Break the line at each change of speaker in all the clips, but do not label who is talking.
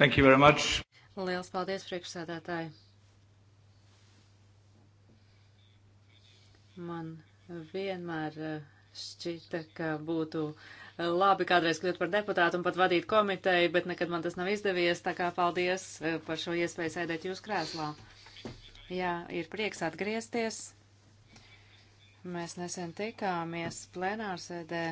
Thank you very much.
Liels paldies, priekšsēdētāji. Man vienmēr eh, šķita, ka būtu eh, labi kādreiz kļūt par deputātu un pat vadīt komiteju, bet nekad man tas nav izdevies, tā kā paldies eh, par šo iespēju sēdēt jūs krēslā. Jā, ir prieks atgriezties. Mēs nesen tikāmies plenārsēdē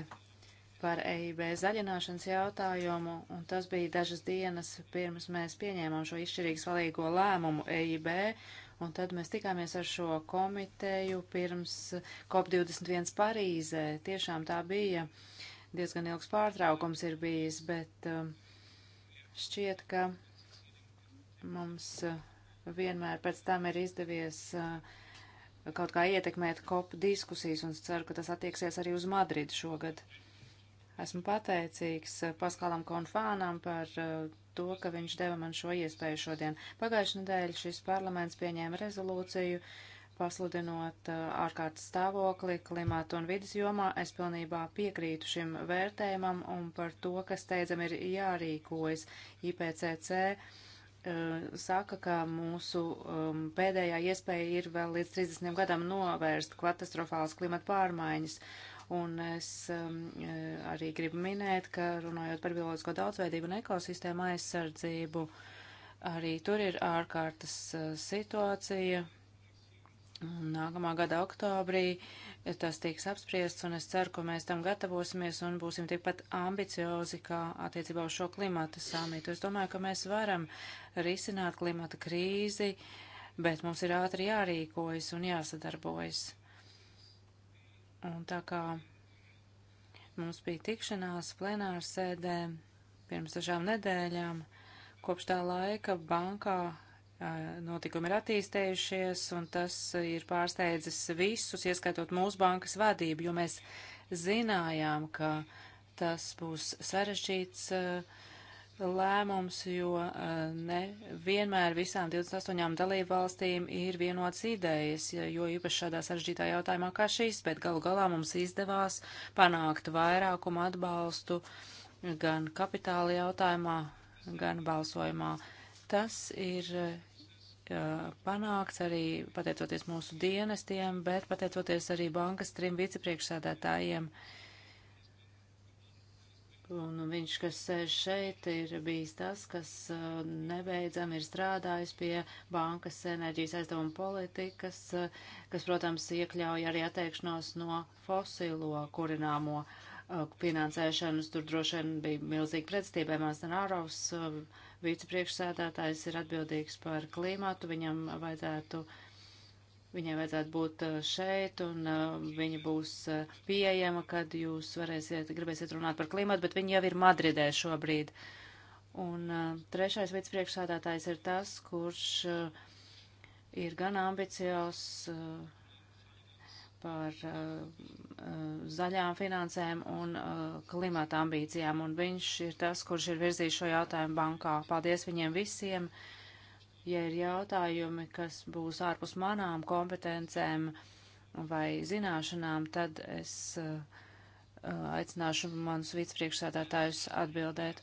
par EIB zaļināšanas jautājumu, un tas bija dažas dienas pirms mēs pieņēmām šo izšķirīgi svarīgo lēmumu EIB, un tad mēs tikāmies ar šo komiteju pirms COP21 Parīzē. Tiešām tā bija, diezgan ilgs pārtraukums ir bijis, bet um, šķiet, ka mums uh, vienmēr pēc tam ir izdevies uh, kaut kā ietekmēt COP diskusijas, un ceru, ka tas attieksies arī uz Madridu šogad. Esmu pateicīgs eh, Paskalam Konfānam par eh, to, ka viņš deva man šo iespēju šodien. Pagājušajā nedēļā šis parlaments pieņēma rezolūciju pasludinot eh, ārkārtas stāvokli klimata un vidas jomā. Es pilnībā piekrītu šim vērtējumam un par to, ka steidzam ir jārīkojas IPCC saka, ka mūsu um, pēdējā iespēja ir vēl līdz 30 gadam novērst katastrofālas klimata pārmaiņas. Un es um, eh, arī gribu minēt, ka runājot par bioloģisko daudzveidību un ekosistēmu aizsardzību, arī tur ir ārkārtas eh, situācija. Un nākamā gada oktobrī eh, tas tiks apspriests, un es ceru, ka mēs tam gatavosimies un būsim tikpat ambiciozi kā attiecībā uz šo klimata samitu. Es domāju, ka mēs varam risināt klimata krīzi, bet mums ir ātri jārīkojas un jāsadarbojas. Un tā kā mums bija tikšanās plenāra sēdē pirms dažām nedēļām, kopš tā laika bankā notikumi ir attīstējušies, un tas ir pārsteidzis visus, ieskaitot mūsu bankas vadību, jo mēs zinājām, ka tas būs sarežģīts uh, lēmums, jo ne vienmēr visām 28 dalību valstīm ir vienotas idejas, jo īpaši šādā sarežģītā jautājumā kā šis, bet galu galā mums izdevās panākt vairākumu atbalstu gan kapitāla jautājumā, gan balsojumā. Tas ir panākts arī pateicoties mūsu dienestiem, bet pateicoties arī bankas trim vicepriekšsēdētājiem. Uh, Un viņš, kas sēž šeit, ir bijis tas, kas uh, nebeidzami ir strādājis pie bankas enerģijas aizdevuma politikas, uh, kas, protams, iekļauj arī atteikšanos no fosilo kurināmo uh, finansēšanas. Tur droši vien bija milzīgi pretstība. Māsnārovs, vicepriekšsēdētājs, ir atbildīgs par klimatu. Viņam vajadzētu uh, Viņai vajadzētu būt eh, šeit, un eh, viņa būs eh, pieejama, kad jūs varēsiet, gribēsiet runāt par klimatu, bet viņa jau ir Madridē šobrīd. Un trešais vicepriekšsādātājs ir tas, kurš ir gan ambiciozs par zaļām finansēm un klimata ambīcijām, un viņš ir tas, kurš ir virzījis šo jautājumu bankā. Paldies viņiem visiem! Uh, ja ir jautājumi, kas būs ārpus manām kompetencēm vai zināšanām, tad es uh, aicināšu manus vicepriekšsēdētājus atbildēt.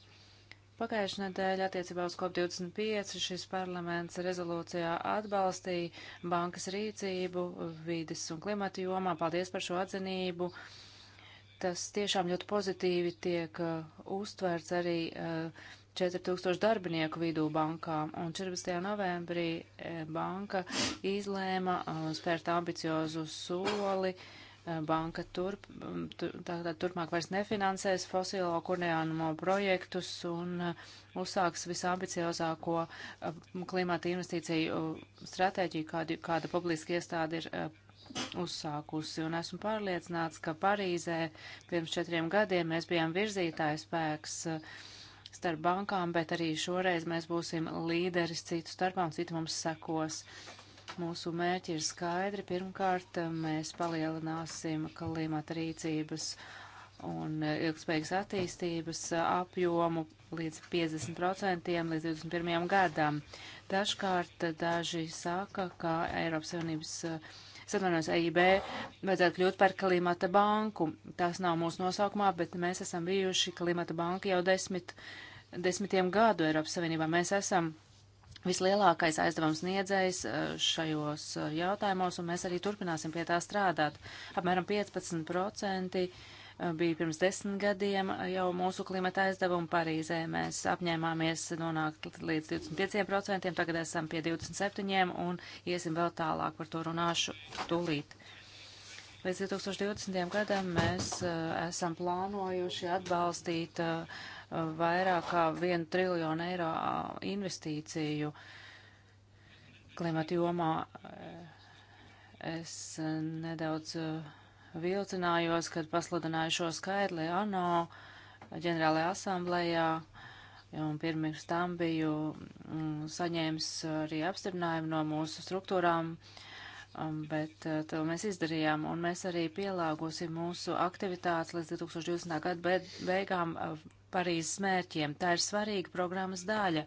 Pagājušajā nedēļā attiecībā uz COP25 šis parlaments rezolūcijā atbalstīja bankas rīcību vides un klimata jomā. Paldies par šo atzinību. Tas tiešām ļoti pozitīvi tiek uh, uztverts arī uh, 4000 darbinieku vidū bankām, un 14. novembrī e, banka izlēma e, spērt ambiciozu soli. E, banka turp, tā, tā, turpmāk vairs nefinansēs fosilo kurnējumu projektus un uzsāks visambiciozāko klimata investīciju stratēģiju, kādu, kāda publiska iestāde ir uzsākusi, un esmu pārliecināts, ka Parīzē pirms četriem gadiem mēs bijām virzītājspēks spēks starp bankām, bet arī šoreiz mēs būsim līderis citu starpā un citu mums sekos. Mūsu mērķi ir skaidri. Pirmkārt, mēs palielināsim klimata rīcības un ilgspējīgas attīstības apjomu līdz 50% līdz 21. gadam. Dažkārt daži saka, ka Eiropas Savienības uh, es atvainojos, EIB vajadzētu kļūt par klimata banku. Tas nav mūsu nosaukumā, bet mēs esam bijuši klimata banka jau desmit, desmitiem gadu Eiropas Savienībā. Mēs esam vislielākais aizdevums niedzējs eh, šajos eh, jautājumos, un mēs arī turpināsim pie tā strādāt. Apmēram 15% Eh, bija pirms desmit gadiem eh, jau mūsu klimata aizdevumi Parīzē. Mēs apņēmāmies nonākt līdz 25%, tagad esam pie 27% un iesim vēl tālāk par to runāšu tūlīt. Līdz 2020. gadam mēs uh, esam plānojuši atbalstīt uh, vairāk kā 1 triljonu eiro investīciju klimata jomā. Es nedaudz uh, vilcinājos, kad pasludināju šo skaidri ANO ģenerālajā asamblējā, un pirms tam biju mm, saņēmis arī apstiprinājumu no mūsu struktūrām, um, bet uh, to mēs izdarījām, un mēs arī pielāgosim mūsu aktivitātes līdz 2020. gada beigām uh, Parīzes mērķiem. Tā ir svarīga programmas daļa.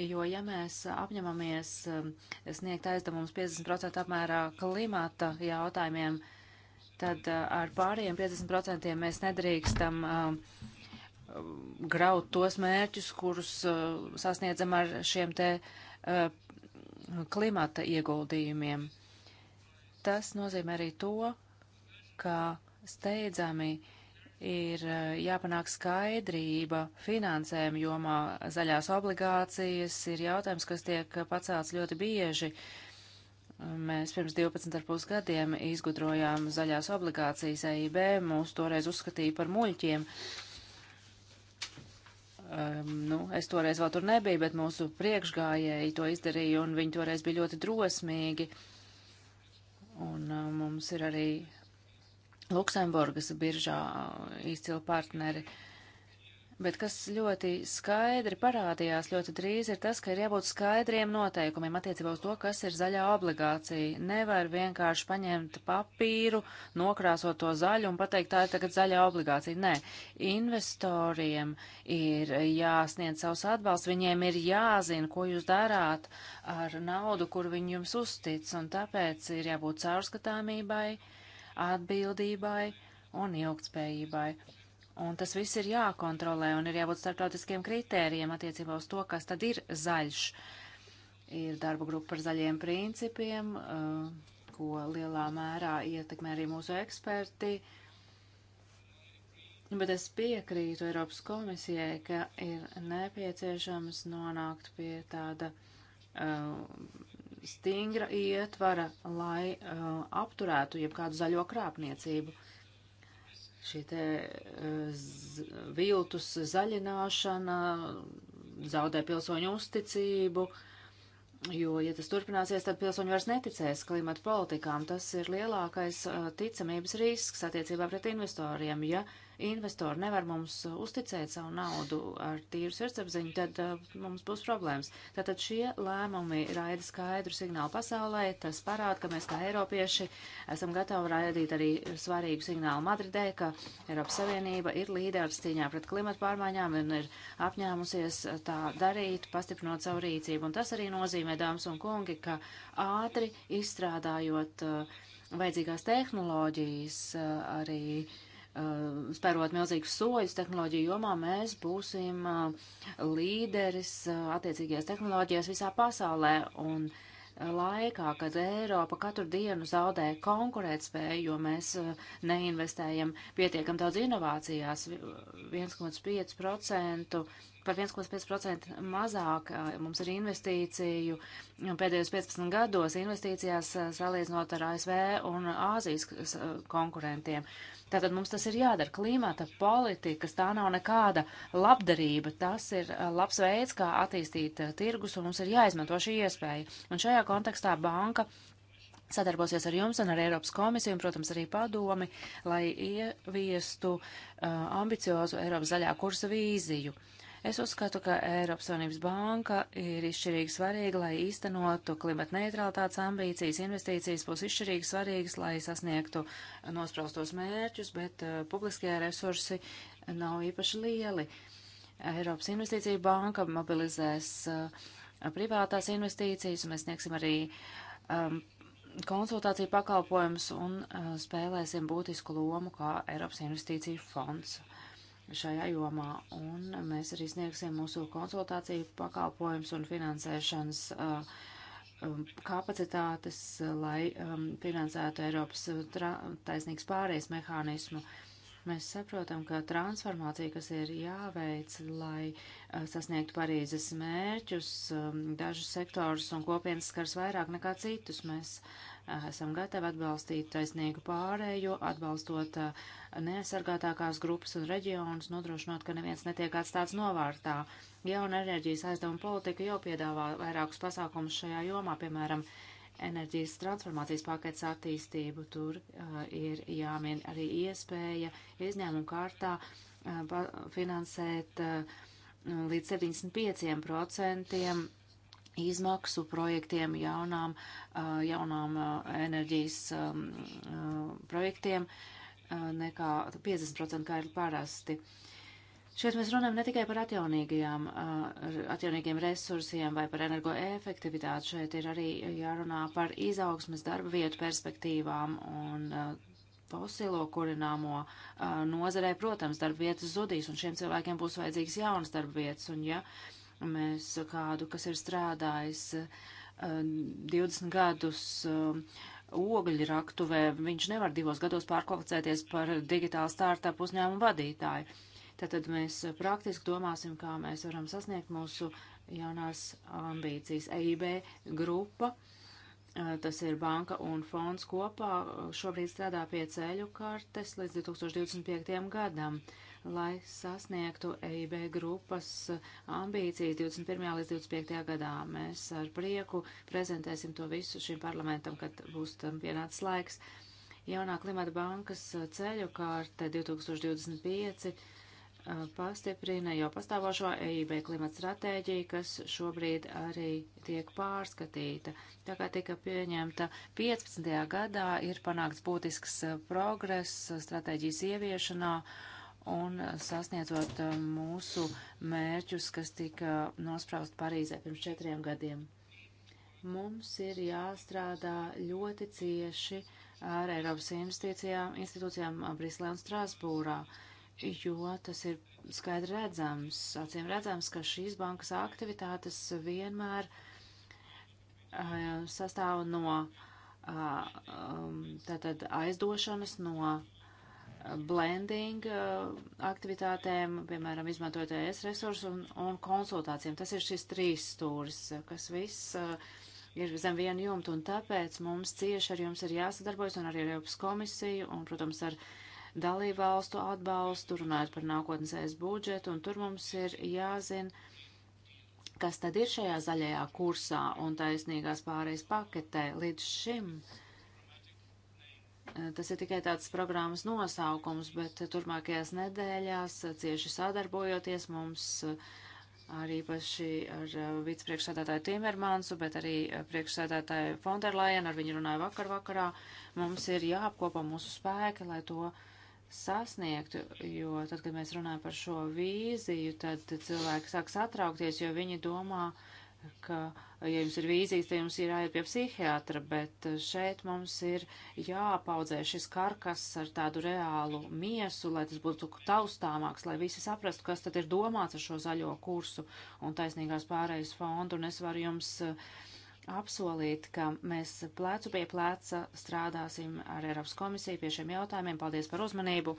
Jo, ja mēs apņemamies um, sniegt aizdevumus 50% apmērā klimata jautājumiem, tad eh, ar pārējiem 50% mēs nedrīkstam eh, graut tos mērķus, kurus eh, sasniedzam ar šiem te klimata ieguldījumiem. Tas nozīmē arī to, ka steidzami ir jāpanāk skaidrība finansējuma jomā. Zaļās obligācijas ir jautājums, kas tiek pacelts ļoti bieži, Mēs pirms 12,5 gadiem izgudrojām zaļās obligācijas EIB, mūs toreiz uzskatīja par muļķiem. Um, nu, es toreiz vēl tur nebiju, bet mūsu priekšgājēji to izdarīja, un viņi toreiz bija ļoti drosmīgi. Un um, mums ir arī Luksemburgas biržā eh, izcili partneri. Uh, Bet kas ļoti skaidri parādījās ļoti drīz ir tas, ka ir jābūt skaidriem noteikumiem attiecībā uz to, kas ir zaļā obligācija. Nevar vienkārši paņemt papīru, nokrāsot to zaļu un pateikt, tā ir tagad zaļā obligācija. Nē, investoriem ir jāsniedz savs atbalsts, viņiem ir jāzina, ko jūs darāt ar naudu, kur viņi jums uztic, un tāpēc ir jābūt caurskatāmībai, atbildībai un ilgtspējībai. Un tas viss ir jākontrolē un ir jābūt starptautiskiem kritērijiem attiecībā uz to, kas tad ir zaļš. Ir darba grupa par zaļiem principiem, eh, ko lielā mērā ietekmē arī mūsu eksperti. Bet es piekrītu Eiropas komisijai, ka ir nepieciešams nonākt pie tāda eh, stingra ietvara, lai eh, apturētu jebkādu zaļo krāpniecību šī te e, viltus zaļināšana zaudē pilsoņu uzticību, jo, ja tas turpināsies, tad pilsoņi vairs neticēs klimata politikām. Tas ir lielākais e, ticamības risks attiecībā pret investoriem, ja investori nevar mums uh, uzticēt savu naudu ar tīru sirdsapziņu, tad uh, mums būs problēmas. Tātad šie lēmumi raida skaidru signālu pasaulē, tas parāda, ka mēs kā eiropieši esam gatavi raidīt arī svarīgu signālu Madridē, ka Eiropas Savienība ir līderis cīņā pret klimatu pārmaiņām un ir apņēmusies uh, tā darīt, pastiprinot savu rīcību. Un tas arī nozīmē, dāmas un kungi, ka ātri izstrādājot uh, vajadzīgās tehnoloģijas uh, arī uh, Uh, spērot milzīgus soļus tehnoloģiju jomā, mēs būsim uh, līderis uh, attiecīgajās tehnoloģijās visā pasaulē. Un laikā, kad Eiropa katru dienu zaudē konkurētspēju, jo mēs neinvestējam pietiekam daudz inovācijās, 1,5% par 1,5% mazāk mums ir investīciju pēdējos 15 gados investīcijās salīdzinot ar ASV un Āzijas konkurentiem. Tātad mums tas ir jādara. Klimata politikas tā nav nekāda labdarība, tas ir labs veids, kā attīstīt tirgus, un mums ir jāizmanto šī iespēja. Un šajā kontekstā banka sadarbosies ar jums un ar Eiropas komisiju un, protams, arī padomi, lai ieviestu uh, ambiciozu Eiropas zaļā kursa vīziju. Uh, Es uzskatu, ka Eiropas Savienības banka ir izšķirīgi svarīga, lai īstenotu klimata neutralitātes ambīcijas. Investīcijas būs izšķirīgi svarīgas, lai sasniegtu nospraustos mērķus, bet uh, publiskie resursi nav īpaši lieli. Eiropas Investīcija banka mobilizēs uh, privātās investīcijas, un mēs sniegsim arī um, konsultāciju pakalpojumus un uh, spēlēsim būtisku lomu kā Eiropas Investīcija fonds. Uh, šajā jomā, un mēs arī sniegsim mūsu konsultāciju pakalpojums un finansēšanas uh, um, kapacitātes, lai um, finansētu Eiropas taisnīgs pārējais mehānismu. Mēs saprotam, ka transformācija, kas ir jāveic, lai uh, sasniegtu Parīzes mērķus, um, dažus sektors un kopienas skars vairāk nekā citus. Mēs esam gatavi atbalstīt taisnīgu pārējo, atbalstot neaizsargātākās grupas un reģionus, nodrošinot, ka neviens netiek atstāts novārtā. Jauna enerģijas aizdevuma politika jau piedāvā vairākus pasākumus šajā jomā, piemēram, enerģijas transformācijas paketes attīstību. Tur uh, ir jāmin arī iespēja izņēmuma kārtā uh, finansēt uh, līdz 75% izmaksu projektiem, jaunām, eh, jaunām eh, enerģijas eh, projektiem nekā 50% kā ir parasti. Šeit mēs runājam ne tikai par atjaunīgajām, atjaunīgiem resursiem vai par energoefektivitāti, šeit ir arī jārunā par izaugsmas darba vietu perspektīvām un fosilo kurināmo nozarē, protams, darba vietas zudīs, un šiem cilvēkiem būs vajadzīgas jaunas darba vietas, un ja uh, Mēs kādu, kas ir strādājis 20 eh, gadus eh, ogļu raktuvē, viņš nevar divos gados pārkvalificēties par digitālu startup uzņēmumu vadītāju. Tātad mēs praktiski domāsim, kā mēs varam sasniegt mūsu jaunās ambīcijas. EIB grupa eh, tas ir banka un fonds kopā, šobrīd strādā pie ceļu kartes līdz 2025. gadam lai sasniegtu EIB grupas ambīcijas 21. līdz 25. gadā. Mēs ar prieku prezentēsim to visu šim parlamentam, kad būs tam pienācis laiks. Jaunā klimata bankas ceļu kārte 2025 pastiprina jau pastāvošo EIB klimata stratēģiju, kas šobrīd arī tiek pārskatīta. Tā kā tika pieņemta 15. gadā, ir panākts būtisks uh, progress uh, stratēģijas ieviešanā un eh, sasniedzot eh, mūsu mērķus, kas tika nospraust Parīzē pirms četriem gadiem. Mums ir jāstrādā ļoti cieši ar Eiropas investīcijām, institūcijām eh, Briselē un Strasbūrā, jo tas ir skaidri redzams, acīm redzams, ka šīs bankas aktivitātes vienmēr uh, sastāv no uh, um, tātad aizdošanas no blending eh, aktivitātēm, piemēram, izmantojot ES resursus un, un konsultācijām. Tas ir šis trīs stūris, eh, kas viss eh, ir zem vienu jumtu, un tāpēc mums cieši ar jums ir jāsadarbojas un arī ar Eiropas komisiju un, protams, ar dalību valstu atbalstu, runājot par nākotnes ES budžetu, un tur mums ir jāzina, kas tad ir šajā zaļajā kursā un taisnīgās pārējais paketē līdz šim. Uh, Eh, tas ir tikai tāds programmas nosaukums, bet turpmākajās nedēļās, eh, cieši sadarbojoties, mums eh, arī paši ar vicepriekšsēdētāju Timermansu, bet arī priekšsēdētāju Fonderlajen, ar viņu runāju vakar vakarā, mums ir jāapkopo mūsu spēki, lai to sasniegtu, jo tad, kad mēs runājam par šo vīziju, tad cilvēki sāk satraukties, jo viņi domā, ka uh, ja jums ir vīzijas, tad jums ir jāiet pie psihiatra, bet eh, šeit mums ir jāpaudzē šis karkas ar tādu reālu miesu, lai tas būtu taustāmāks, lai visi saprastu, kas tad ir domāts ar šo zaļo kursu un taisnīgās pārējas fondu, un es varu jums eh, apsolīt, ka mēs plecu pie pleca strādāsim ar Eiropas komisiju pie šiem jautājumiem. Paldies par uzmanību!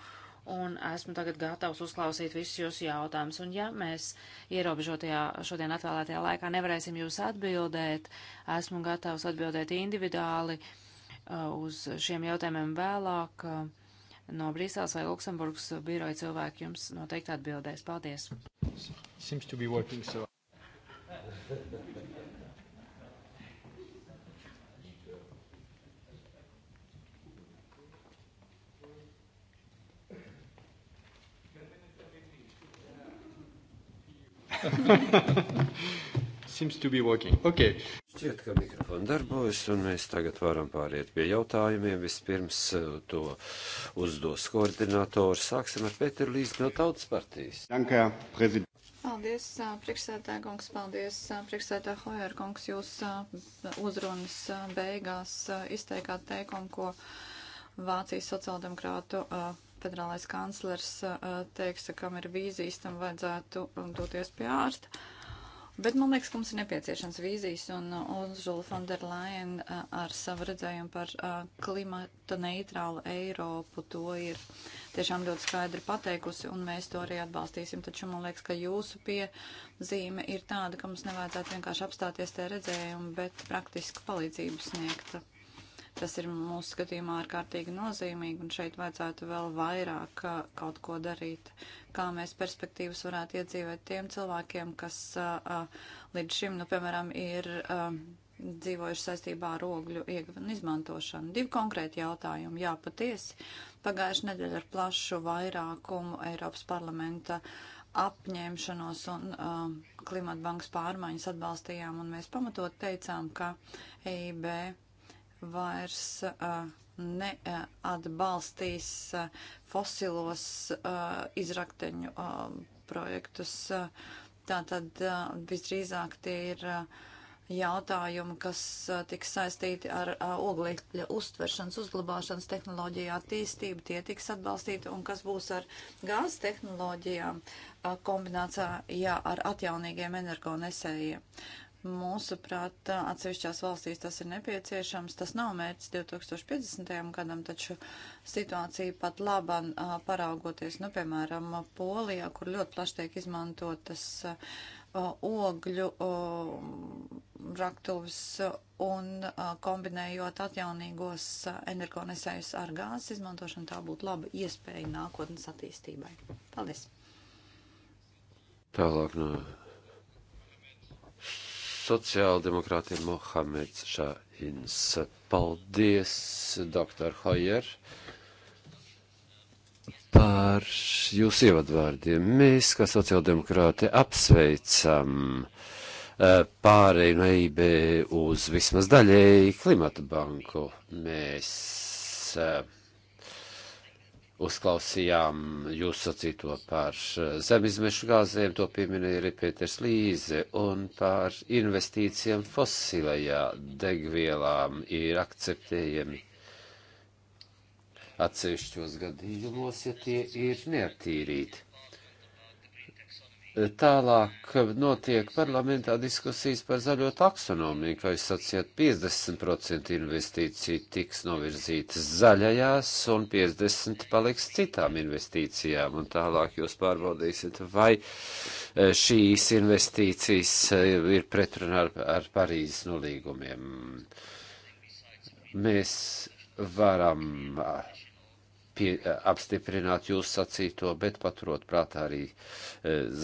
un esmu tagad gatavs uzklausīt visus jūsu jautājumus. Un ja mēs ierobežotajā šodien atvēlētajā laikā nevarēsim jūs atbildēt, esmu gatavs atbildēt individuāli uh, uz šiem jautājumiem vēlāk. Uh, no Brīseles vai Luksemburgas biroja cilvēki jums noteikti atbildēs. Paldies! Seems to be working so.
Seems to be working. Okay.
Šķiet, ka mikrofoni darbojas, un mēs tagad varam pāriet pie jautājumiem. Vispirms eh, to uzdos koordinātori. Sāksim ar Pēteru Līsku no Tautas partijas. Dankā, prezident.
Paldies, eh, priekšsētā kungs, paldies, eh, priekšsētā Hojer kungs, jūs uzrunas beigās izteikāt teikumu, ko Vācijas sociāldemokrātu federālais kanclers uh, teiks, kam ir vīzijas, tam vajadzētu um, doties pie ārsta. Bet man liekas, ka mums ir nepieciešams vīzijas, un uh, Urzula von der Leyen uh, ar savu redzējumu par klimata neitrālu Eiropu to ir tiešām ļoti skaidri pateikusi, un mēs to arī atbalstīsim. Taču man liekas, ka jūsu piezīme ir tāda, ka mums nevajadzētu vienkārši apstāties te redzējumu, bet praktiski palīdzību sniegt Tas ir mūsu skatījumā ārkārtīgi nozīmīgi, un šeit vajadzētu vēl vairāk uh, kaut ko darīt, kā mēs perspektīvas varētu iedzīvot tiem cilvēkiem, kas uh, uh, līdz šim, nu, piemēram, ir dzīvojuši saistībā ar ogļu ieguvenu un izmantošanu. Divi konkrēti jautājumi. Jā, patiesi. Pagājuši nedēļa ar plašu vairākumu Eiropas parlamenta apņēmšanos un uh, klimata bankas pārmaiņas atbalstījām, un mēs pamatot teicām, ka EIB vairs uh, neatbalstīs uh, fosilos uh, izrakteņu uh, projektus. Uh, Tātad uh, visdrīzāk tie ir uh, jautājumi, kas uh, tiks saistīti ar uh, oglekļa uztveršanas, uzglabāšanas tehnoloģiju attīstību, tie tiks atbalstīti, un kas būs ar gāzes tehnoloģijām uh, kombinācijā jā, ar atjaunīgiem energonesējiem. Uh, Mūsuprāt, atsevišķās valstīs tas ir nepieciešams. Tas nav mērķis 2050. gadam, taču situācija pat laban paraugoties, nu, piemēram, Polijā, kur ļoti plaši tiek izmantotas ogļu raktuves un kombinējot atjaunīgos energonesējus ar gāzes izmantošanu, tā būtu laba iespēja nākotnes attīstībai. Paldies!
Tālāk no sociāldemokrātiem Mohameds Šahins. Paldies, doktor Hojer, par jūsu ievadvārdiem. Mēs, kā sociāldemokrāti, apsveicam eh, pārēju no EIB uz vismaz daļēji klimata banku. Mēs uh, Uzklausījām jūs sacīto par eh, zemizmešu gāzēm, to pieminēja arī Pēters Līze, un par investīcijām fosilajā degvielām ir akceptējami atsevišķos gadījumos, ja tie ir neatīrīti. Tālāk notiek parlamentā diskusijas par zaļo taksonomiju, kā jūs sacījāt, 50% investīciju tiks novirzītas zaļajās un 50% paliks citām investīcijām, un tālāk jūs pārbaudīsiet, vai eh, šīs investīcijas eh, ir pretrunā ar, ar Parīzes nolīgumiem. Mēs varam pie, apstiprināt jūs sacīto, bet paturot prātā arī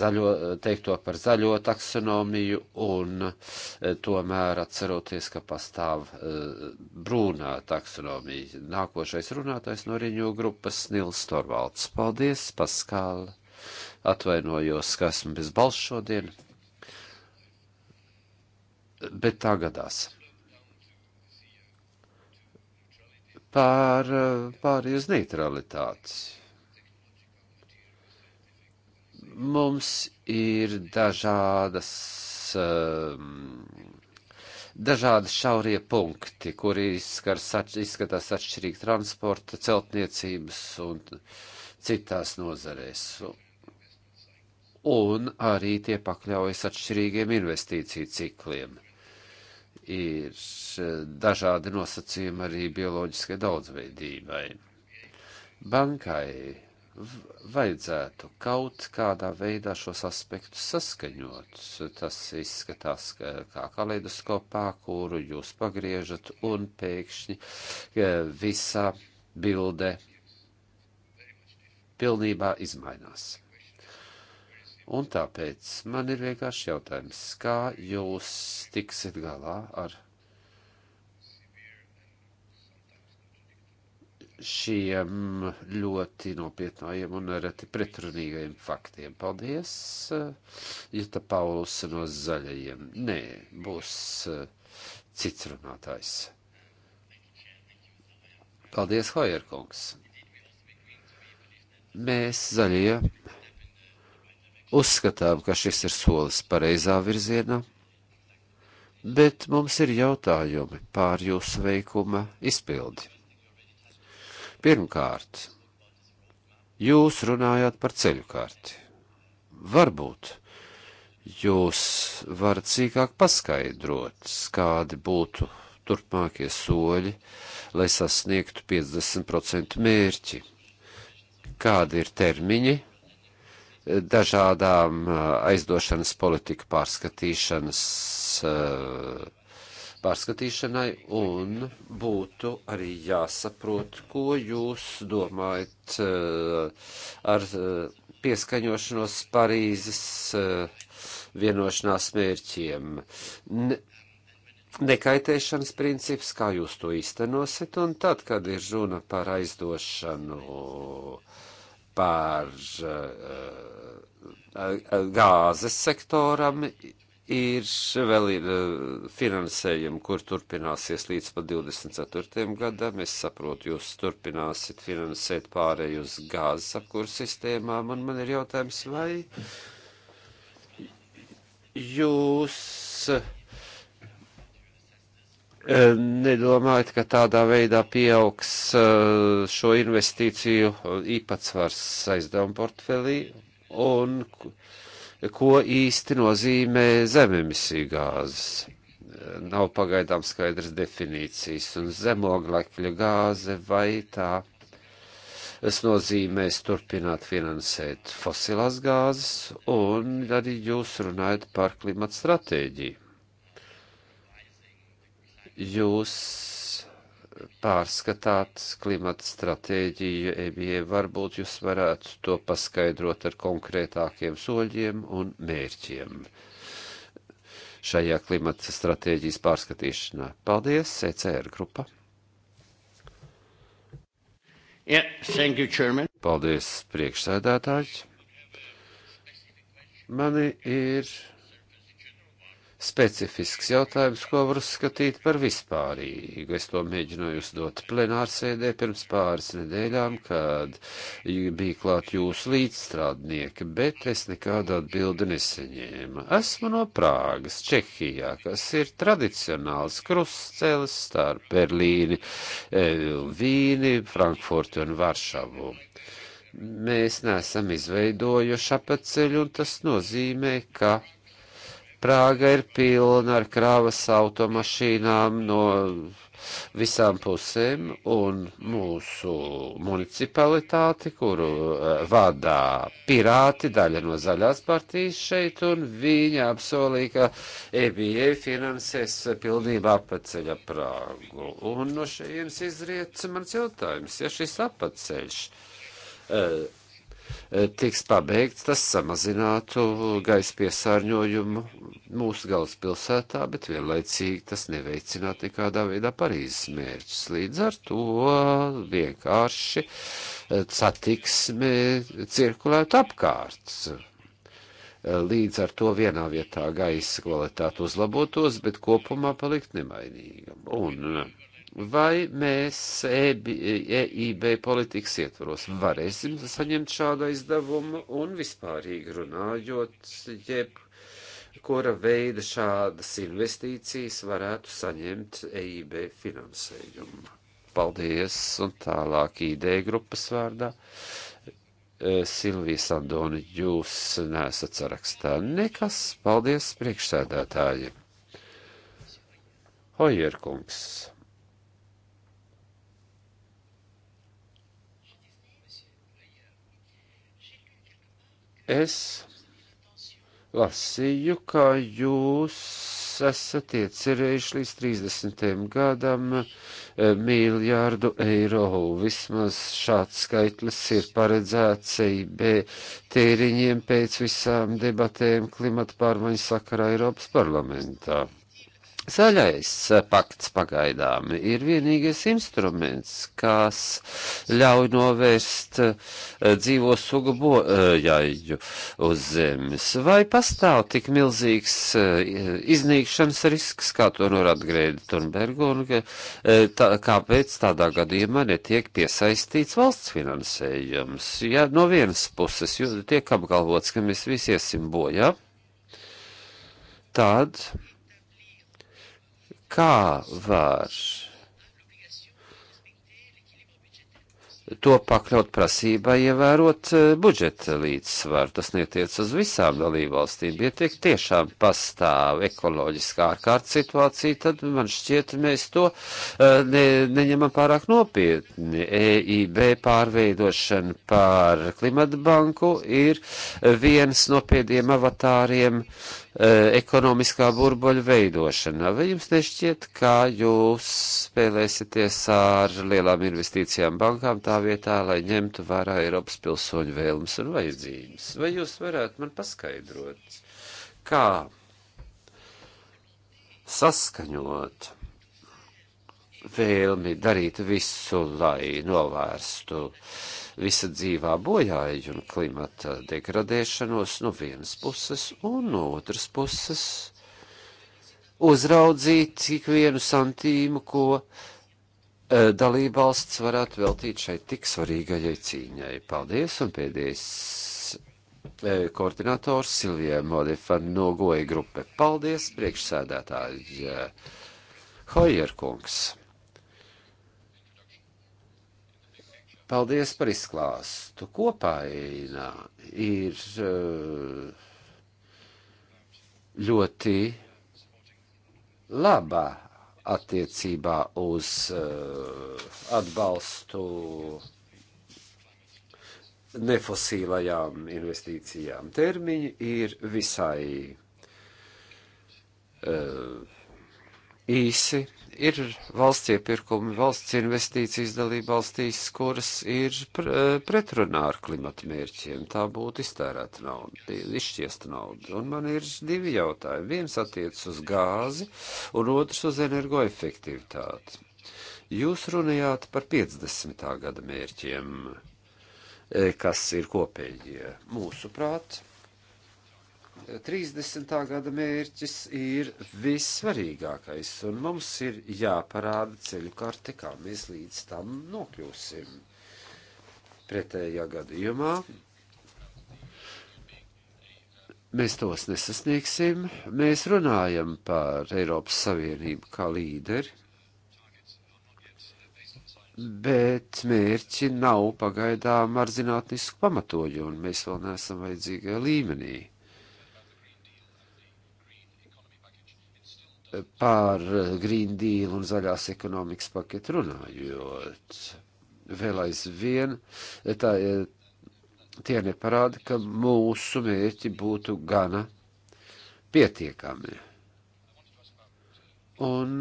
zaļo, teikto par zaļo taksonomiju un tomēr atceroties, ka pastāv brūnā taksonomija. Nākošais runātais no riņo grupas Nils Torvalds. Paldies, Paskāla! Atvainojos, ka esmu bez balss šodien, bet tā gadās. par eh, pārējais neutralitātes. Mums ir dažādas, eh, dažādi šaurie punkti, kuri izskars, izskatās atšķirīgi transporta, celtniecības un citās nozarēs. Un arī tie pakļaujas atšķirīgiem investīciju cikliem ir eh, dažādi nosacījumi arī bioloģiskai daudzveidībai. Bankai vajadzētu kaut kādā veidā šos aspektus saskaņot. Tas izskatās kā kaleidoskopā, kuru jūs pagriežat, un pēkšņi eh, visa bilde pilnībā izmainās. Un tāpēc man ir vienkārši jautājums, kā jūs tiksiet galā ar šiem ļoti nopietnājiem un reti pretrunīgajiem faktiem. Paldies, Jita Paulus no zaļajiem. Nē, būs eh, cits runātājs. Paldies, Hojerkungs. Mēs zaļie Uzskatām, ka šis ir solis pareizā virzienā, bet mums ir jautājumi pār jūsu veikuma izpildi. Pirmkārt, jūs runājāt par ceļu kārti. Varbūt jūs varat sīkāk paskaidrot, kādi būtu turpmākie soļi, lai sasniegtu 50% mērķi. Kādi ir termiņi dažādām eh, aizdošanas politiku pārskatīšanas, eh, pārskatīšanai, un būtu arī jāsaprot, ko jūs domājat eh, ar pieskaņošanos Parīzes vienošanās mērķiem. Ne, nekaitēšanas princips, kā jūs to īstenosiet, un tad, kad ir runa par aizdošanu, uh, par eh, eh, eh, gāzes sektoram ir vēl ir finansējumi, kur turpināsies līdz pat 24. gadam. Es saprotu, jūs turpināsiet finansēt pārēju uz gāzes apkurs sistēmām, un man ir jautājums, vai jūs nedomājat, ka tādā veidā pieaugs šo investīciju īpatsvars aizdevuma portfelī un ko īsti nozīmē zememisija gāzes? Nav pagaidām skaidrs definīcijas un zemoglekļa gāze vai tā. Es nozīmēs turpināt finansēt fosilās gāzes un arī jūs runājat par klimata stratēģiju jūs pārskatāt klimata stratēģiju EBA, varbūt jūs varētu to paskaidrot ar konkrētākiem soļiem un mērķiem šajā klimata stratēģijas pārskatīšanā. Paldies, ECR grupa! Yeah, thank you, Chairman. Paldies, priekšsēdētāji. Mani ir specifisks jautājums, ko var uzskatīt par vispārīgu. Es to mēģināju uzdot plenārsēdē pirms pāris nedēļām, kad bija klāt jūsu līdzstrādnieki, bet es nekādu atbildi neseņēmu. Esmu no Prāgas, Čehijā, kas ir tradicionāls krustcelis starp Berlīni, e, Vīni, Frankfurtu un Varšavu mēs neesam izveidojuši apaceļu, un tas nozīmē, ka Prāga ir pilna ar kravas automašīnām no visām pusēm, un mūsu municipalitāti, kuru eh, vadā pirāti, daļa no zaļās partijas šeit, un viņa apsolīja, ka EBA finansēs pilnībā apceļa Prāgu. Un no šejienes izriet mans jautājums, ja šis apceļš. Uh, eh, Eh, tiks pabeigts, tas samazinātu gaisa piesārņojumu mūsu galvaspilsētā, bet vienlaicīgi tas neveicinātu nekādā veidā Parīzes mērķus. Līdz ar to vienkārši eh, satiksme cirkulētu apkārt. Eh, līdz ar to vienā vietā gaisa kvalitāte uzlabotos, bet kopumā palikt nemainīga. Un Vai mēs EIB e politikas ietvaros varēsim saņemt šādu aizdevumu un vispārīgi runājot, jeb kura veida šādas investīcijas varētu saņemt EIB finansējumu? Paldies un tālāk ideja grupas vārdā. E, Silvijas Andoni, jūs nesat sarakstā nekas. Paldies priekšsēdētāji. Hojerkungs. es lasīju, ka jūs esat iecerējuši līdz 30. gadam eh, miljārdu eiro. Vismaz šāds skaitlis ir paredzēts EIB tēriņiem pēc visām debatēm klimata pārmaiņu sakarā Eiropas parlamentā. Zaļais pakts pagaidām ir vienīgais instruments, kas ļauj novērst eh, dzīvo sugu bojāju uz zemes. Vai pastāv tik milzīgs eh, iznīkšanas risks, kā to norāda Grēda Turnberga, un eh, tā, kāpēc tādā gadījumā netiek piesaistīts valsts finansējums? Ja no vienas puses tiek apgalvots, ka mēs visi iesim bojā, tad. Ja? kā var to pakļaut prasībai ievērot eh, budžeta līdzsvaru. Tas netiec uz visām dalībvalstīm, bet tiek tiešām pastāv ekoloģiskā ārkārtas situācija, tad man šķiet, mēs to eh, ne, neņemam pārāk nopietni. EIB pārveidošana pār klimata banku ir viens no pēdējiem avatāriem uh, E, ekonomiskā burbuļa veidošanā. Vai jums nešķiet, kā jūs spēlēsieties ar lielām investīcijām bankām tā vietā, lai ņemtu vērā Eiropas pilsoņu vēlmes un vajadzības? Vai jūs varētu man paskaidrot, kā saskaņot? vēlmi darīt visu, lai novērstu visa dzīvā bojājumu klimata degradēšanos no vienas puses un no otras puses uzraudzīt ikvienu santīmu, ko e, dalībvalsts varētu veltīt šai tik svarīgajai cīņai. Paldies un pēdējais e, koordinators Silvija Modifan no Goja grupe. Paldies, priekšsēdētāji e, Hojerkungs. Paldies par izklāstu. Kopainā ir eh, ļoti labā attiecībā uz eh, atbalstu nefosīlajām investīcijām. Termiņi ir visai uh, īsi. Ir valsts iepirkumi, valsts investīcijas dalība valstīs, kuras ir pr e, pretrunā ar klimata mērķiem. Tā būtu iztērēta nauda, izšķiesta nauda. Un man ir divi jautājumi. Viens attiec uz gāzi un otrs uz energoefektivitāti. Jūs runājāt par 50. gada mērķiem, e, kas ir kopējie mūsu prāti 30. gada mērķis ir vissvarīgākais, un mums ir jāparāda ceļu karte, kā mēs līdz tam nokļūsim. Pretējā gadījumā mēs tos nesasniegsim. Mēs runājam par Eiropas Savienību kā līderi, bet mērķi nav pagaidām ar zinātnisku pamatoju, un mēs vēl neesam vajadzīgajā līmenī. pār Green Deal un zaļās ekonomikas paketu runājot. Vēl aizvien tā, tie neparāda, ka mūsu mērķi būtu gana pietiekami. Un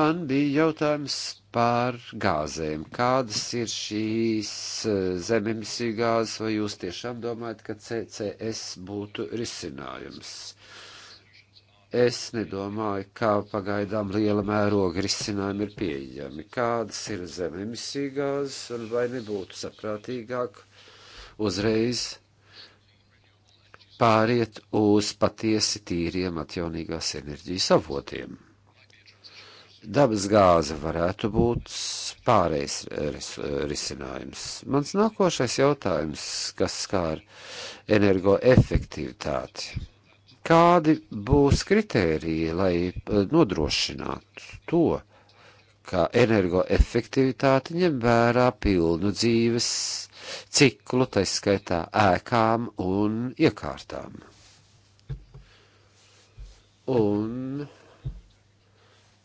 man bija jautājums par gāzēm. Kādas ir šīs e, zememisīgās, vai jūs tiešām domājat, ka CCS būtu risinājums? Uh, Es nedomāju, kā pagaidām liela mēroga risinājumi ir pieejami. Kādas ir zem emisīgās, un vai nebūtu saprātīgāk uzreiz pāriet uz patiesi tīriem atjaunīgās enerģijas avotiem. Dabas gāze varētu būt pārējais ris risinājums. Mans nākošais jautājums, kas skār energoefektivitāti. Kādi būs kritēriji, lai eh, nodrošinātu to, ka energoefektivitāte ņem vērā pilnu dzīves ciklu, tā skaitā ēkām un iekārtām? Un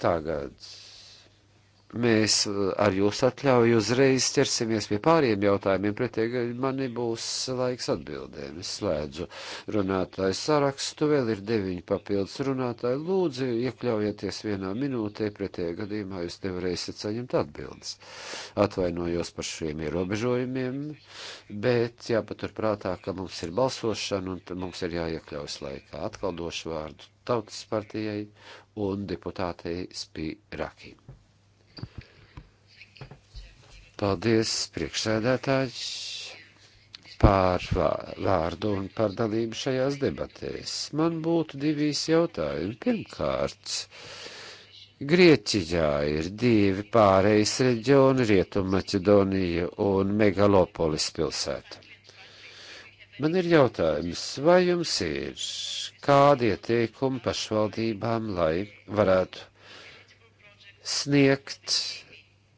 tagad mēs eh, ar jūsu atļauju uzreiz ķersimies pie pāriem jautājumiem, pretēji mani būs laiks atbildēm. Es slēdzu runātāju sarakstu, vēl ir deviņi papildus runātāji. Lūdzu, iekļaujieties vienā minūtē, pretēji gadījumā jūs nevarēsiet saņemt atbildes. Atvainojos par šiem ierobežojumiem, bet jāpaturprātā, ka mums ir balsošana un mums ir jāiekļaujas laikā. Atkal došu vārdu Tautas partijai un deputātei Spīrakim. Paldies, priekšsēdētāji, par vārdu un par dalību šajās debatēs. Man būtu divīs jautājumi. Pirmkārt, Grieķijā ir divi pārējais reģioni - Rietummaķedonija un Megalopolis pilsēta. Man ir jautājums, vai jums ir kādi ieteikumi pašvaldībām, lai varētu sniegt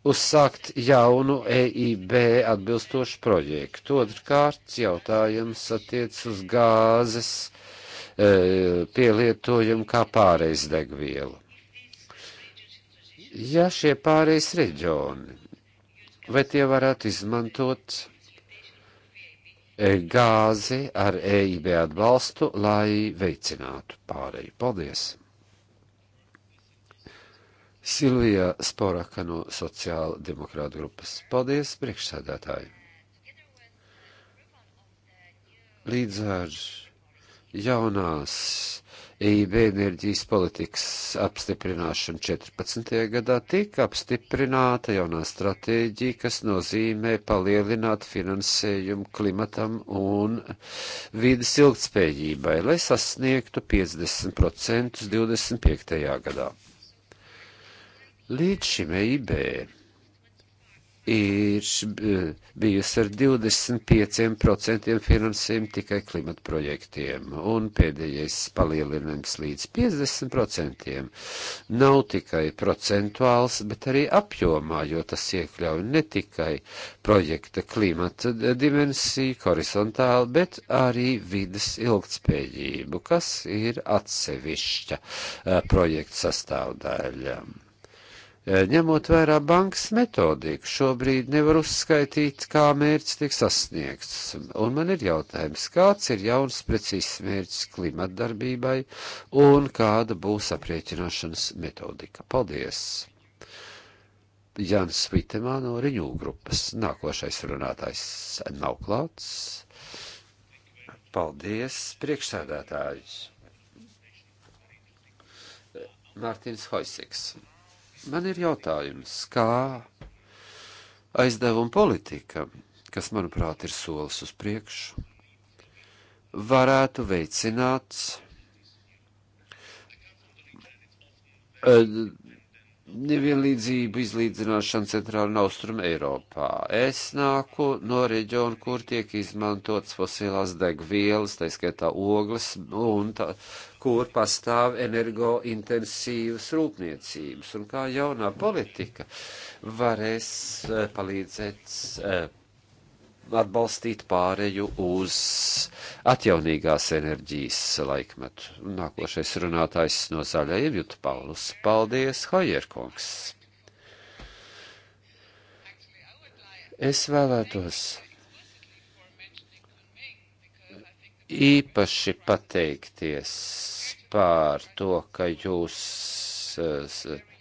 uzsākt jaunu EIB atbilstošu projektu. Otrkārt, jautājums attiec uz gāzes e, pielietojumu kā pāreiz degvielu. Ja šie pāreiz reģioni, vai tie varētu izmantot e, gāzi ar EIB atbalstu, lai veicinātu pārēju? Paldies! Silvijā Sporaka no sociāla demokrāta grupas. Paldies, priekšsēdētāji! Līdz ar jaunās EIB enerģijas politikas apstiprināšanu 14. gadā tika apstiprināta jaunā stratēģija, kas nozīmē palielināt finansējumu klimatam un vidas ilgtspējībai, lai sasniegtu 50% 25. gadā. Līdz šim EIB ir e, bijusi ar 25% finansējumu tikai klimata projektiem, un pēdējais palielinājums līdz 50% nav tikai procentuāls, bet arī apjomā, jo tas iekļauj ne tikai projekta klimata dimensiju horizontāli, bet arī vidas ilgtspējību, kas ir atsevišķa e, projekta sastāvdaļa. E, ņemot vērā bankas metodiku, šobrīd nevar uzskaitīt, kā mērķis tiek sasniegts. Un man ir jautājums, kāds ir jauns precīzs mērķis klimatdarbībai un kāda būs aprēķināšanas metodika? Paldies! Jānis Vitemā no Riņū grupas. Nākošais runātājs nav klāts. Paldies, priekšsēdētājs. Mārtiņš Hoisiks. Man ir jautājums, kā aizdevuma politika, kas, manuprāt, ir solis uz priekšu, varētu veicināt eh, nevienlīdzību izlīdzināšanu centrāla un austruma Eiropā. Es nāku no reģiona, kur tiek izmantots fosilās degvielas, tā skaitā ogles, un tā, kur pastāv energointensīvas rūpniecības, un kā jaunā politika varēs eh, palīdzēt eh, atbalstīt pāreju uz atjaunīgās enerģijas laikmetu. Nākošais runātājs no zaļajiem Juta Paulus. Paldies, Hojerkungs! Es vēlētos īpaši pateikties pār to, ka jūs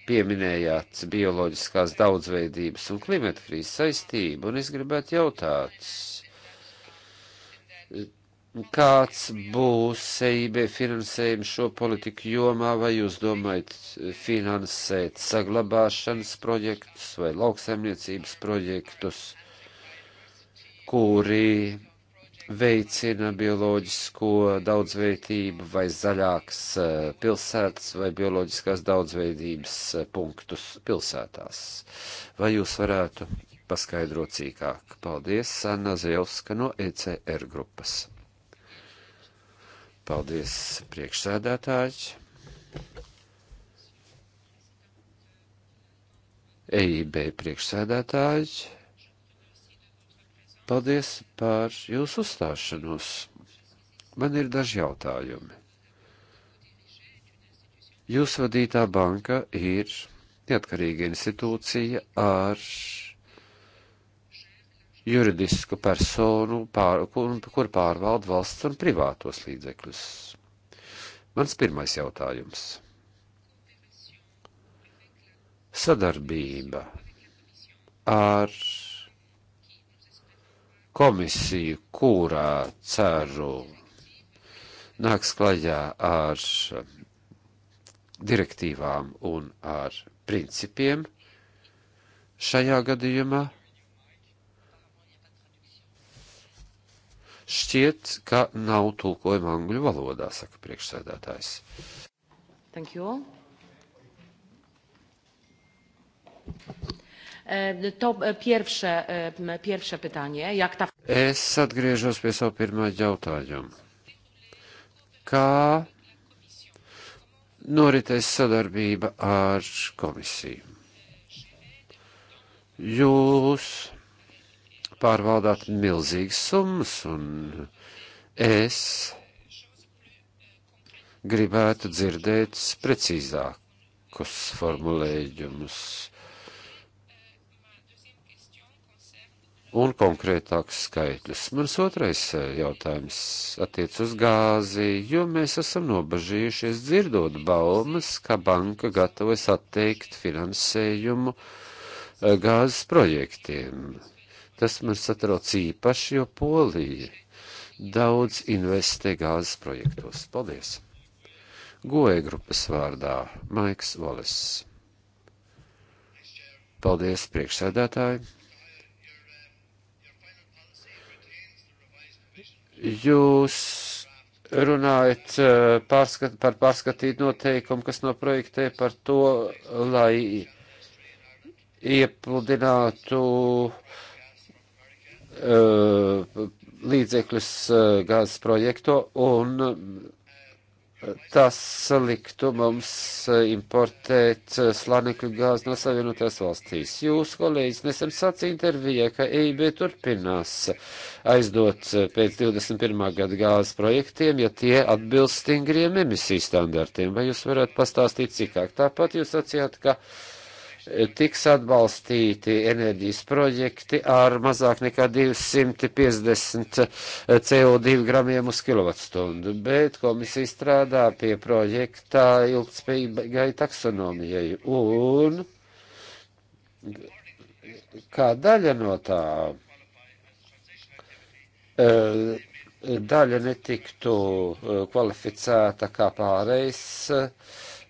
pieminējāt bioloģiskās daudzveidības un klimata krīzes saistību, un es gribētu jautāt, kāds būs EIB finansējums šo politiku jomā, vai jūs domājat finansēt saglabāšanas projektus vai lauksaimniecības projektus, kuri veicina bioloģisko daudzveidību vai zaļākas eh, pilsētas vai bioloģiskās daudzveidības eh, punktus pilsētās. Vai jūs varētu paskaidrot cīkāk? Paldies, Anna Zielska no ECR grupas. Paldies, priekšsēdētāji. E EIB priekšsēdētāji. Paldies par jūsu uzstāšanos. Man ir daži jautājumi. Jūsu vadītā banka ir neatkarīga institūcija ar juridisku personu, pār, kur, kur pārvalda valsts un privātos līdzekļus. Mans pirmais jautājums. Sadarbība ar komisiju, kurā ceru nāks klajā ar direktīvām un ar principiem šajā gadījumā. Šķiet, ka nav tulkojuma angļu valodā, saka priekšsēdētājs.
Thank you all. E, to e, pierwsze, e, pierwsze pytanie. Jak ta... Es
atgriežos pie savu pirmā jautājuma. Kā noritēs sadarbība ar komisiju? Jūs pārvaldāt milzīgas summas un es gribētu dzirdēt precīzākus formulējumus un konkrētākus skaitļus. Mans otrais eh, jautājums attiec uz gāzi, jo mēs esam nobažījušies dzirdot baumas, ka banka gatavojas atteikt finansējumu eh, gāzes projektiem. Tas man satrauc īpaši, jo Polija daudz investē gāzes projektos. Paldies! Goe grupas vārdā Maiks Valess. Paldies, priekšsēdētāji! Jūs runājat eh, pārskat, par pārskatīt noteikumu, kas no projektē par to, lai iepludinātu uh, līdzekļus uh, gāzes projekto un tas liktu mums eh, importēt eh, slānekļu gāzi no Savienotās valstīs. Jūsu kolēģis nesen sacīja intervijā, ka EIB turpinās aizdot eh, pēc 21. gada gāzes projektiem, ja tie atbilst stingriem emisiju standartiem. Vai jūs varētu pastāstīt cikāk? Tāpat jūs sacījāt, ka. Uh, tiks atbalstīti enerģijas projekti ar mazāk nekā 250 CO2 gramiem uz kilovatstundu, bet komisija strādā pie projektā ilgspējīgai taksonomijai un kā daļa no tā. E, daļa netiktu e, kvalificēta kā pārējais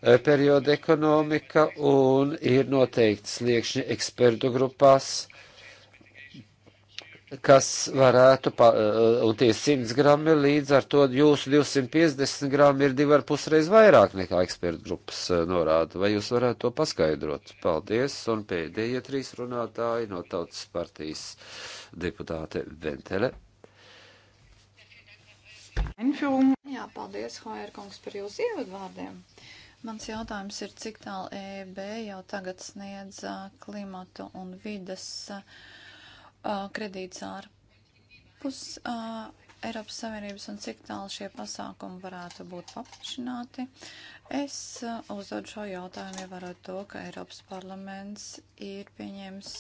Eh, perioda ekonomika un ir noteikti sliekšņi ekspertu grupās, kas varētu, pa, eh, un tie 100 grami līdz ar to jūsu 250 grami ir divi ar pusreiz vairāk nekā ekspertu grupas eh, norāda. Vai jūs varētu to paskaidrot? Paldies, un pēdējie trīs runātāji no Tautas partijas deputāte Ventele.
Jā, paldies, Hoērkungs, par jūsu ievadvārdiem. Uh, Mans jautājums ir, cik tālu EIB jau tagad sniedz klimatu un vidas kredīts ārpus Eiropas Savienības un cik tālu šie pasākumi varētu būt paplašināti. Es uzdodu šo jautājumu, ievarot to, ka Eiropas parlaments ir pieņēmis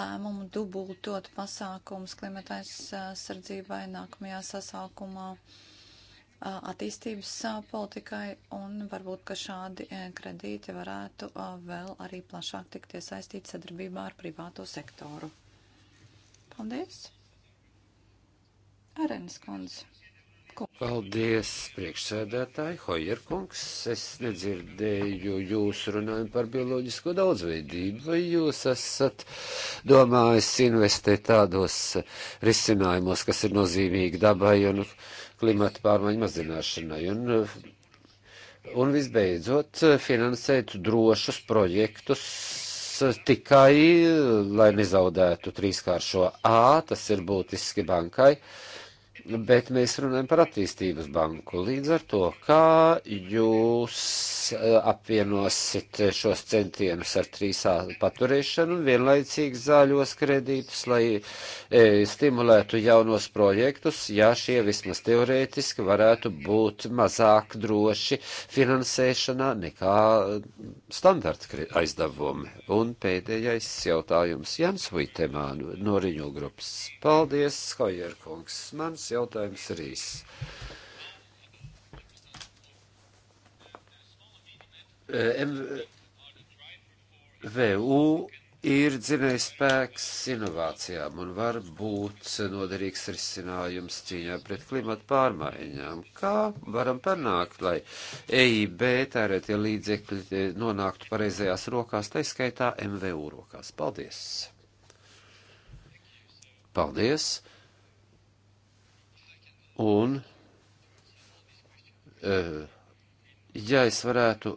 lēmumu dubultot pasākumus klimatais sardzībai nākamajā sasaukumā. Uh, attīstības politikai, un varbūt, ka šādi kredīti varētu vēl arī plašāk tikt iesaistīti sadarbībā ar privāto sektoru. Paldies! Arenas kundze.
Paldies, priekšsēdētāji, Hojer kungs. Es nedzirdēju jūsu runājumu par bioloģisko daudzveidību. Vai jūs esat domājis investēt tādos risinājumos, kas ir nozīmīgi dabai un klimata pārmaiņu mazināšanai. Un, un visbeidzot, finansēt drošus projektus tikai, lai nezaudētu trīskāršo A, tas ir būtiski bankai. Uh, bet mēs runājam par attīstības banku. Līdz ar to, kā jūs eh, apvienosit šos centienus ar trīsā paturēšanu un vienlaicīgi zāļos kredītus, lai e, stimulētu jaunos projektus, ja šie vismaz teorētiski varētu būt mazāk droši finansēšanā nekā eh, standarta aizdevumi. Un pēdējais jautājums Jans Vitemānu no Riņu grupas. Paldies, Hojerkungs. Mans mans jautājums ir īss. MVU ir dzinējs spēks inovācijām un var būt noderīgs risinājums cīņā pret klimatu pārmaiņām. Kā varam panākt, lai EIB tērētie līdzekļi nonāktu pareizajās rokās, tai skaitā MVU rokās? Paldies! Paldies! Un, e, ja es varētu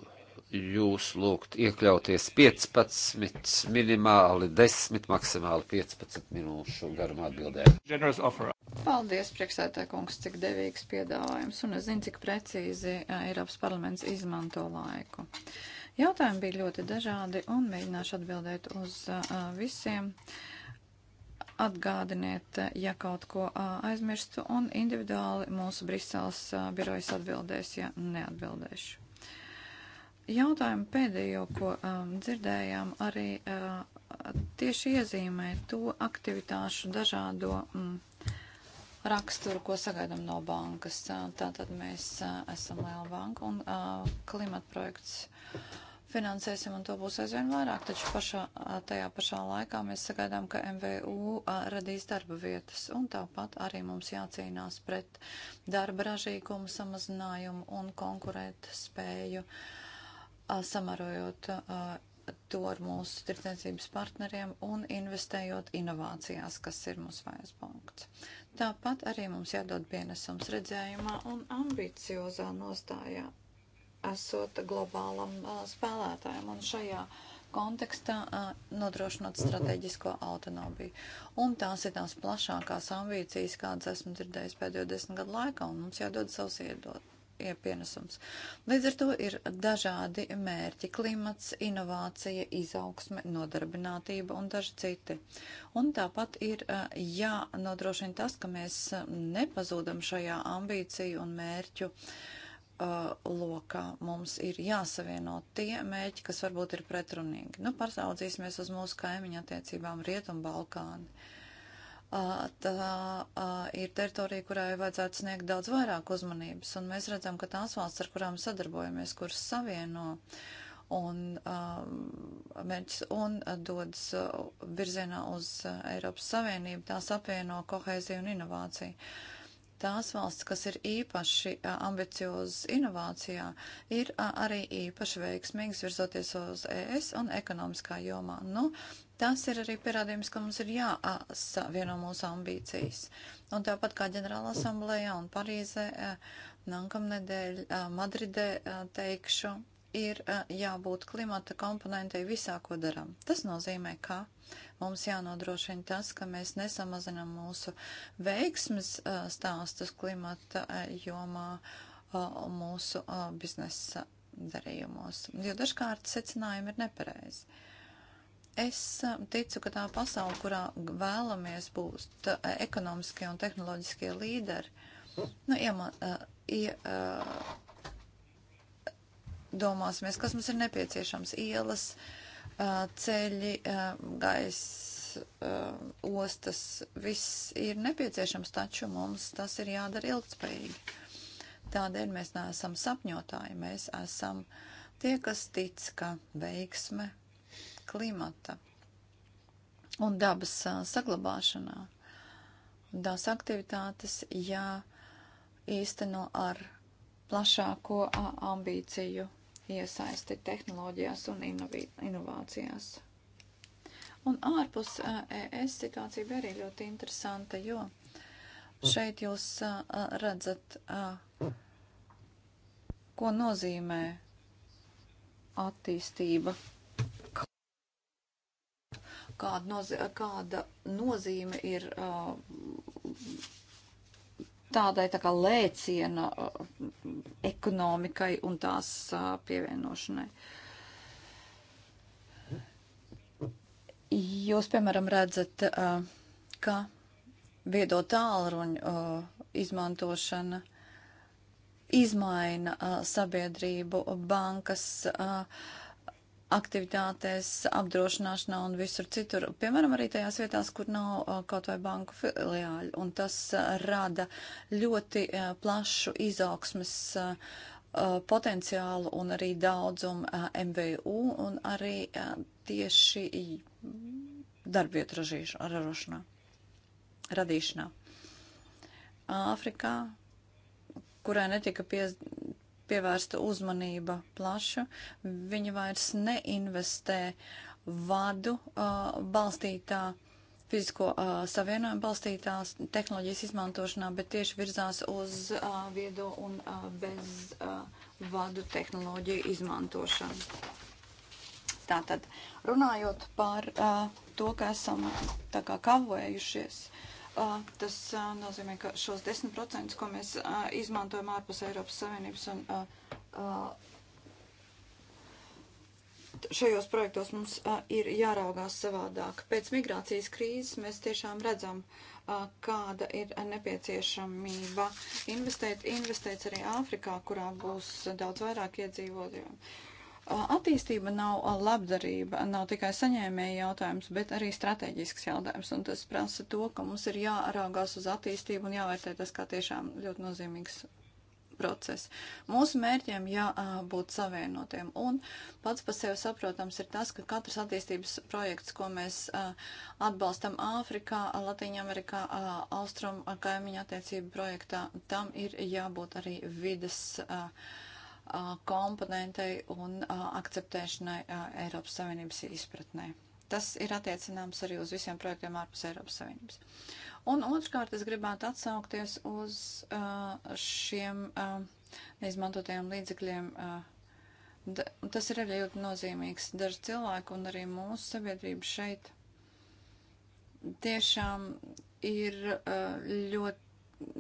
jūs lūgt iekļauties 15, minimāli 10, maksimāli 15 minūšu garumā atbildēm.
Paldies, priekšsētāj kungs, cik devīgs piedāvājums, un es zinu, cik precīzi e, Eiropas parlaments izmanto laiku. Jautājumi bija ļoti dažādi, un mēģināšu atbildēt uz uh, visiem. Uh, atgādiniet, ja kaut ko aizmirstu, un individuāli mūsu Briseles birojas atbildēs, ja neatbildēšu. Jautājumu pēdējo, ko um, dzirdējām, arī uh, tieši iezīmē to aktivitāšu dažādo um, raksturu, ko sagaidām no bankas. Tātad mēs uh, esam liela banka un uh, klimata projekts. Uh, finansēsim, un to būs aizvien vairāk. Taču pašā, tajā pašā laikā mēs sagaidām, ka MVU radīs darba vietas, un tāpat arī mums jācīnās pret darba ražīgumu samazinājumu un konkurēt spēju, samarojot to ar mūsu tirdzniecības partneriem un investējot inovācijās, kas ir mūsu vājas punkts. Tāpat arī mums jādod pienesums redzējumā un ambiciozā nostājā esot globālam spēlētājam. Un šajā kontekstā nodrošinot strateģisko autonomiju. Un tās ir tās plašākās ambīcijas, kādas esmu dzirdējis pēdējo desmit gadu laikā, un mums jādod savs iedot. Pienesums. Līdz ar to ir dažādi mērķi - klimats, inovācija, izaugsme, nodarbinātība un daži citi. Un tāpat ir jānodrošina tas, ka mēs nepazūdam šajā ambīciju un mērķu uh, uh, lokā mums ir jāsavieno tie mēķi, kas varbūt ir pretrunīgi. Nu, pārsaudzīsimies uz mūsu kaimiņu attiecībām Rietumbalkāni. Uh, tā uh, ir teritorija, kurai vajadzētu sniegt daudz vairāk uzmanības, un mēs redzam, ka tās valsts, ar kurām sadarbojamies, kuras savieno un uh, mērķis un uh, dodas uh, virzienā uz uh, Eiropas Savienību, tās apvieno kohēziju un inovāciju. Uh, tās valsts, kas ir īpaši ambiciozas inovācijā, ir arī īpaši veiksmīgas virzoties uz ES un ekonomiskā jomā. Nu, tas ir arī pierādījums, ka mums ir jāsavieno mūsu ambīcijas. Un tāpat kā ģenerāla asamblējā un Parīzē nākamnedēļ Madridē teikšu, ir jābūt klimata komponentei visā, ko darām. Tas nozīmē, ka mums jānodrošina tas, ka mēs nesamazinām mūsu veiksmes stāstus klimata jomā mūsu biznesa darījumos, jo dažkārt secinājumi ir nepareizi. Es ticu, ka tā pasaule, kurā vēlamies būt ekonomiskie un tehnoloģiskie līderi, nu, iema, ie, domāsimies, kas mums ir nepieciešams. Ielas, ceļi, gaisa, ostas, viss ir nepieciešams, taču mums tas ir jādara ilgspējīgi. Tādēļ mēs neesam sapņotāji, mēs esam tie, kas tic, ka veiksme klimata un dabas saglabāšanā tās aktivitātes jāīsteno ar plašāko ambīciju iesaisti tehnoloģijās un inovācijās. Un ārpus ES situācija bija arī ļoti interesanta, jo šeit jūs redzat, ko nozīmē attīstība, kāda, noz kāda nozīme ir tādai tā kā lēciena uh, ekonomikai un tās uh, pievienošanai. Jūs, piemēram, redzat, uh, ka viedo tālruņu izmantošana izmaina sabiedrību, bankas uh, aktivitātēs, apdrošināšanā un visur citur, piemēram, arī tajās vietās, kur nav uh, kaut vai banku filiāļu, un tas uh, rada ļoti uh, plašu izaugsmes potenciālu un arī daudzumu MVU un arī tieši darbvietu ražīšanā, radīšanā. Āfrikā, kurai netika pies, pievērsta uzmanība plaša. Viņi vairs neinvestē vadu uh, balstītā fizisko uh, savienojumu balstītās tehnoloģijas izmantošanā, bet tieši virzās uz uh, viedo un uh, bez uh, vadu tehnoloģiju izmantošanu. Tātad, runājot par uh, to, ka esam tā kā kavējušies uh, tas nozīmē, ka šos 10%, ko mēs izmantojam ārpus Eiropas Savienības un šajos projektos mums ir jāraugās savādāk. Pēc migrācijas krīzes mēs tiešām redzam, kāda ir nepieciešamība investēt, investēt arī Āfrikā, kurā būs daudz vairāk iedzīvotāju attīstība nav labdarība, nav tikai saņēmēja jautājums, bet arī strateģisks jautājums. Un tas prasa to, ka mums ir jāraugās uz attīstību un jāvērtē tas kā tiešām ļoti nozīmīgs process. Mūsu mērķiem jābūt savienotiem. Un pats par sevi saprotams ir tas, ka katrs attīstības projekts, ko mēs atbalstam Āfrikā, Latīņamerikā, Austrum kaimiņa attiecību projektā, tam ir jābūt arī vidas. Uh, komponentei un akceptēšanai Eiropas Savienības izpratnē. Tas ir attiecināms arī uz visiem projektiem ārpus Eiropas Savienības. Un otrkārt, es gribētu atsaukties uz šiem neizmantotajiem līdzekļiem. Tas ir arī ļoti nozīmīgs. Daži cilvēki un arī mūsu sabiedrība šeit tiešām ir ļoti,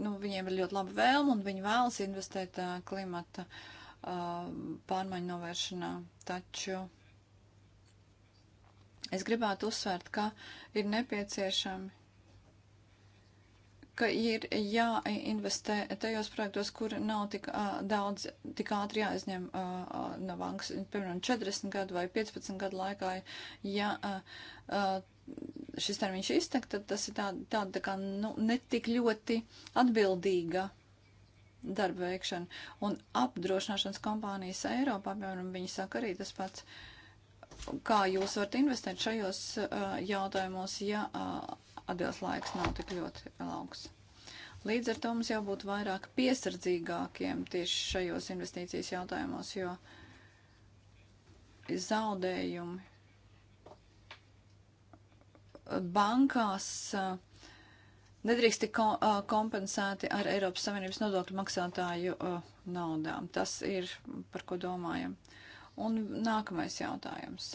nu, viņiem ir ļoti laba vēlme un viņi vēlas investēt klimata uh, Um, pārmaiņu novēršanā. Taču es gribētu uzsvērt, ka ir nepieciešami ka ir jāinvestē tajos projektos, kur nav tik uh, daudz, tik ātri jāizņem uh, no bankas, piemēram, 40 gadu vai 15 gadu laikā, ja uh, uh, šis termiņš iztek, tad tas ir tāda, tāda tā kā nu, netik ļoti atbildīga darba veikšanu. Un apdrošināšanas kompānijas Eiropā, piemēram, viņi saka arī tas pats, kā jūs varat investēt šajos uh, jautājumos, ja uh, atbildes laiks nav tik ļoti lauks. Līdz ar to mums jābūt vairāk piesardzīgākiem tieši šajos investīcijas jautājumos, jo zaudējumi bankās uh, nedrīkst tik kompensēti ar Eiropas Savienības nodokļu maksātāju naudām. Tas ir, par ko domājam. Un nākamais jautājums.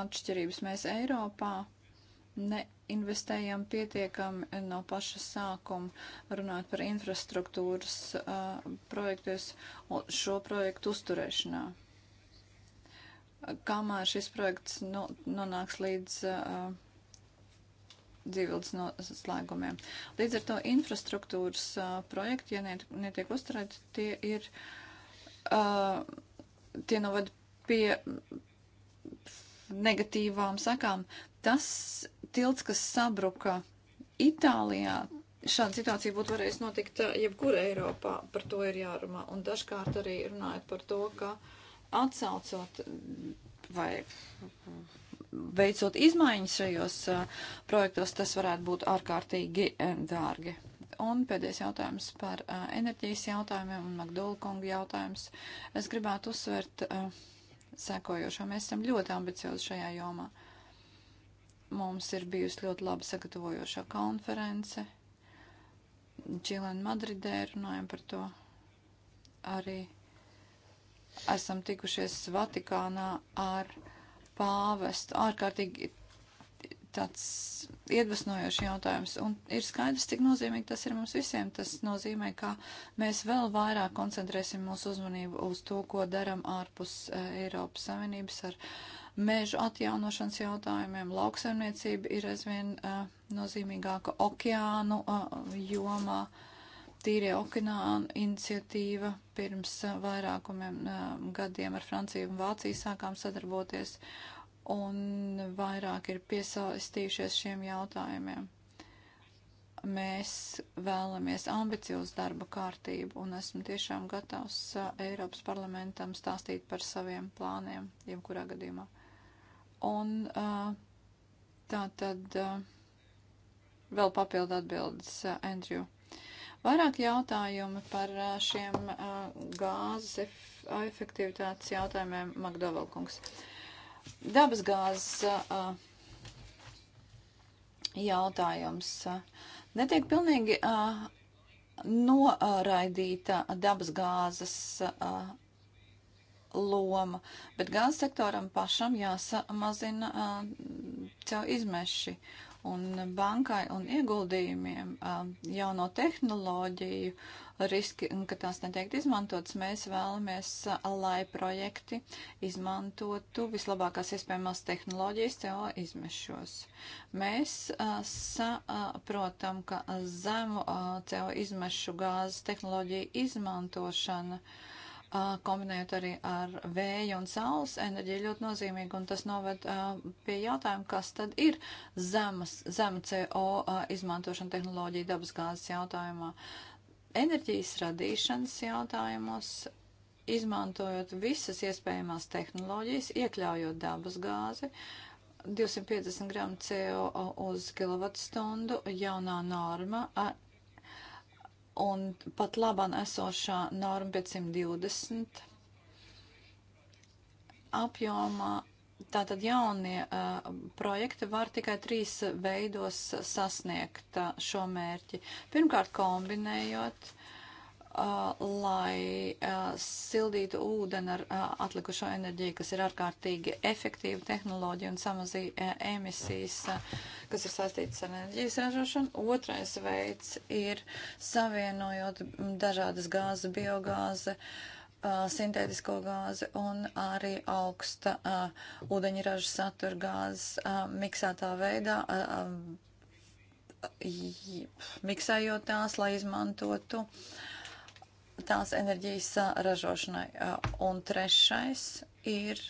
Atšķirības mēs Eiropā neinvestējam pietiekami no paša sākuma runāt par infrastruktūras uh, projektus un šo projektu uzturēšanā. Kamēr šis projekts no, nu, nonāks līdz uh, dzīvildes noslēgumiem. Līdz ar to infrastruktūras uh, projekti, ja net, netiek uzturēti, tie ir, uh, tie novad pie negatīvām sakām. Tas tilts, kas sabruka Itālijā, šāda situācija būtu varējusi notikt jebkur Eiropā, par to ir jārunā. Un dažkārt arī runājot par to, ka atsaucot vai veicot izmaiņas šajos projektos, tas varētu būt ārkārtīgi dārgi. Un pēdējais jautājums par enerģijas jautājumiem un Magdula kungu jautājums. Es gribētu uzsvert sekojošo. Mēs esam ļoti ambiciozi šajā jomā. Mums ir bijusi ļoti laba sagatavojošā konference. Čilēna Madridē runājam par to. Arī esam tikušies Vatikānā ar uh, pāvestu. Ārkārtīgi tāds iedvesmojošs jautājums. Un ir skaidrs, cik nozīmīgi tas ir mums visiem. Tas nozīmē, ka mēs vēl vairāk koncentrēsim mūsu uzmanību uz to, ko daram ārpus e, Eiropas Savienības ar mēžu atjaunošanas jautājumiem. Lauksaimniecība ir aizvien uh, nozīmīgāka okeānu uh, jomā. Uh, Tīrie okeāna iniciatīva pirms uh, vairākumiem uh, gadiem ar Franciju un Vāciju sākām sadarboties un vairāk ir piesaistījušies šiem jautājumiem. Mēs vēlamies ambiciozu darba kārtību un esmu tiešām gatavs uh, Eiropas parlamentam stāstīt par saviem plāniem, jebkurā gadījumā. Un tā tad vēl papildu atbildes, Andrew. Vairāk jautājumi par šiem gāzes efektivitātes jautājumiem, Magdovelkungs. Dabas gāzes jautājums. Netiek pilnīgi noraidīta dabas gāzes loma, bet gāzes sektoram pašam jāsamazina sev izmeši. Un bankai un ieguldījumiem um, jauno tehnoloģiju riski, ka tās netiek izmantotas, mēs vēlamies, uh, lai projekti izmantotu vislabākās iespējamās tehnoloģijas CO izmešos. Mēs uh, saprotam, ka zemu uh, CO izmešu gāzes tehnoloģiju izmantošana uh, kombinējot arī ar vēju un saules enerģiju, ļoti nozīmīgi, un tas noved pie jautājuma, kas tad ir zemas, zema CO izmantošana tehnoloģija dabasgāzes jautājumā. Enerģijas radīšanas jautājumos, izmantojot visas iespējamās tehnoloģijas, iekļaujot dabasgāzi, 250 gramu CO uz kilovatstundu jaunā norma Un pat labam esošā norma 520 apjomā Tātad jaunie uh, projekti var tikai trīs veidos sasniegt uh, šo mērķi. Pirmkārt, kombinējot Uh, lai uh, sildītu ūdeni ar uh, atlikušo enerģiju, kas ir ārkārtīgi efektīva tehnoloģija un samazina emisijas, kas ir saistītas ar enerģijas ražošanu. Otrais veids ir savienojot dažādas gāzes, biogāze sintētisko gāzi un arī augsta uh, ūdeņraža satura gāzes uh, miksētā veidā, uh, miksējot tās, lai izmantotu uh, tās enerģijas ražošanai. Un trešais ir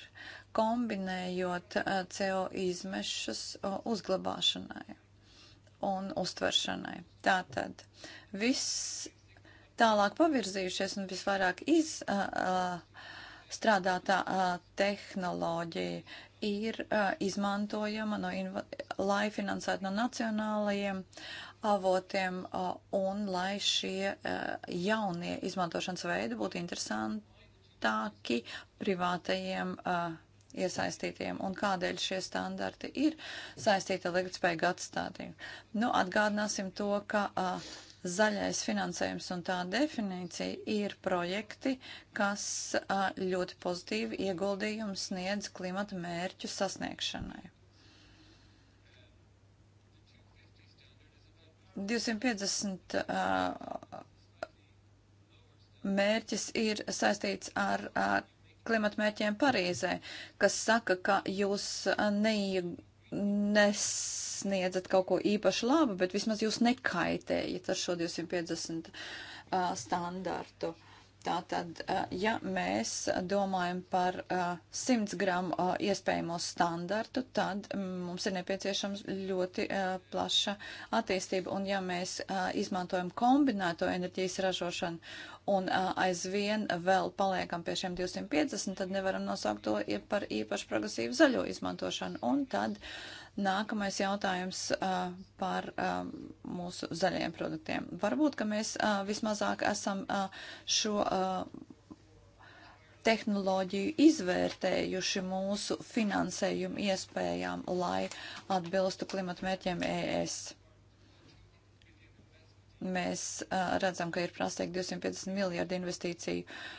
kombinējot CO izmešus uzglabāšanai un uztveršanai. Tātad viss tālāk pavirzījušies un visvairāk izstrādātā tehnoloģija ir izmantojama, no, lai finansētu no nacionālajiem avotiem un lai šie jaunie izmantošanas veidi būtu interesantāki privātajiem iesaistītiem un kādēļ šie standarti ir saistīti ar ilgtspējīgu atstātību. Nu, atgādināsim to, ka a, zaļais finansējums un tā definīcija ir projekti, kas a, ļoti pozitīvi ieguldījums sniedz klimata mērķu sasniegšanai. 250 uh, mērķis ir saistīts ar uh, klimata mērķiem Parīzē, kas saka, ka jūs uh, neiegūstat nesniedzat kaut ko īpaši labu, bet vismaz jūs nekaitējat ar šo 250 uh, standartu. Uh, Tātad, ja mēs domājam par 100 gramu iespējamo standartu, tad mums ir nepieciešams ļoti plaša attīstība. Un ja mēs izmantojam kombinēto enerģijas ražošanu un aizvien vēl paliekam pie šiem 250, tad nevaram nosaukt to par īpaši progresīvu zaļo izmantošanu. Un tad uh, Nākamais jautājums uh, par uh, mūsu zaļajiem produktiem. Varbūt, ka mēs uh, vismazāk esam uh, šo. Uh, tehnoloģiju izvērtējuši mūsu finansējumu iespējām, lai atbilstu klimata mērķiem ES. Mēs uh, redzam, ka ir prasīgi 250 miljardi investīciju uh,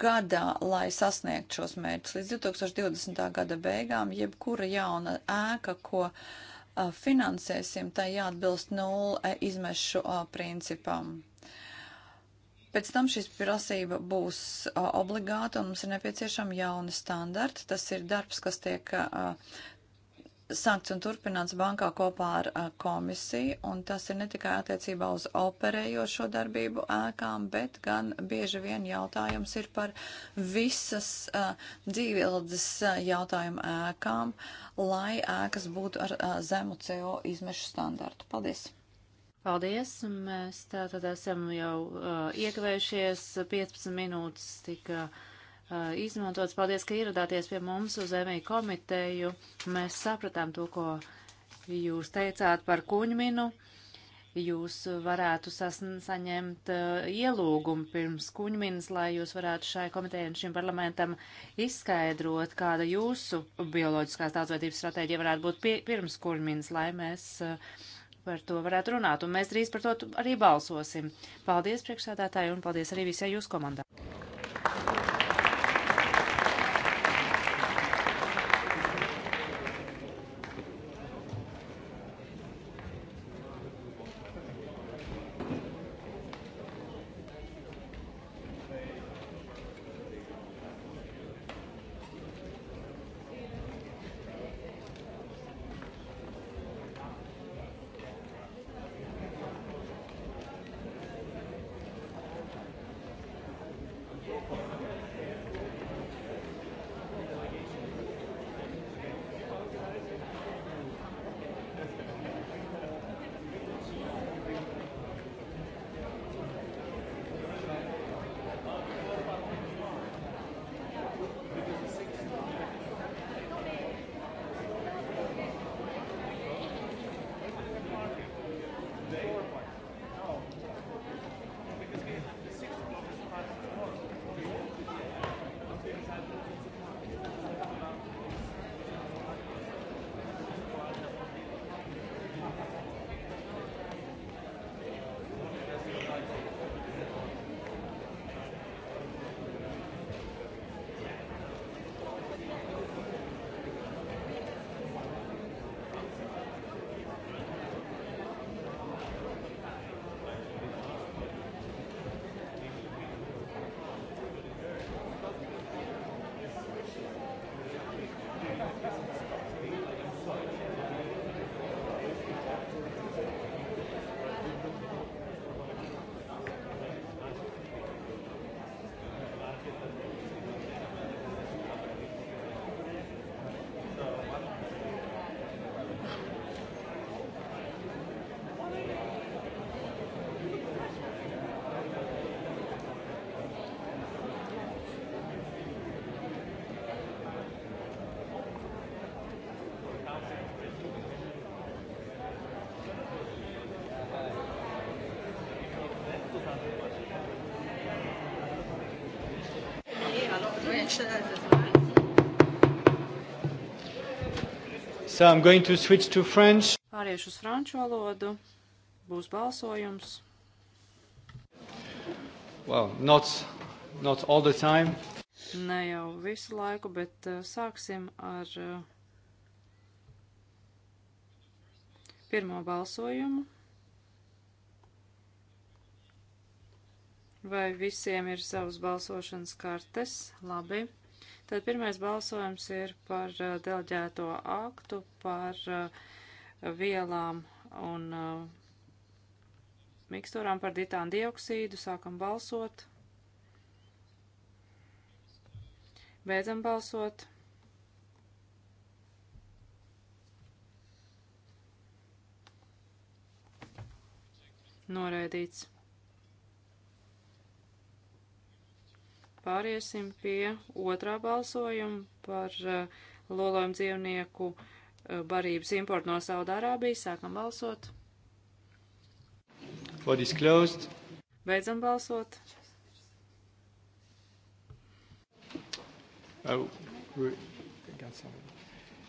gadā, lai sasniegtu šos mērķus. Līdz 2020. gada beigām jebkura jauna ēka, ko finansēsim, tai jāatbilst nulli e, izmešu principam. Pēc tam šis prasība būs a, obligāta un mums ir nepieciešama jauna standarta. Tas ir darbs, kas tiek a, sākts un turpināts bankā kopā ar komisiju, un tas ir ne tikai attiecībā uz operējošo darbību ēkām, bet gan bieži vien jautājums ir par visas dzīvildes jautājumu ēkām, lai ēkas būtu ar a, zemu
CO izmešu standartu. Paldies! Paldies! Mēs tātad esam jau uh, iekavējušies 15 minūtes tika. Uh, Eh, izmantots. Paldies, ka ieradāties pie mums uz MI komiteju. Mēs sapratām to, ko jūs teicāt par kuņminu. Jūs varētu saņemt uh, ielūgumu pirms kuņminas, lai jūs varētu šai komitejai un šim parlamentam izskaidrot, kāda jūsu bioloģiskās daudzveidības stratēģija varētu būt pie, pirms kuņminas, lai mēs uh, par to varētu runāt. Un mēs drīz par to arī balsosim. Paldies priekšsādātāji un paldies arī visai jūsu komandai.
So I'm going to switch to French.
Pāriešu uz franču valodu. Būs balsojums.
Well, not, not
all the time. Ne jau visu laiku, bet uh, sāksim ar uh, pirmo balsojumu. Vai visiem ir savas balsošanas kartes? Labi. Tad pirmais balsojums ir par uh, deleģēto aktu, par uh, vielām un uh, mikstūrām par ditānu dioksīdu. Sākam balsot. Beidzam balsot. Noraidīts. Pāriesim pie otrā balsojuma par uh, lolojumu dzīvnieku uh, barības importu no Saudārābijas. Sākam balsot.
Body's closed.
Beidzam balsot.
Uh,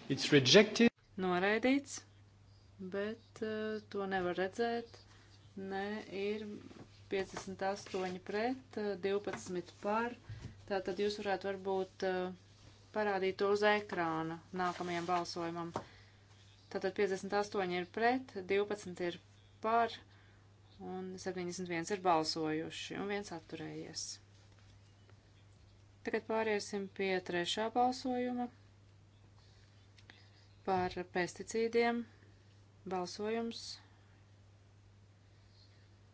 it's rejected.
Noraidīts, bet uh, to nevar redzēt. Nē, ir 58 pret, 12 eh, par. Tātad jūs varētu varbūt eh, parādīt to uz ekrāna nākamajam balsojumam. Tātad 58 ir pret, 12 ir par un 71 ir balsojuši un viens atturējies. Tagad pāriesim pie trešā balsojuma par pesticīdiem. Balsojums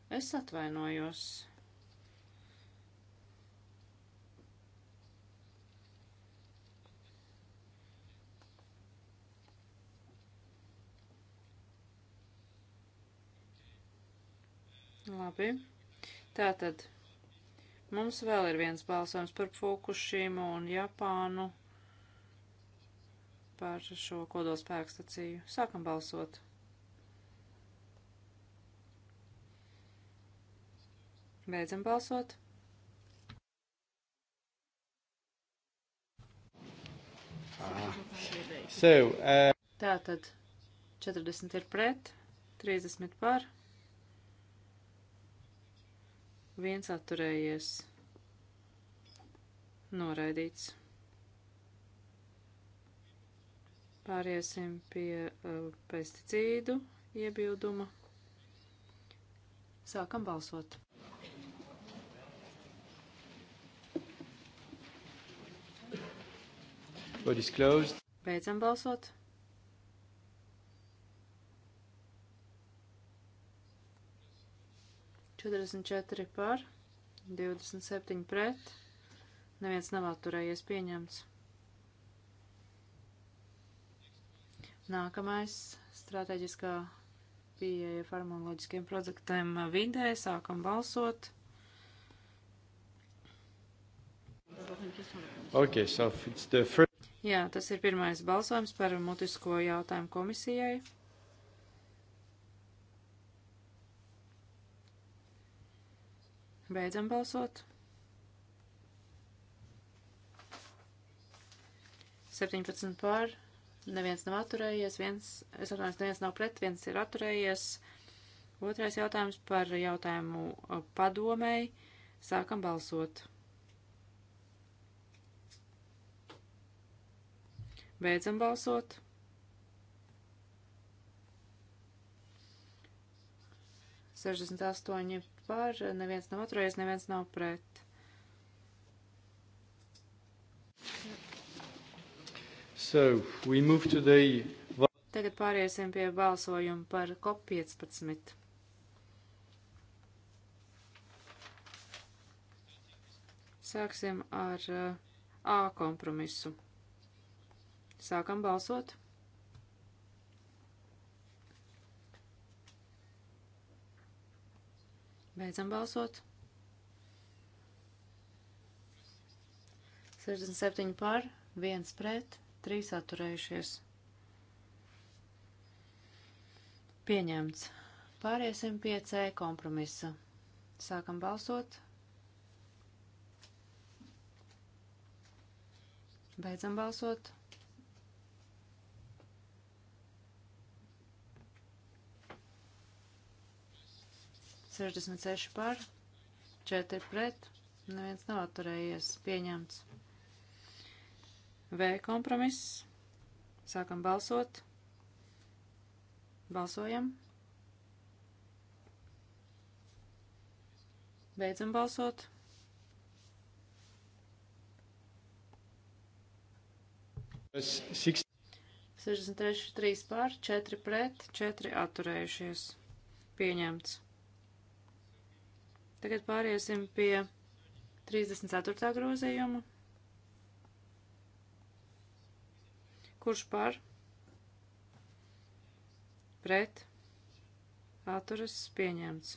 Es atvainojos. Labi. Tātad mums vēl ir viens balsojums par Fukushimu un Japānu par šo kodolspēkstaciju. Sākam balsot. Beidzam balsot.
Ah. So, uh...
Tātad 40 ir pret, 30 par, viens atturējies, noraidīts. Pāriesim pie uh, pesticīdu iebilduma. Sākam balsot.
Vote is closed.
Beidzam balsot. Četrdesmit četri par, divdesmit septiņi pret, neviens nav atturējies pieņemts. Nākamais strateģiskā pieeja farmoloģiskiem produktiem vidē. Sākam balsot. Okay,
so it's the first...
Jā, tas ir pirmais balsojums par mutisko jautājumu komisijai. Beidzam balsot. 17 pār, neviens nav atturējies, viens, es atvainojos, neviens nav pret, viens ir atturējies. Otrais jautājums par jautājumu uh, padomēji. Sākam balsot. Beidzam balsot. Sešdesmit astoņi par, neviens nav atturējies, neviens nav pret. So, we move today... Tagad pāriesim pie balsojuma par COP15. Sāksim ar uh, A kompromisu. Sākam balsot. Beidzam balsot. 67 par, 1 pret, 3 atturējušies. Pieņemts. Pāriesim pie C kompromisa. Sākam balsot. Beidzam balsot. 66 par, 4 pret, neviens nav atturējies, pieņemts. V kompromiss, sākam balsot, balsojam, beidzam balsot. Es 63, 3 pār, 4 pret, 4 atturējušies. Pieņemts. Tagad pāriesim pie 34. grozījuma. Kurš par? Pret. Atturas pieņemts.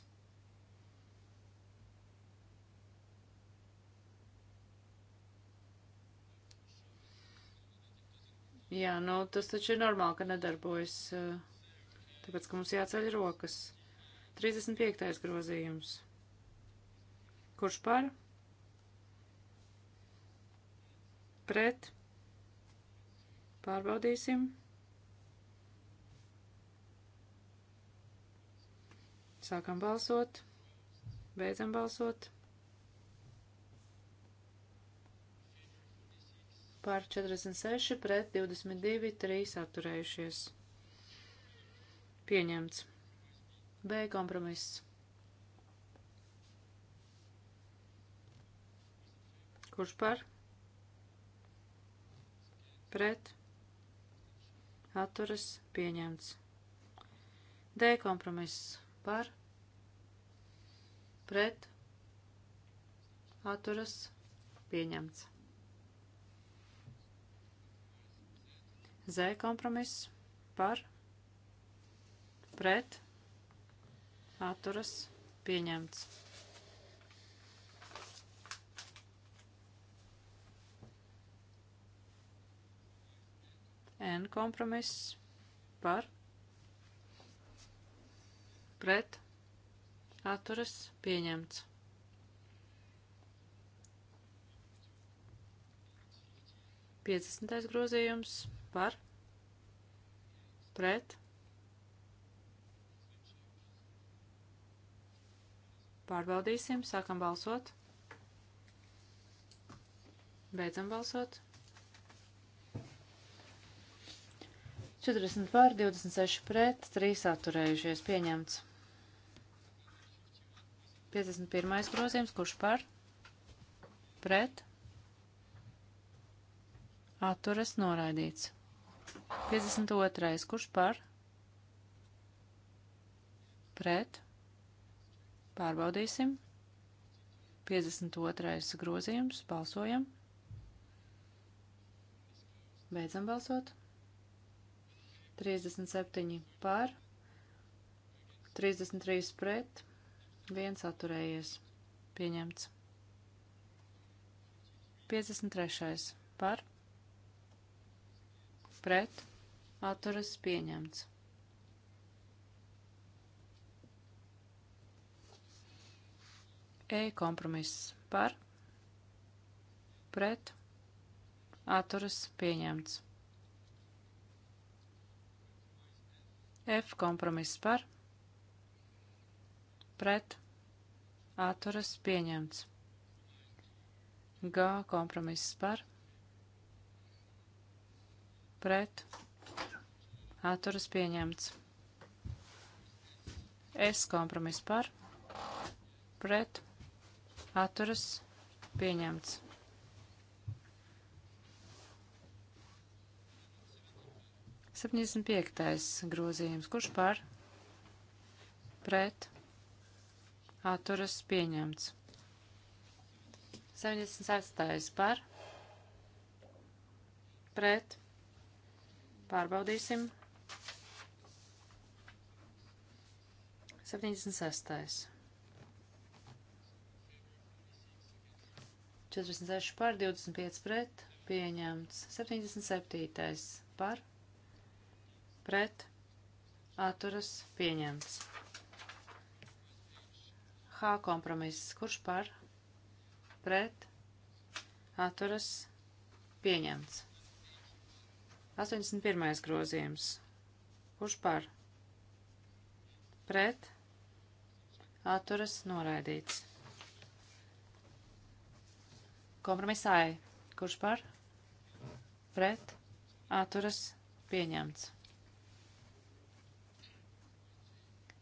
Jā, nu tas taču ir normāli, ka nedarbojas, eh, tāpēc, ka mums jāceļ rokas. 35. grozījums. Kurš par? Pret. Pārbaudīsim. Sākam balsot. Beidzam balsot. Par 46 pret 22, 3 atturējušies. Pieņemts. B kompromiss. Kurš par? Pret. Atturas pieņemts. D kompromiss par. Pret. Atturas pieņemts. Z kompromiss par. Pret. Atturas pieņemts. N kompromiss par pret atturas pieņemts. Piecdesmitais grozījums par pret pārbaudīsim, sākam balsot, beidzam balsot. 40 pār, 26 pret, 3 atturējušies pieņemts. 51. grozījums, kurš par? Pret. Atturas noraidīts. 52. kurš par? Pret. Pārbaudīsim. 52. grozījums, balsojam. Beidzam balsot. 37 par, 33 pret, 1 atturējies, pieņemts. 53 par, pret, atturas, pieņemts. 2E kompromiss par, pret, atturas pieņemts. F kompromiss par, pret, atturas pieņemts. G kompromiss par, pret, atturas pieņemts. S kompromiss par, pret, atturas pieņemts. 75. grozījums. Kurš par? Pret. Atturas pieņemts. 76. par. Pret. Pārbaudīsim. 76. 46 par, 25 pret, pieņemts. 77. par pret atturas pieņemts. H kompromiss, kurš par pret atturas pieņemts. 81. grozījums, kurš par pret atturas noraidīts. Kompromisāji, kurš par pret atturas pieņemts.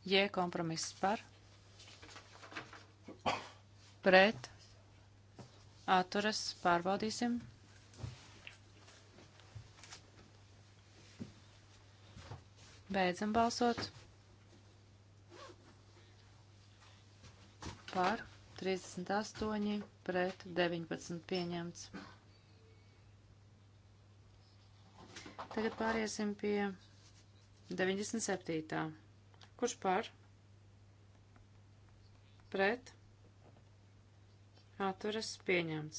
J kompromiss par, pret, atturas, pārbaudīsim. Beidzam balsot. Par 38 pret 19 pieņemts. Tagad pāriesim pie 97. Kurš par? Pret. Atturas pieņemts.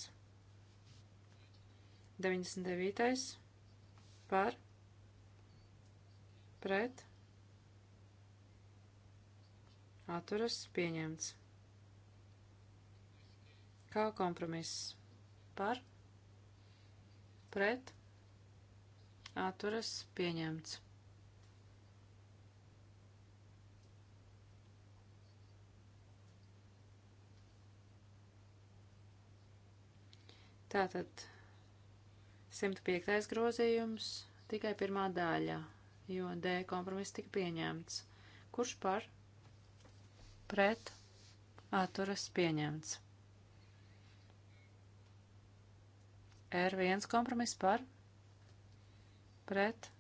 99. Par. Pret. Atturas pieņemts. Kā kompromiss? Par. Pret. Atturas pieņemts. Tātad 105. grozījums tikai pirmā daļa, jo D kompromiss tika pieņemts. Kurš par? Pret? Atturas pieņemts. R1 kompromiss par? Pret?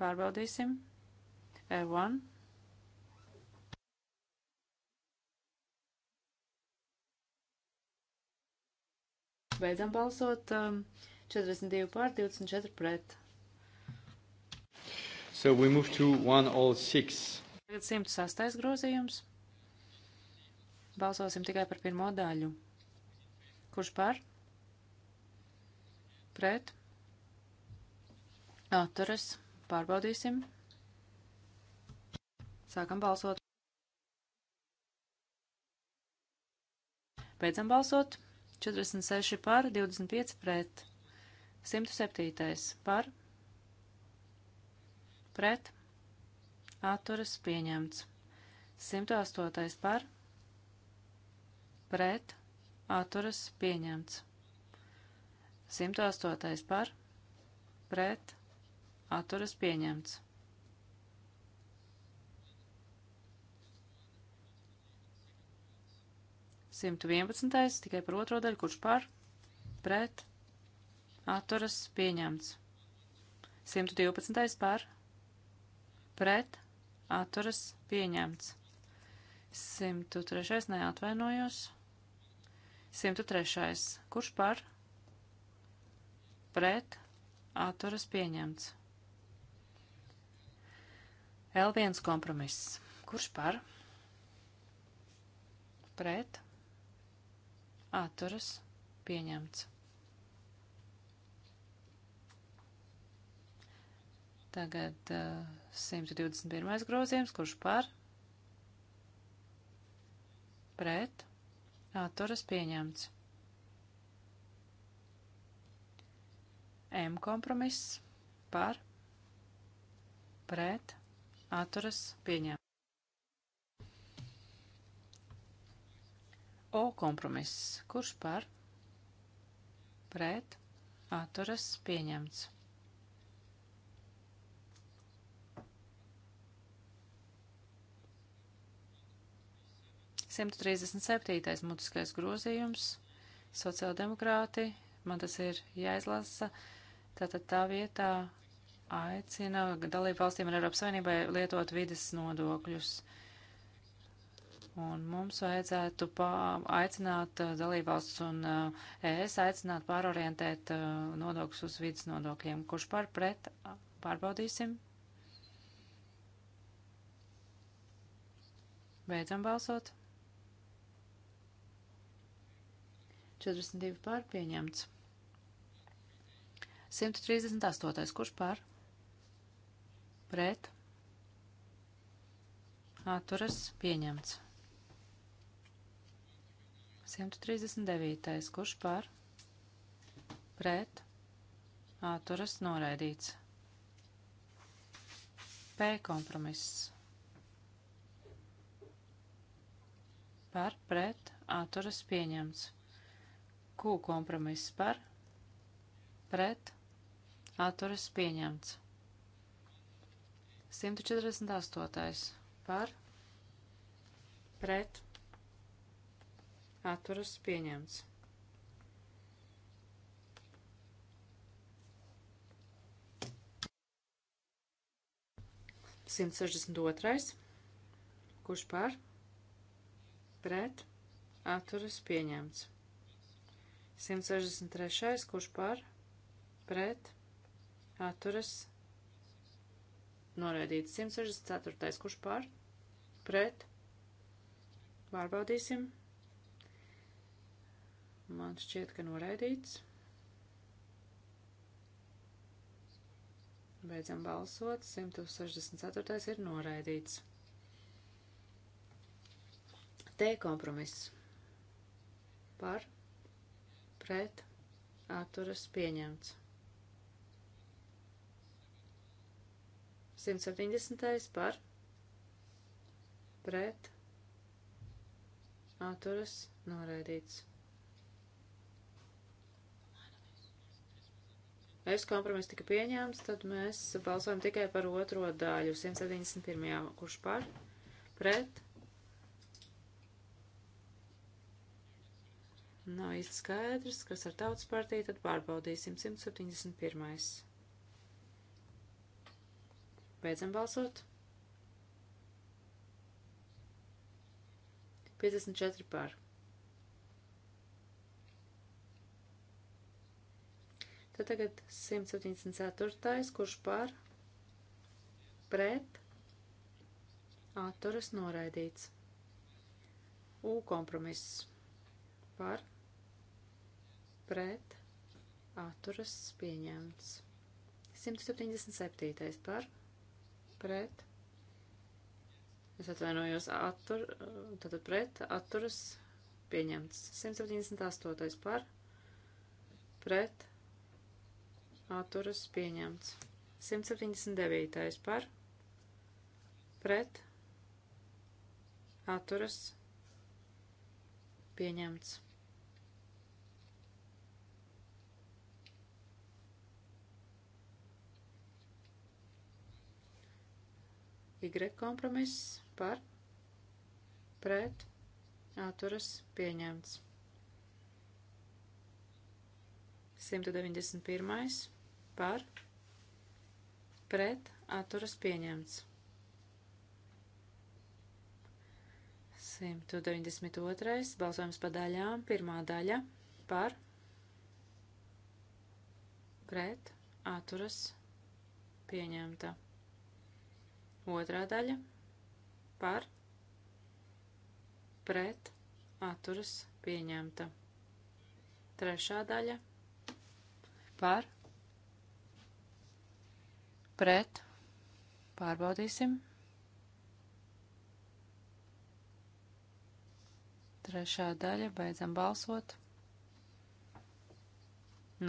Pārbaudīsim. R1. Beidzam balsot. 42 um, pār 24 pret.
So we move to 106.
Tagad 106. grozījums. Balsosim tikai par pirmo daļu. Kurš par? Pret? Atturas. Pārbaudīsim. Sākam balsot. Beidzam balsot. 46 par, 25 pret. 107. par, pret, atturas pieņemts. 108. par, pret, atturas pieņemts. 108. par, pret, atturas pieņemts. 111. tikai par otro daļu, kurš par, pret, atturas pieņemts. 112. par, pret, atturas pieņemts. 103. neatvainojos. 103. kurš par, pret, atturas pieņemts. L1 kompromiss. Kurš par? Pret atturas pieņemts. Tagad uh, 121. grozījums, kurš par, pret, atturas pieņemts. M kompromiss par, pret, atturas pieņemts. O kompromiss. Kurš par? Pret. Atturas pieņemts. Simt trīsdesmit septītais mutiskais grozījums. Sociāldemokrāti. Man tas ir jāizlasa. Tātad tā vietā aicina dalību valstīm un Eiropas Savienībai lietot vides nodokļus. Uh, Un mums vajadzētu aicināt eh, dalībvalsts un eh, ES aicināt pārorientēt eh, nodokļus uz vidas nodokļiem. Kurš par pret pārbaudīsim? Beidzam balsot. 42 pār pieņemts. 138. Kurš pār? Pret. Atturas pieņemts. 139. Kurš par? Pret. Atturas noraidīts. P kompromiss. Par, pret, atturas pieņemts. Q kompromiss par, pret, atturas pieņemts. 148. par, pret, atturas pieņemts. Simt sešdesmit otrais, kurš par, pret, atturas pieņemts. Simt sešdesmit trešais, kurš par, pret, atturas noraidīts. Simt sešdesmit ceturtais, kurš par, pret, pārbaudīsim. Man šķiet, ka noraidīts. Beidzam balsot. 164. ir noraidīts. T kompromiss. Par, pret, atturas pieņemts. 170. par, pret, atturas noraidīts. Es kompromiss tika pieņēmts, tad mēs balsojam tikai par otro daļu, 171. kurš par, pret. Nav īsti skaidrs, kas ar tautas partiju, tad pārbaudīsim 171. Beidzam balsot. 54 par. Tad tagad 174. kurš par pret atturas noraidīts. U kompromiss par pret atturas pieņemts. 177. par pret. Es atvainojos attur, tātad pret atturas pieņemts. 178. par pret atturas pieņemts. 179. par pret atturas pieņemts. Y kompromiss par pret atturas pieņemts. 191 par pret atturas pieņemts. 192. balsojums pa daļām. Pirmā daļa par pret atturas pieņemta. Otrā daļa par pret atturas pieņemta. Trešā daļa par pret pret, pārbaudīsim. Trešā daļa, beidzam balsot.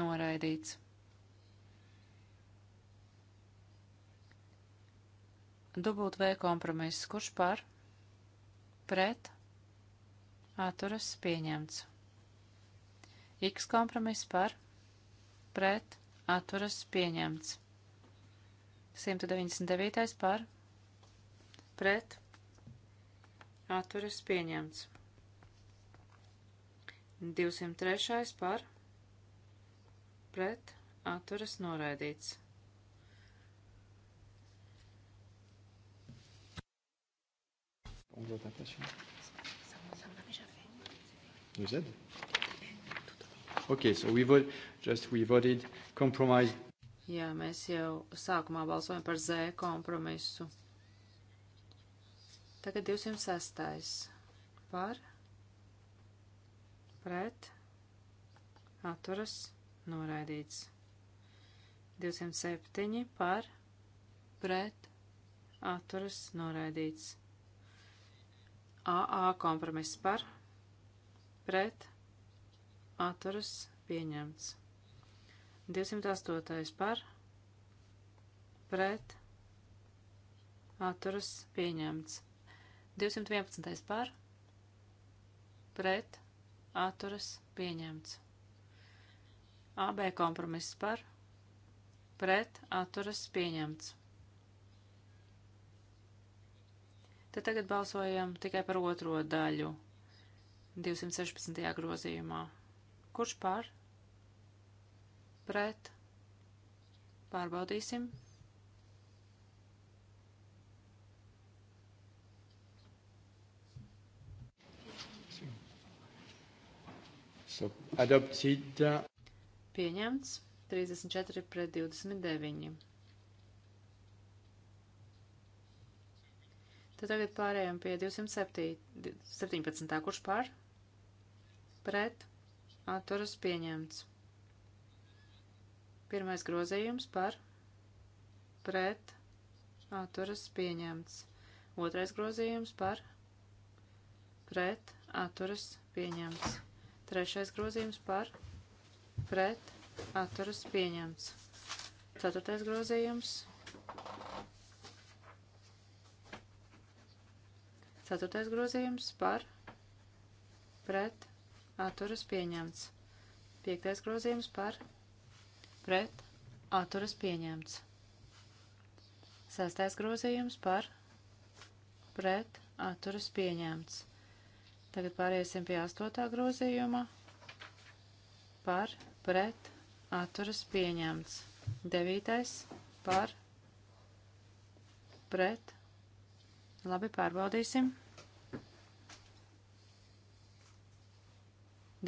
Noraidīts. Dubult V kompromiss, kurš par, pret, atturas pieņemts. X kompromiss par, pret, atturas pieņemts. 199. par pret atturas pieņemts. 203. par pret atturas noraidīts. On doit être patient. Vous êtes? Okay, so we vote, just we voted compromise Jā, mēs jau sākumā balsojam par Z kompromisu. Tagad 206. Par, pret, atturas, noraidīts. 207. Par, pret, atturas, noraidīts. AA kompromiss par, pret, atturas, pieņemts. 208. par pret atturas pieņemts. 211. par pret atturas pieņemts. AB kompromiss par pret atturas pieņemts. Tad tagad balsojam tikai par otro daļu 216. grozījumā. Kurš par? pret, pārbaudīsim.
So, adopted.
Pieņemts 34 pret 29. Tad tagad pārējām pie 217. Kurš pār? Pret. Atturas pieņemts. Pirmais grozījums par pret atturas pieņemts. Otrais grozījums par pret atturas pieņemts. Trešais grozījums par pret atturas pieņemts. Ceturtais grozījums. Ceturtais grozījums par pret atturas pieņemts. Piektais grozījums par pret pret atturas pieņemts. Sestais grozījums par pret atturas pieņemts. Tagad pāriesim pie astotā grozījuma par pret atturas pieņemts. Devītais par pret. Labi, pārbaudīsim.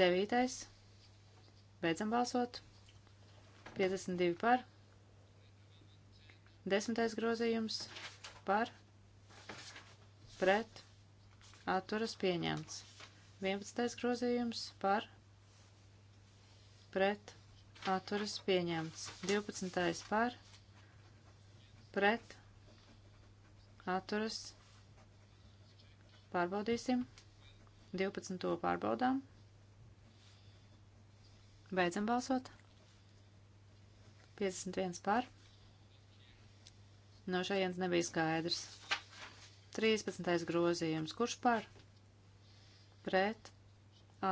Devītais. Beidzam balsot. 52 par. Desmitais grozījums par. Pret. Atturas pieņemts. 11. grozījums par. Pret. Atturas pieņemts. 12. par. Pret. Atturas. Pārbaudīsim. 12. pārbaudām. Beidzam balsot. 51 par. No šajienas nebija skaidrs. 13. grozījums. Kurš par? Pret.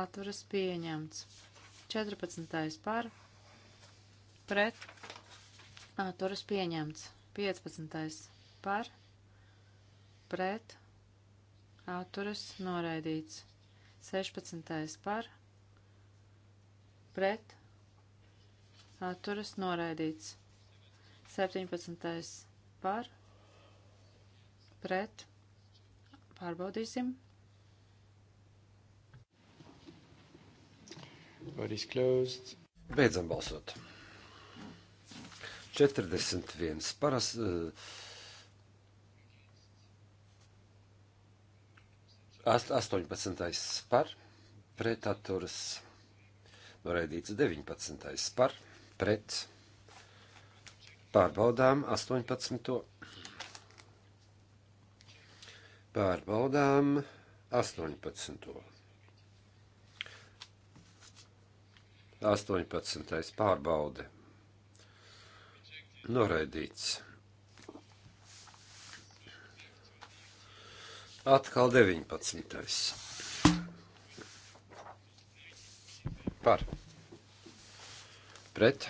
Atturas pieņemts. 14. par. Pret. Atturas pieņemts. 15. par. Pret. Atturas noraidīts. 16. par. Pret atturas noraidīts. 17. par, pret, pārbaudīsim.
Body's closed.
Beidzam balsot. 41. Paras, uh, 18. par, pretaturas noraidīts 19. par, pret pret pārbaudām 18. Pārbaudām 18. 18. pārbaude. Noraidīts. Atkal 19. Par pret,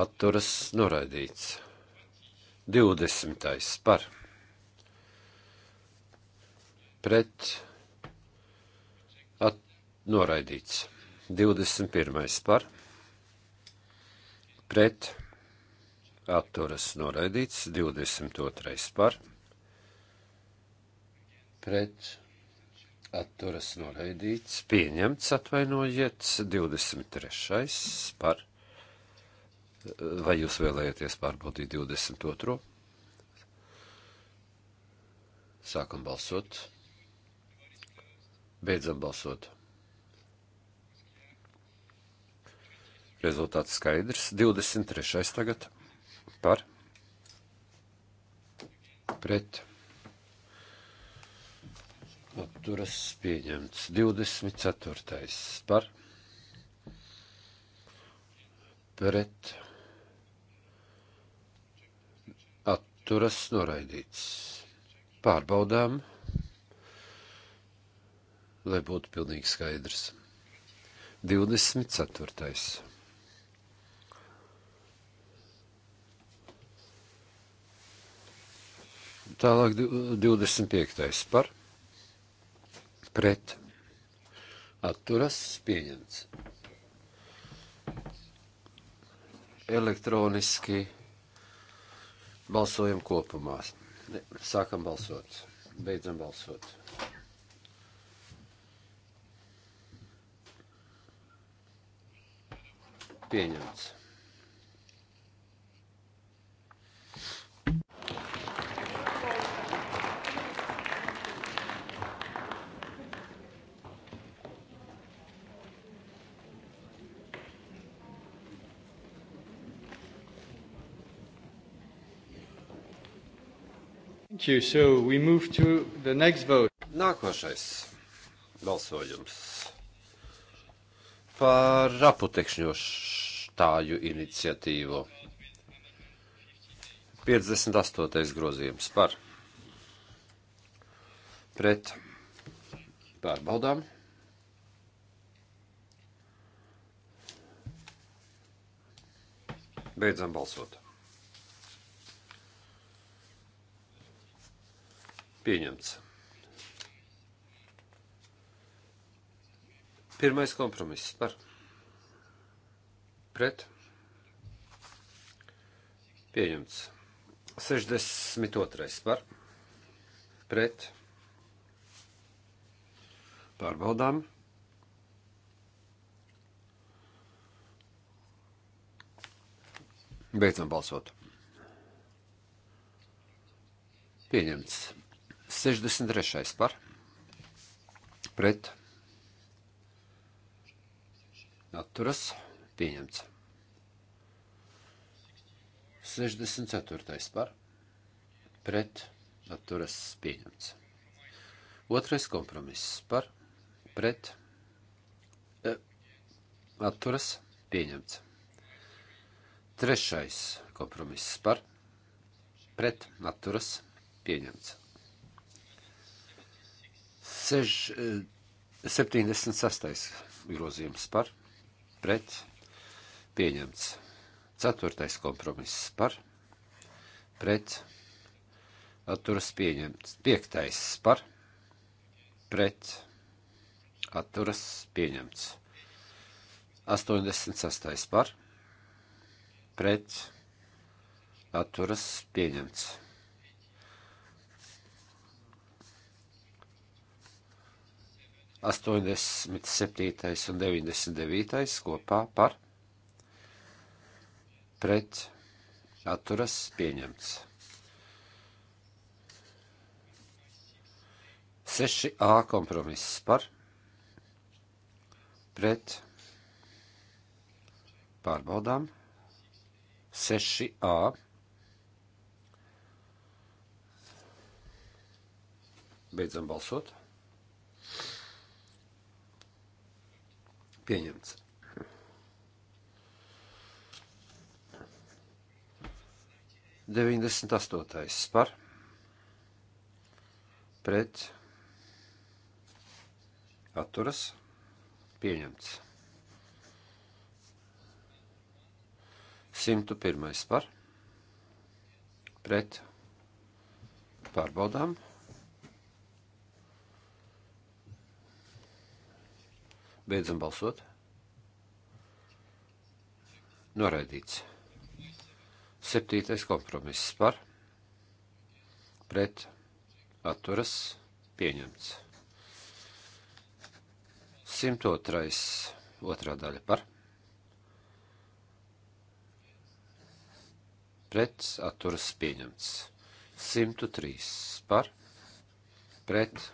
atturas noraidīts. 20. par, pret, at, noraidīts. 21. par, pret, atturas noraidīts. 22. par, pret, atturas noraidīts, pieņemts, atvainojiet, 23. par. Vai jūs vēlējaties pārbaudīt 22. Sākam balsot. Beidzam balsot. Rezultāts skaidrs. 23. tagad par pret atturas pieņemts. 24. par pret atturas noraidīts. Pārbaudām, lai būtu pilnīgi skaidrs. 24. Tālāk 25. par pret pret atturas pieņemts. Elektroniski balsojam kopumā. Sākam balsot, beidzam balsot. Pieņemts. Thank you. So we move to the next vote. Nākošais balsojums par aputekšņoštāju iniciatīvu. 58. grozījums par pret pārbaudām. Beidzam balsot. Pieņemts. Pirmais kompromiss par pret pieņemts. 62. par pret pārbaudām. Beidzam balsot. Pieņemts. 63. par pret atturas pieņemts. 64. par pret atturas pieņemts. Otrais kompromiss par pret e, atturas pieņemts. Trešais kompromiss par pret atturas pieņemts. Sež, 76. Eh, grozījums par, pret, pieņemts. 4. kompromiss par, pret, atturas pieņemts. 5. par, pret, atturas pieņemts. 86. par, pret, atturas pieņemts. 87. un 99. kopā par pret atturas pieņemts. 6a kompromiss par pret pārbaudām 6a Beidzam balsot. Pieņemts. Deviņdesmit astotais par pret atturas pieņemts. 101. par pret pārbaudām. Beidzam balsot. Noraidīts. Septītais kompromiss par, pret, atturas, pieņemts. 102. otrā daļa par, pret, atturas, pieņemts. 103. par, pret,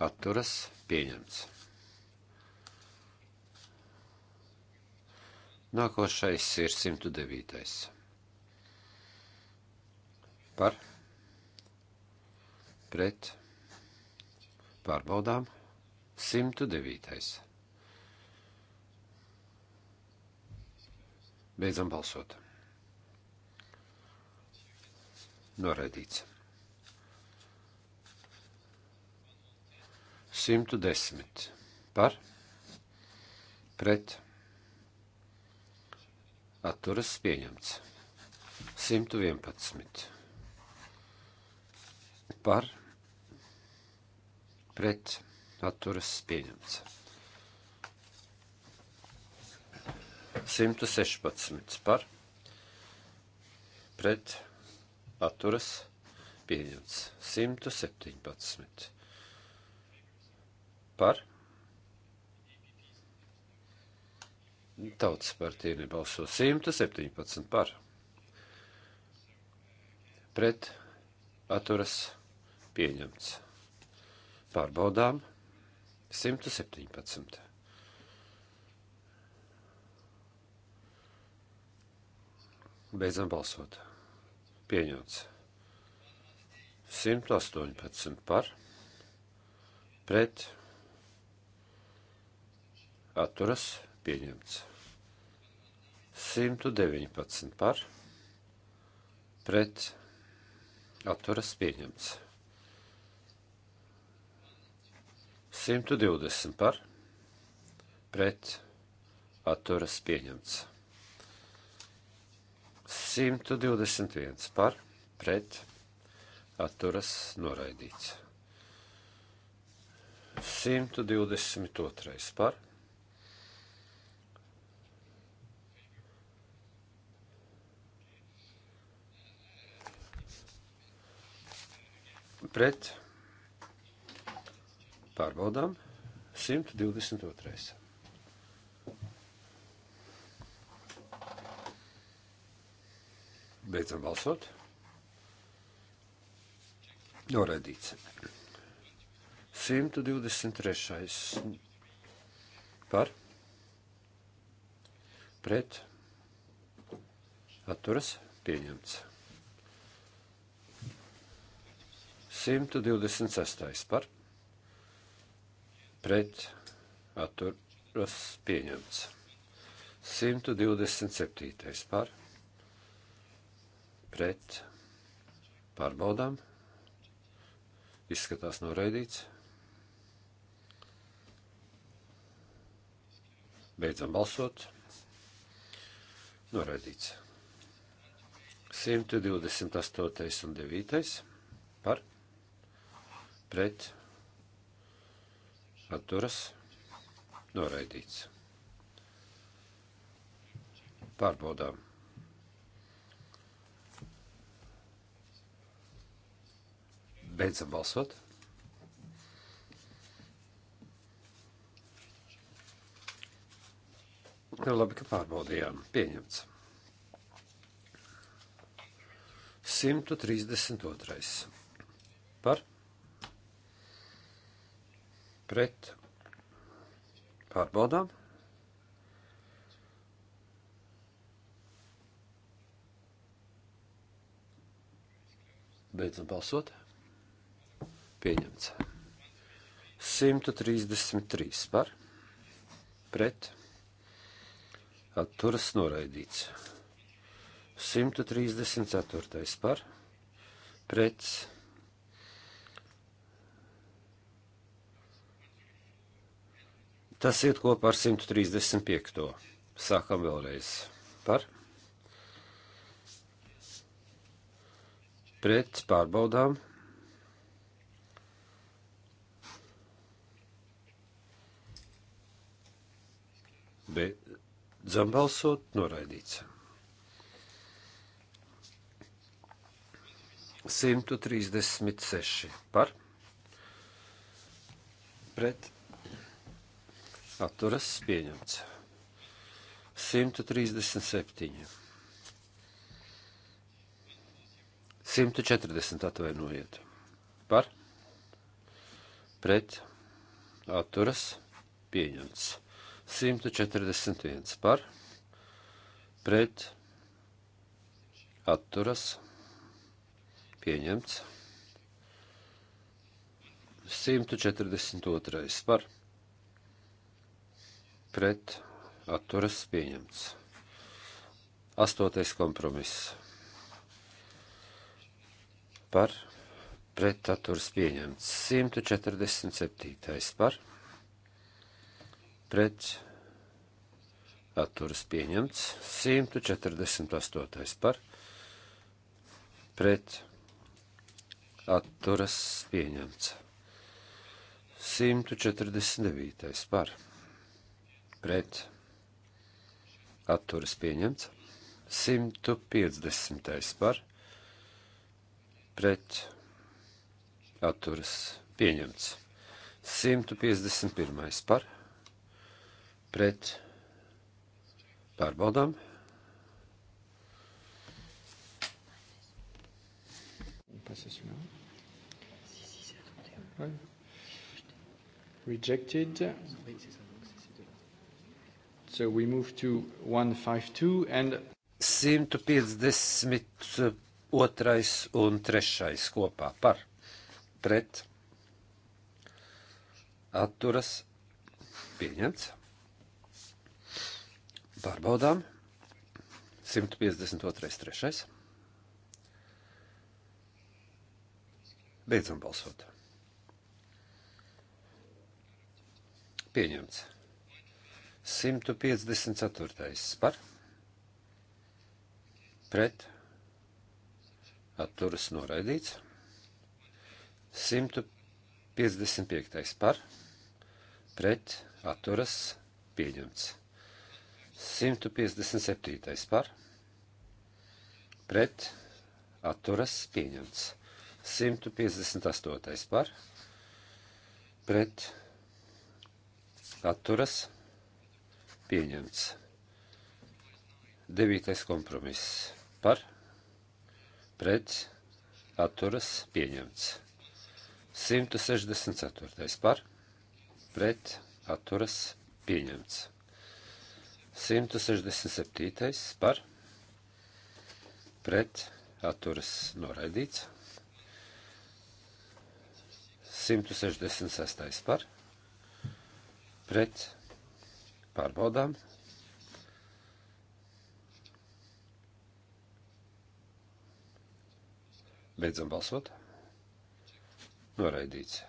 atturas pieņemts. Nākošais ir 109. Par pret pārbaudām 109. Beidzam balsot. Noraidīts. 110 par pret atturas pieņemts. 111 par pret atturas pieņemts. 116 par pret atturas pieņemts. 117 par. Tautas partija nebalso 117 par. Pret atturas pieņemts. Pārbaudām 117. Beidzam balsot. Pieņemts. 118 par, pret, atturas pieņemts. 119 par pret atturas pieņemts. 120 par pret atturas pieņemts. 121 par pret atturas noraidīts. 122 par pret pret pārbaudām 122. Beidzam balsot. Noraidīts. 123. Par. Pret. Atturas. Pieņemts. 126. par pret atturas pieņemts. 127. par pret pārbaudām. Izskatās noraidīts. Beidzam balsot. Noraidīts. 128. un 9. par pret atturas noraidīts. Pārbaudām. Beidzam balsot. Nu, labi, ka pārbaudījām. Pieņemts. 132. Par pret pārbaudām. Beidzam balsot. Pieņemts. 133 par pret atturas noraidīts. 134 par pret Tas iet kopā ar 135. Sākam vēlreiz par. Pret pārbaudām. Bet dzambalsot noraidīts. 136 par pret atturas pieņemts. 137. 140 atvainojiet. Par, pret, atturas, pieņemts. 141 par, pret, atturas, pieņemts. 142 par, pret, pret atturas pieņemts. Astotais kompromiss par pret atturas pieņemts. 147. par pret atturas pieņemts. 148. par pret atturas pieņemts. 149. par pret pret atturas pieņemts. 150. par pret atturas pieņemts. 151. par pret pārbaudām.
passer celui-là. Ouais. Rejected. Oui, c'est ça. So we move to 152 and
152 un 3 kopā par pret atturas pieņemts. Pārbaudām 152 3. Beidzam balsot. Pieņemts. 154. par pret atturas noraidīts. 155. par pret atturas pieņemts. 157. par pret atturas pieņemts. 158. par pret atturas pieņemts pieņemts. Devītais kompromiss par, pret, atturas, pieņemts. 164. par, pret, atturas, pieņemts. 167. par, pret, atturas, noraidīts. 166. par, pret, atturas, noraidīts. Pārbaudām. Beidzam balsot. Noraidīts.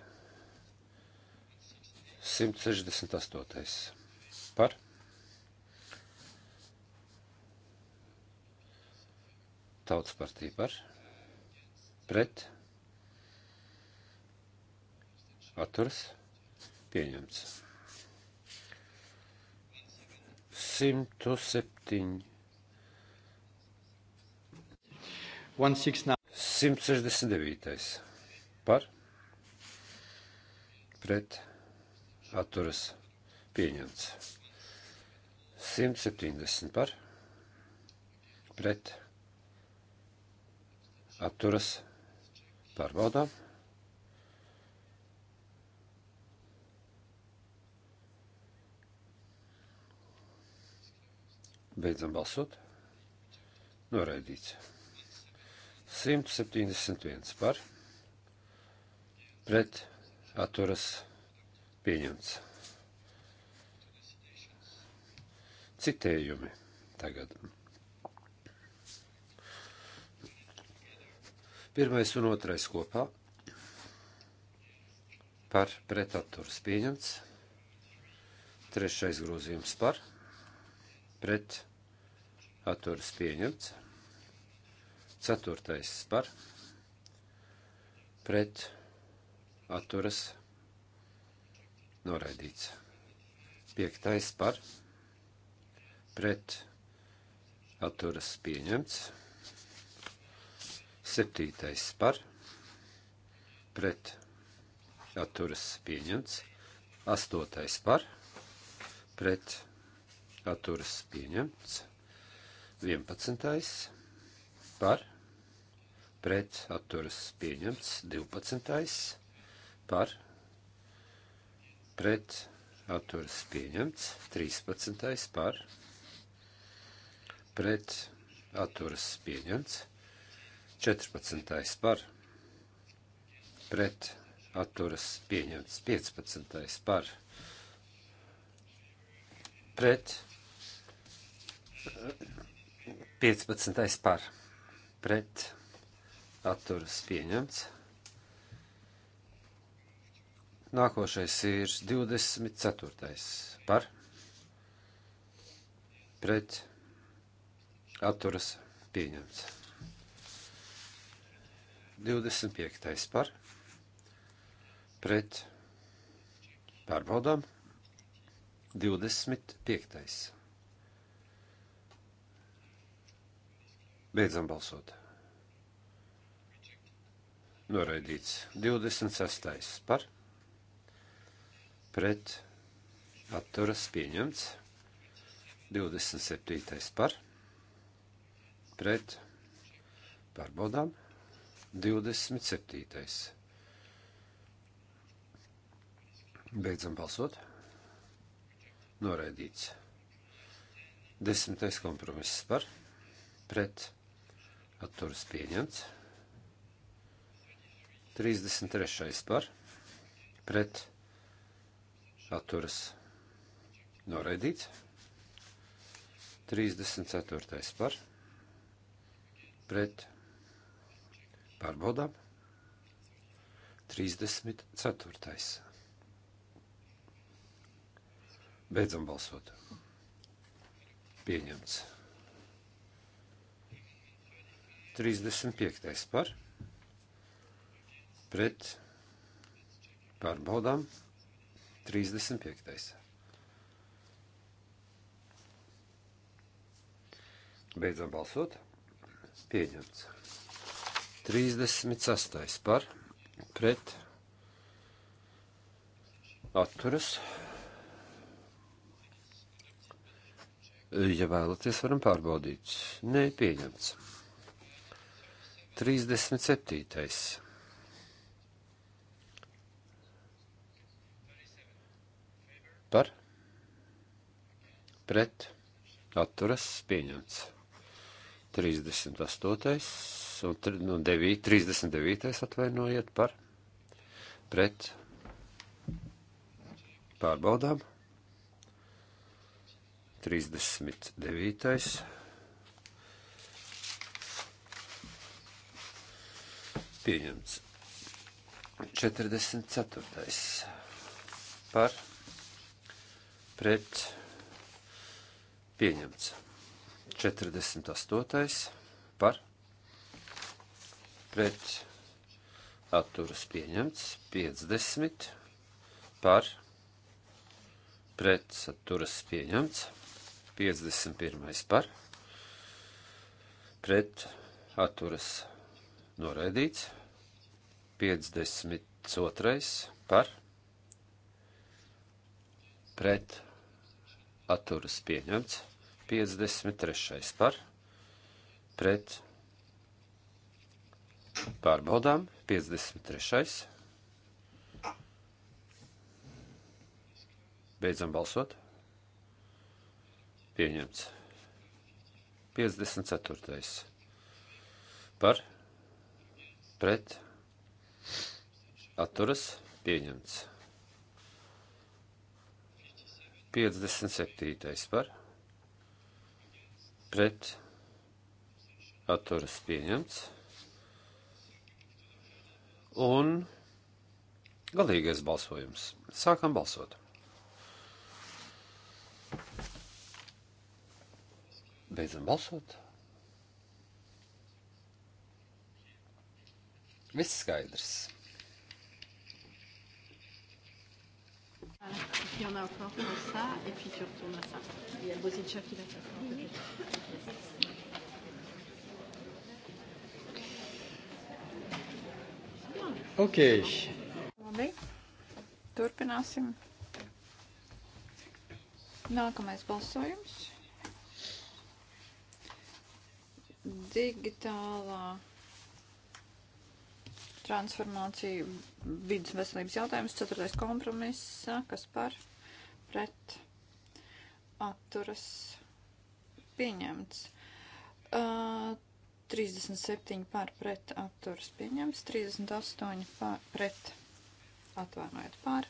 168. Par. Tautas partija par. Pret. Atturas. Pieņemts. 107. 169. Par pret atturas pieņemts. 170 par pret atturas pārbaudām. Beidzam balsot. Noraidīts. 171 par. Pret atturas pieņemts. Citējumi tagad. Pirmais un otrais kopā par pretatturas pieņemts. Trešais grozījums par pretatturas atturas pieņemts. Ceturtais par pret atturas noraidīts. Piektais par pret atturas pieņemts. Septītais par pret atturas pieņemts. Astotais par pret atturas pieņemts. 11. par pret atturas pieņemts 12. par pret atturas pieņemts 13. par pret atturas pieņemts 14. par pret atturas pieņemts 15. par pret 15. par pret atturas pieņemts. Nākošais ir 24. par pret atturas pieņemts. 25. par pret pārbaudām 25. Beidzam balsot. Noraidīts 26. par pret atturas pieņemts 27. par pret pārbaudām 27. Beidzam balsot. Noraidīts. Desmitais kompromiss par pret atturas pieņemts. 33. par pret atturas noraidīts. 34. par pret pārbaudām. 34. Beidzam balsot. Pieņemts. 35. par pret pārbaudām 35. Beidzam balsot. Pieņemts. 36. par pret atturas. Ja vēlaties, varam pārbaudīt. Nē, pieņemts. 37. Par, pret, atturas, pieņemts. 38. un nu, 9, 39. atvainojiet par, pret, pārbaudām. 39. pieņemts. 44. par pret pieņemts. 48. par pret atturas pieņemts. 50. par pret atturas pieņemts. 51. par pret atturas pieņemts noraidīts. 52. par pret atturas pieņemts. 53. par pret pārbaudām. 53. Beidzam balsot. Pieņemts. 54. par pret, atturas, pieņemts. 57. par, pret, atturas, pieņemts. Un galīgais balsojums. Sākam balsot. Beidzam balsot. Viss skaidrs.
Et puis on a encore fait ça, et puis tu retournes à ça. Il y a Bosicha qui va faire ça. Ok. Labi. Turpināsim. Nākamais balsojums. Digitālā transformāciju, vidas veselības jautājums, ceturtais kompromiss, kas par pret atturas pieņemts. Uh, 37 par pret atturas pieņemts, 38 par pret atvainojiet par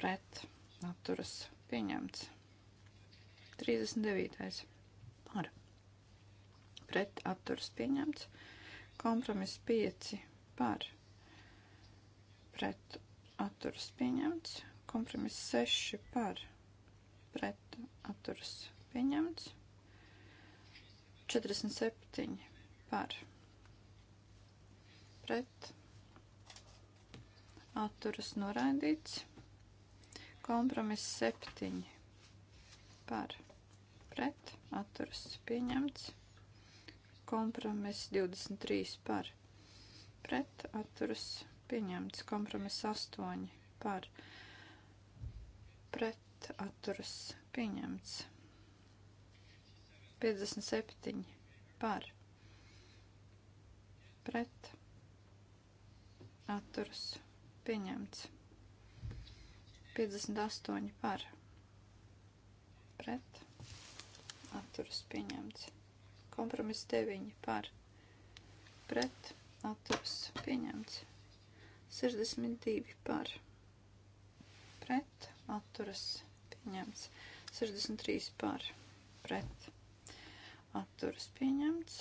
pret atturas pieņemts. 39. par pret atturas pieņemts. Kompromiss 5 par pret atturas pieņemts. Kompromiss 6 par pret atturas pieņemts. 47 par pret atturas noraidīts. Kompromiss 7 par pret atturas pieņemts. Kompromiss 23 par pret pret atturas pieņemts. Kompromiss 8 par pret atturas pieņemts. 57 par pret atturas pieņemts. 58 par pret atturas pieņemts kompromiss 9 par pret atturas pieņemts. 62 par pret atturas pieņemts. 63 par pret atturas pieņemts.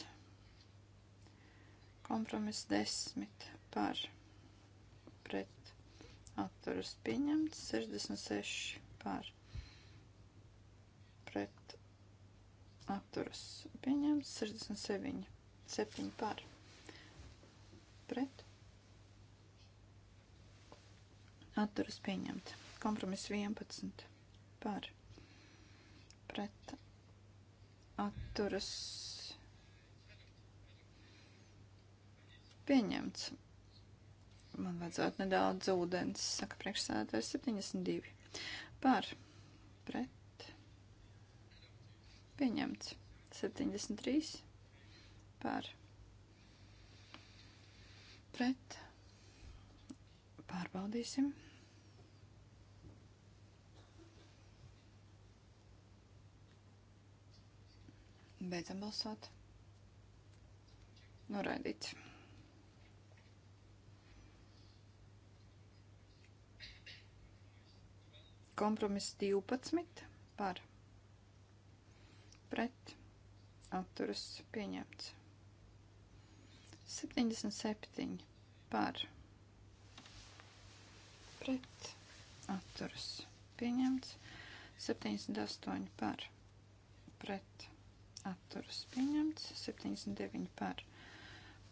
Kompromiss 10 par pret atturas pieņemts. 66 par pret atturas pieņemts. 67 7 par pret pret atturas pieņemts. Kompromiss 11 par pret atturas pieņemts. Man vajadzētu nedaudz ūdens, saka priekšsēdētājs 72. Par pret pieņemts 73 par pret pret. Pārbaudīsim. Beidzam balsot. Noraidīts. Kompromiss 12 par pret atturas pieņemts. 77 par pret atturas pieņemts. 78 par pret atturas pieņemts. 79 par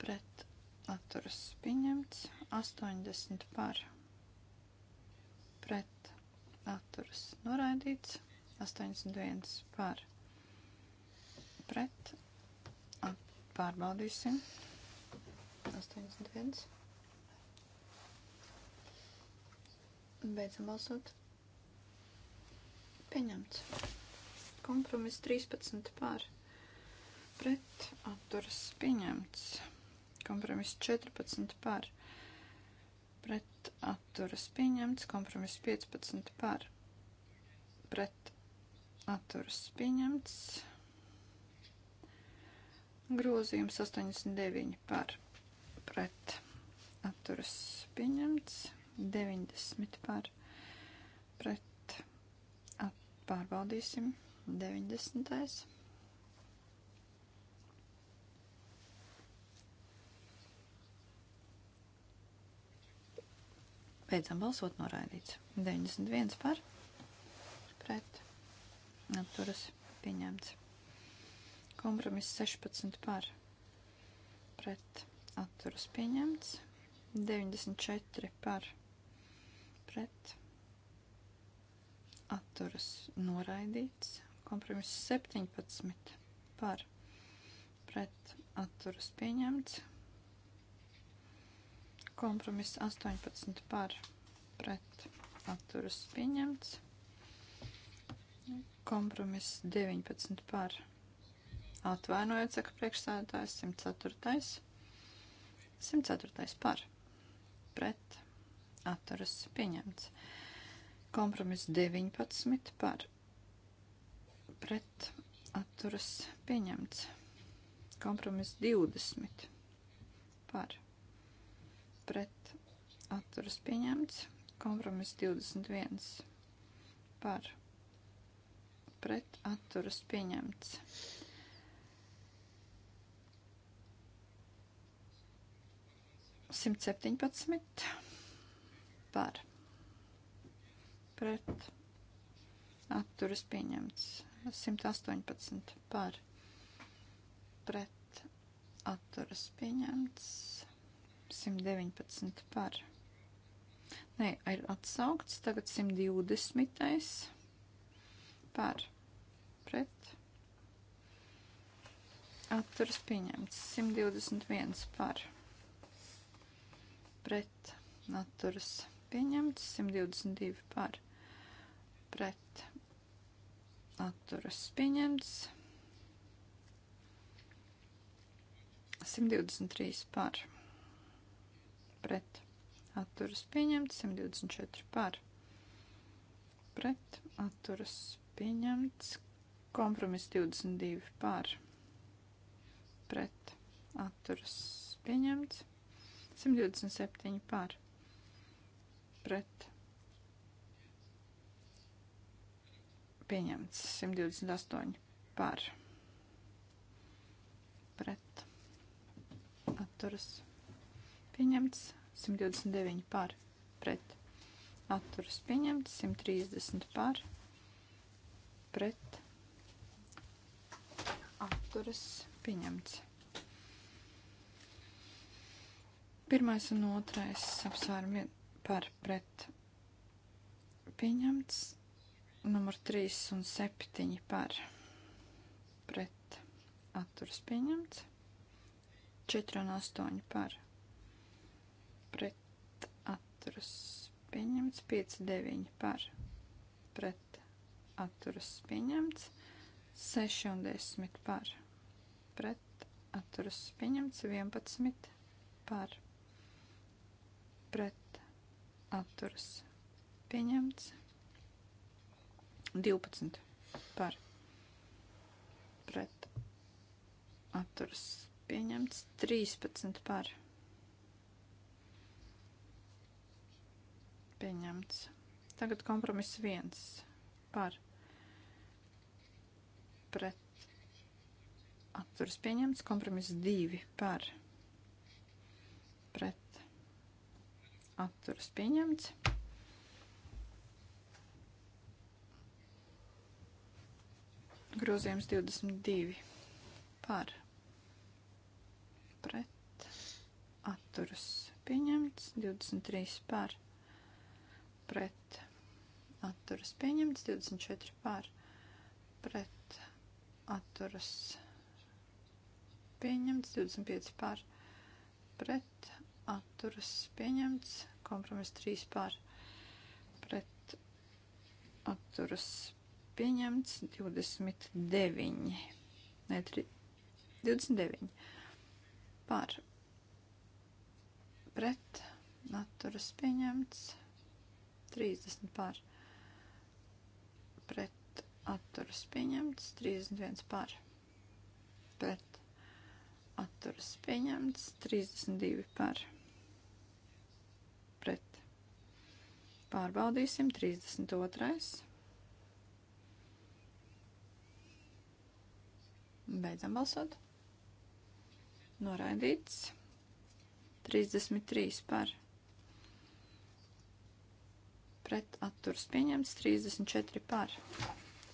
pret atturas pieņemts. 80 par pret atturas noraidīts. 81 par pret. At, pārbaudīsim. 81. Beidzam balsot. Pieņemts. Kompromis 13 pār. Pret atturas pieņemts. Kompromis 14 pār. Pret atturas pieņemts. Kompromis 15 pār. Pret atturas pieņemts. Grozījums 89 pār pret atturas pieņemts, 90 par pret at, pārbaudīsim 90. Beidzam balsot noraidīts. 91 par pret atturas pieņemts. Kompromiss 16 par pret atturas pieņemts. 94 par pret atturas noraidīts. Kompromiss 17 par pret atturas pieņemts. Kompromiss 18 par pret atturas pieņemts. Kompromiss 19 par atvainojot, saka priekšsēdētājs 104. 104. par pret atturas pieņemts. Kompromiss 19 par pret atturas pieņemts. Kompromiss 20 par pret atturas pieņemts. Kompromiss 21 par pret atturas pieņemts. 117 par pret atturas pieņemts 118 par pret atturas pieņemts 119 par Nē, ir atsaukts tagad 120 par pret atturas pieņemts 121 par pret pret atturas pieņemts, 122 par pret atturas pieņemts, 123 par pret atturas pieņemts, 124 par pret atturas pieņemts, kompromiss 22 par pret atturas pieņemts. 127 par pret pieņemts 128 par pret atturas pieņemts 129 par pret atturas pieņemts 130 par pret atturas pieņemts Pirmais un otrais apsvērumi par pret pieņemts. Numur 3 un 7 par pret atturas pieņemts. 4 un 8 par pret atturas pieņemts. 5, 9 par pret atturas pieņemts. 6 un 10 par pret atturas pieņemts. 11 par pret pret atturas pieņemts. 12 par pret atturas pieņemts. 13 par pieņemts. Tagad kompromiss 1 par pret atturas pieņemts. Kompromiss 2 par pret atturas pieņemts. Grozījums 22 par pret atturas pieņemts. 23 par pret atturas pieņemts. 24 par pret atturas pieņemts. 25 par pret atturas pieņemts. Kompromiss 3 par pret atturas pieņemts. 29. Ne, 3, 29. Par pret atturas pieņemts. 30 par pret atturas pieņemts, 31 par pret atturas pieņemts, 32 par Pārbaudīsim 32. Beidzam balsot. Noraidīts. 33 par. Pret atturas pieņemts. 34 par.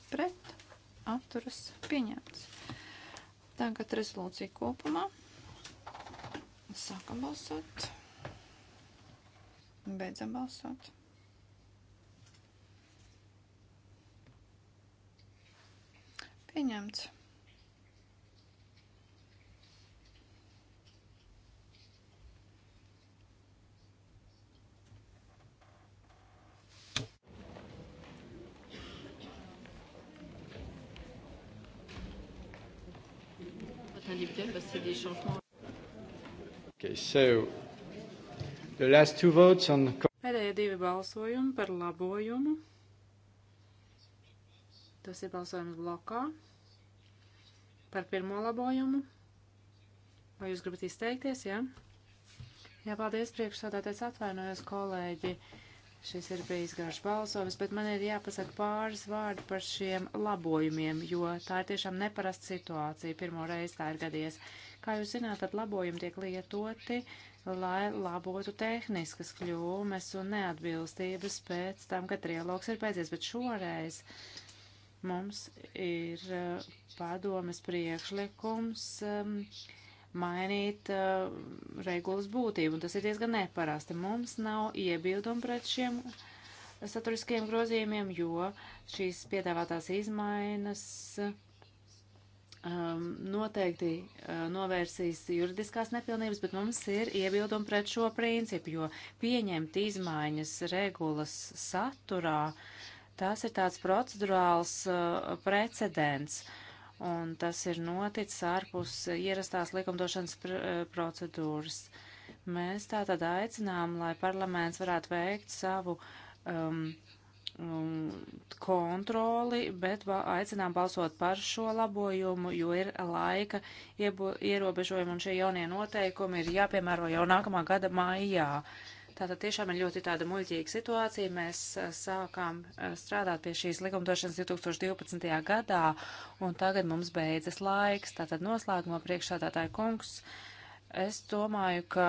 Pret atturas pieņemts. Tagad rezolūcija kopumā. Sākam balsot. Beidzam balsot. Pieņemts.
individuel parce que c'est des changements.
Okay, so the last
two votes on Pēdējie divi balsojumi par labojumu. Tas ir balsojums blokā par pirmo labojumu. Vai jūs gribat izteikties, jā? Jā, paldies priekšsādātais atvainojos, kolēģi. Šis ir bijis garš balsojums, bet man ir jāpasaka pāris vārdi par šiem labojumiem, jo tā ir tiešām neparasta situācija. Pirmo reizi tā ir gadies. Kā jūs zināt, tad labojumi tiek lietoti, lai labotu tehniskas kļūmes un neatbilstības pēc tam, kad trialogs ir beidzies, bet šoreiz Mums ir eh, padomes priekšlikums ehm, mainīt eh, regulas būtību, un tas ir diezgan neparasti. Mums nav iebildumi pret šiem saturiskajiem grozījumiem, jo šīs piedāvātās izmainas um, noteikti uh, novērsīs juridiskās nepilnības, bet mums ir iebildumi pret šo principu, jo pieņemt izmaiņas regulas saturā uh, Tas ir tāds procedurāls uh, precedents, un tas ir noticis ārpus ierastās likumdošanas pr uh, procedūras. Mēs tātad aicinām, lai parlaments varētu veikt savu um, um kontroli, bet aicinām balsot par šo labojumu, jo ir laika ierobežojumi un šie jaunie noteikumi ir jāpiemēro jau nākamā gada maijā. Uh, Tātad tiešām ir ļoti tāda muļķīga situācija. Mēs eh, sākām eh, strādāt pie šīs likumdošanas 2012. gadā, un tagad mums beidzas laiks. Tātad noslēgumā priekšādātāja kungs. Es domāju, ka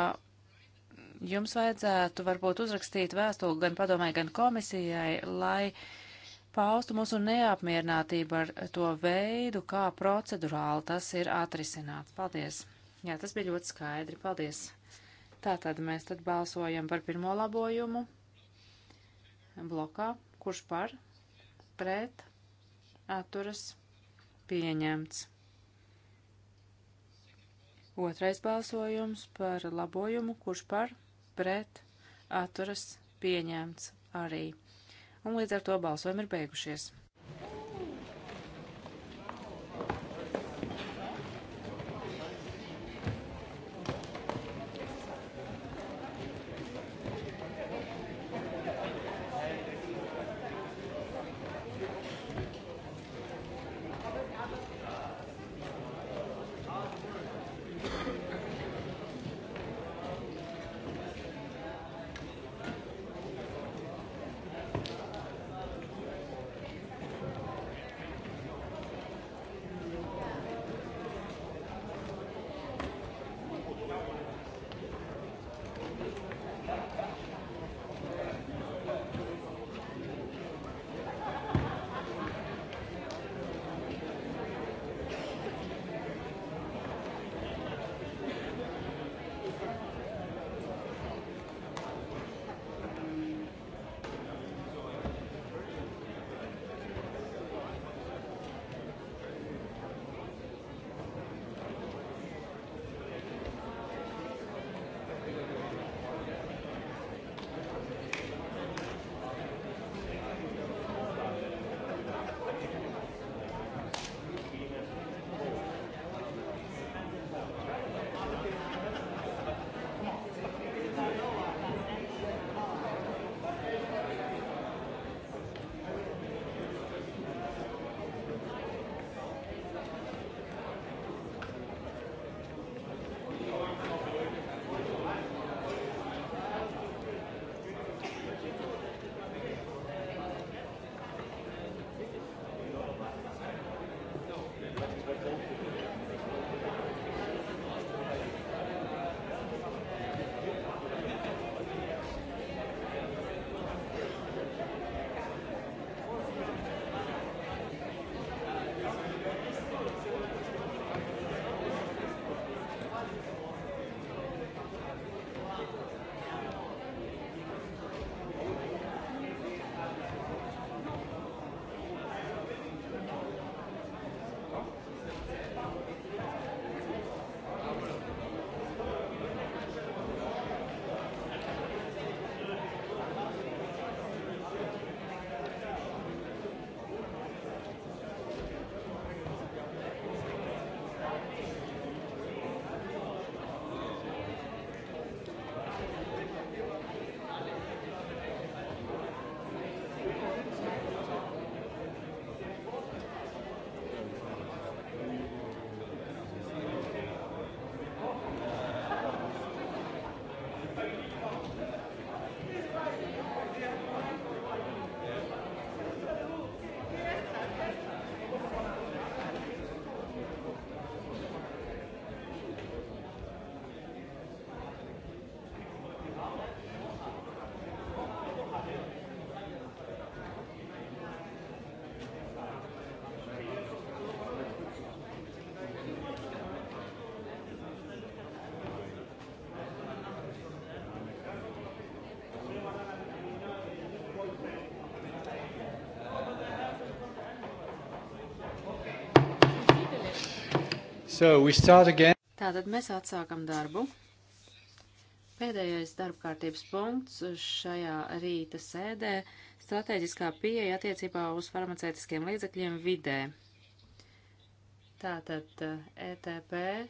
jums vajadzētu varbūt uzrakstīt vēstuli gan padomai, gan komisijai, lai paustu mūsu neapmierinātību ar to veidu, kā procedurāli tas ir atrisināts. Paldies! Jā, tas bija ļoti skaidri. Paldies! Tātad mēs tad balsojam par pirmo labojumu blokā, kurš par, pret, atturas, pieņemts. Otrais balsojums par labojumu, kurš par, pret, atturas, pieņemts arī. Un līdz ar to balsojumi ir beigušies.
So we start again.
Tātad mēs atsākam darbu. Pēdējais darbkārtības punkts šajā rīta sēdē - strateģiskā pieeja attiecībā uz farmacētiskiem līdzekļiem vidē. Tātad ETP eh,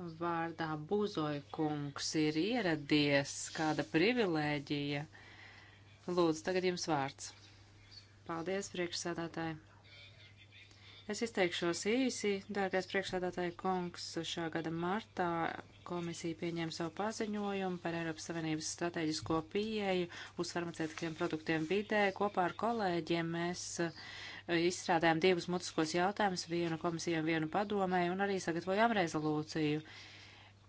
e vārdā Buzoja kungs ir ieradies, kāda privilēģija. Lūdzu, tagad jums vārds. Paldies, priekšsēdētāji. Es izteikšos īsi, dārgais priekšsādātāja kungs, šā gada martā komisija pieņēma savu paziņojumu par Eiropas Savienības strateģisko pieeju uz farmaceitiskiem produktiem vidē. Kopā ar kolēģiem mēs eh, izstrādājām divus mutiskos jautājumus, vienu komisijām, vienu padomē, un arī sagatavojām rezolūciju. Uh,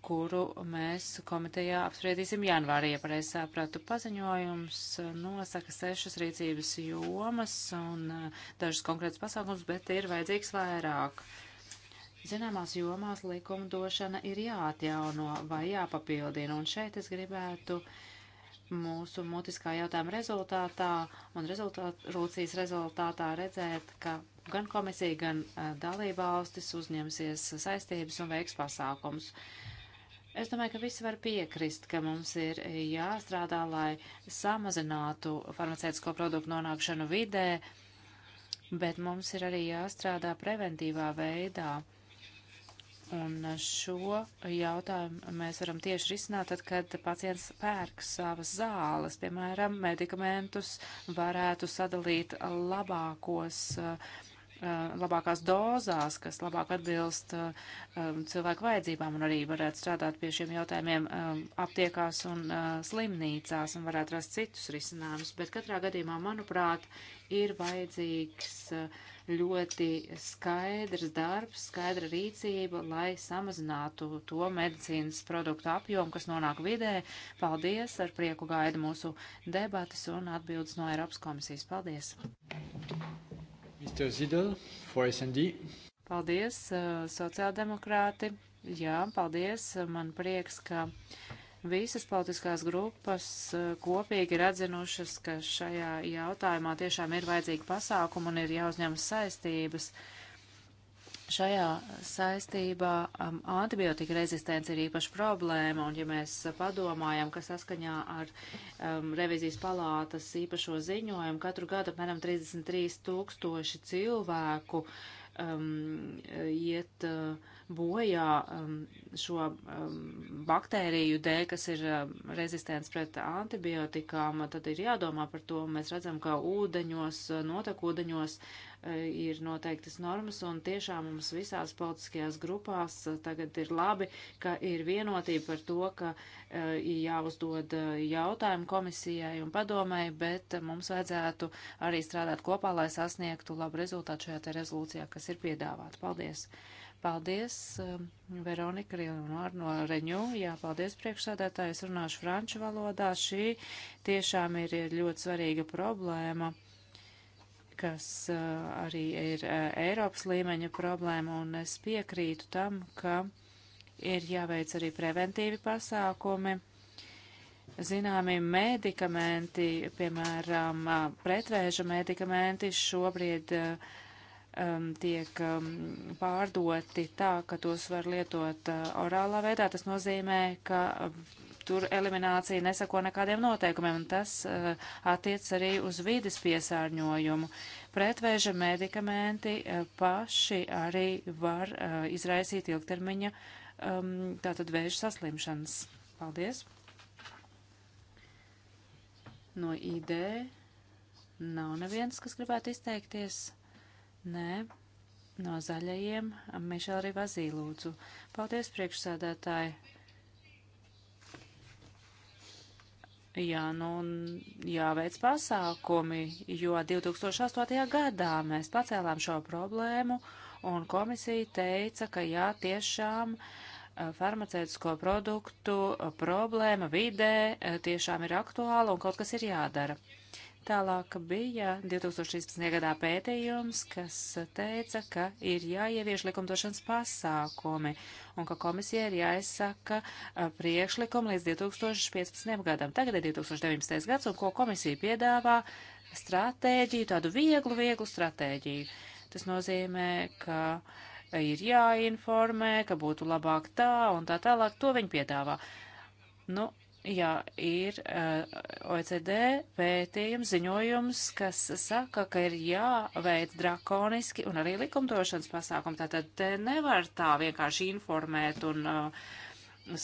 kuru mēs komitejā apspriedīsim janvārī. Ja pareizi sapratu, paziņojums uh, nosaka sešas rīcības jomas un uh, dažas konkrētas pasākums, bet ir vajadzīgs vairāk. Zināmās jomās likumdošana ir jāatjauno vai jāpapildina, un šeit es gribētu mūsu mutiskā jautājuma rezultātā un rezultāt, rūcijas rezultātā redzēt, ka gan komisija, gan uh, dalībvalstis uzņemsies saistības un veiks pasākums. Uh, Es domāju, ka visi var piekrist, ka mums ir jāstrādā, lai samazinātu farmaceitisko produktu nonākšanu vidē, bet mums ir arī jāstrādā preventīvā veidā. Un šo jautājumu mēs varam tieši risināt, tad, kad pacients pērk savas zāles, piemēram, medikamentus varētu sadalīt labākos uh, Eh, labākās dozās, kas labāk atbilst eh, um, cilvēku vajadzībām un arī varētu strādāt pie šiem jautājumiem eh, aptiekās un slimnīcās un varētu rast citus risinājumus. Bet katrā gadījumā, manuprāt, ir vajadzīgs ļoti skaidrs darbs, skaidra rīcība, lai samazinātu to medicīnas produktu apjomu, kas nonāk vidē. Paldies, ar prieku gaida mūsu debatas un atbildes no Eiropas komisijas. Paldies! Thank
you. Mr. Zidel, for SND.
Paldies, uh, sociāldemokrāti. Jā, paldies. Man prieks, ka visas politiskās grupas uh, kopīgi ir atzinušas, ka šajā jautājumā tiešām ir vajadzīgi pasākumi un ir jāuzņemas saistības. Uh, Šajā saistībā um, antibiotika rezistence ir īpaša problēma, un ja mēs padomājam, ka saskaņā ar um, revizijas palātas īpašo ziņojumu katru gadu apmēram 33 tūkstoši cilvēku um, iet uh, bojā um, šo um, baktēriju dēļ, kas ir um, rezistents pret antibiotikām, tad ir jādomā par to. Mēs redzam, ka ūdeņos, notekūdeņos uh, ir noteiktas normas, un tiešām mums visās politiskajās grupās uh, tagad ir labi, ka ir vienotība par to, ka uh, jāuzdod uh, jautājumu komisijai un padomēji, bet uh, mums vajadzētu arī strādāt kopā, lai sasniegtu labu rezultātu šajā te rezolūcijā, kas ir piedāvāta. Paldies! Paldies! Paldies, um, Veronika Leonor no Reņū. Jā, paldies priekšsādātāji, es runāšu franču valodā. Šī tiešām ir ļoti svarīga problēma kas uh, arī ir uh, Eiropas līmeņa problēma, un es piekrītu tam, ka ir jāveic arī preventīvi pasākumi. Zināmi medikamenti, piemēram, uh, pretvēža medikamenti šobrīd uh, um, tiek um, pārdoti tā, ka tos var lietot uh, orālā veidā, tas nozīmē, ka uh, tur eliminācija nesako nekādiem noteikumiem, un tas uh, attiec arī uz vides piesārņojumu. Pretvēža medikamenti uh, paši arī var uh, izraisīt ilgtermiņa um, tātad vēža saslimšanas. Paldies! No ID nav neviens, kas gribētu izteikties. Nē. No zaļajiem Mišela Rivazī lūdzu. Paldies, priekšsēdētāji. Jā, nu, jāveic pasākumi, jo 2008. gadā mēs pacēlām šo problēmu un komisija teica, ka jā, tiešām eh, farmaceitisko produktu eh, problēma vidē eh, tiešām ir aktuāla un kaut kas ir jādara. Tālāk bija 2016. gadā pētījums, kas teica, ka ir jāievieš likumdošanas pasākumi un ka komisija ir jāizsaka priekšlikumi līdz 2015. gadam. Tagad ir 2019. gads un ko komisija piedāvā stratēģiju, tādu vieglu, vieglu stratēģiju. Tas nozīmē, ka ir jāinformē, ka būtu labāk tā un tā tālāk. To viņi piedāvā. Nu, Jā, ir uh, eh, OECD pētījums, ziņojums, kas saka, ka ir jāveic drakoniski un arī likumdošanas pasākumi. Tātad te nevar tā vienkārši informēt un uh,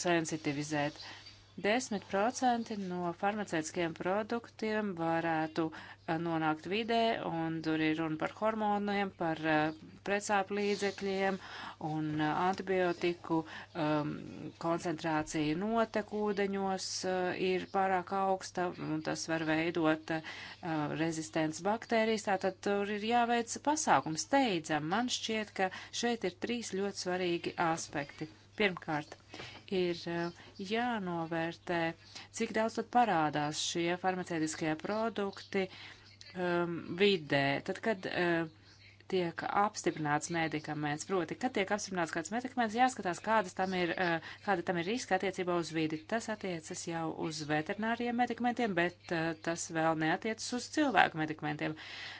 sensitivizēt. Uh, 10% no farmaceitiskiem produktiem varētu eh, nonākt vidē, un tur ir runa par hormoniem, par eh, precāpu līdzekļiem un eh, antibiotiku um, koncentrācija notekūdeņos uh, ir pārāk augsta, un tas var veidot uh, rezistents baktērijas, tātad tur ir jāveic pasākums steidzam. Man šķiet, ka šeit ir trīs ļoti svarīgi aspekti. Pirmkārt, ir eh, jānovērtē, cik daudz tad parādās šie farmacētiskie produkti um, vidē. Tad, kad uh, tiek apstiprināts medikaments, proti, kad tiek apstiprināts kāds medikaments, jāskatās, kādas tam ir, uh, kāda tam ir riska attiecībā uz vidi. Tas attiecas jau uz veterināriem medikamentiem, bet uh, tas vēl neatiecas uz cilvēku medikamentiem.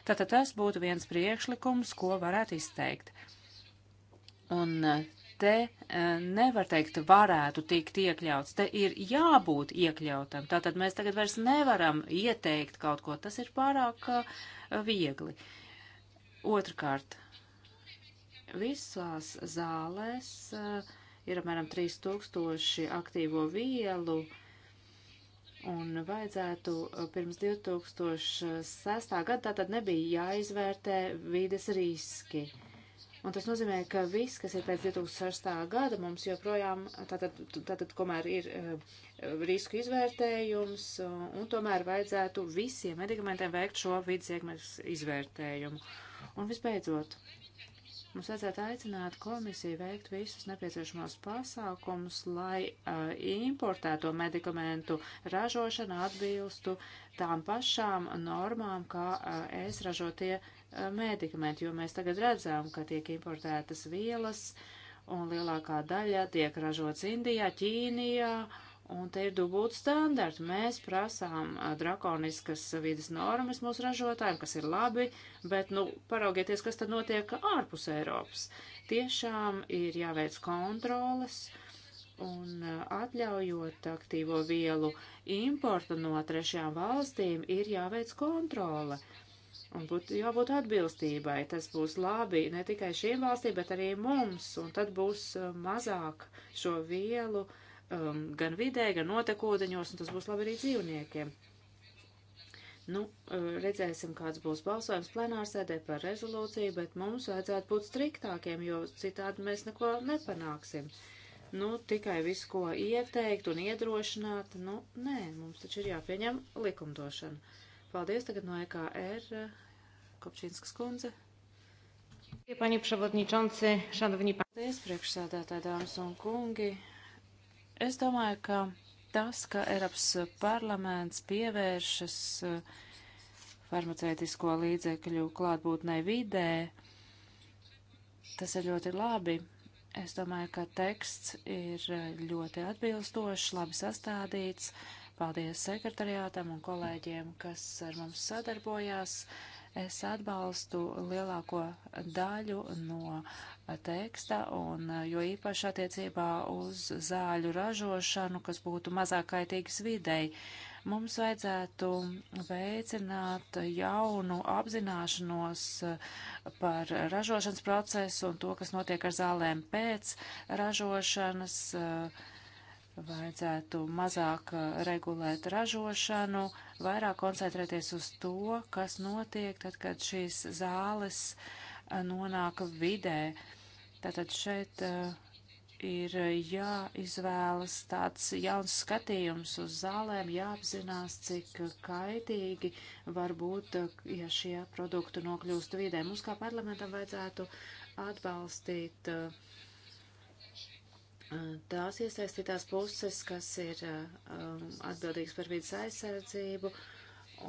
Tātad tas būtu viens priekšlikums, ko varētu izteikt. Un te e, nevar teikt, varētu tikt iekļauts. Te ir jābūt iekļautam. Tātad mēs tagad vairs nevaram ieteikt kaut ko. Tas ir pārāk e, viegli. Otrakārt, visās zālēs e, ir apmēram 3000 aktīvo vielu. Un vajadzētu pirms 2006. gada tātad nebija jāizvērtē vīdes riski. Uh, Un tas nozīmē, ka viss, kas ir pēc 2006. gada, mums joprojām, tātad, tātad komēr ir eh, risku izvērtējums, eh, un tomēr vajadzētu visiem medikamentiem veikt šo vidas iekmes izvērtējumu. Un visbeidzot, mums vajadzētu aicināt komisiju veikt visus nepieciešamos pasākumus, lai uh, importēto medikamentu ražošana atbilstu tām pašām normām, kā uh, es ražotie Uh, medikamenti, jo mēs tagad redzam, ka tiek importētas vielas un lielākā daļa tiek ražots Indijā, Ķīnijā, un te ir dubult standarti. Mēs prasām uh, drakoniskas vidas normas mūsu ražotājiem, kas ir labi, bet, nu, paraugieties, kas tad notiek ārpus Eiropas. Tiešām ir jāveic kontroles un uh, atļaujot aktīvo vielu importu no trešajām valstīm, ir jāveic kontrole. Un būtu jābūt atbilstībai. Tas būs labi ne tikai šīm valstīm, bet arī mums. Un tad būs eh, mazāk šo vielu um, gan vidē, gan notekūdeņos, un tas būs labi arī dzīvniekiem. Nu, eh, redzēsim, kāds būs balsojums plenārsēdē par rezolūciju, bet mums vajadzētu būt striktākiem, jo citādi mēs neko nepanāksim. Nu, tikai visu, ko ieteikt un iedrošināt, nu, nē, mums taču ir jāpieņem likumdošana. Paldies tagad no EKR Kopčīnskas kundze. Panie Przewodniczący, Šanovni Paldies, priekšsēdētāji, dāmas un kungi. Es domāju, ka tas, ka Eiropas parlaments pievēršas eh, farmaceitisko līdzekļu klātbūtnei vidē, tas ir ļoti labi. Es domāju, ka teksts ir eh, ļoti atbilstošs, labi sastādīts. Paldies sekretariātam un kolēģiem, kas ar mums sadarbojās. Es atbalstu lielāko daļu no teksta, un jo īpaši attiecībā uz zāļu ražošanu, kas būtu mazāk kaitīgas videi, mums vajadzētu veicināt jaunu apzināšanos par ražošanas procesu un to, kas notiek ar zālēm pēc ražošanas. Uh, vajadzētu mazāk uh, regulēt ražošanu, vairāk koncentrēties uz to, kas notiek tad, kad šīs zāles uh, nonāk vidē. Tātad šeit uh, ir jāizvēlas tāds jauns skatījums uz zālēm, jāapzinās, cik kaitīgi var būt, ja šie produkti nokļūst vidē. Mums kā parlamentam vajadzētu atbalstīt uh, tās iesaistītās puses, kas ir um, atbildīgas par vidas aizsardzību,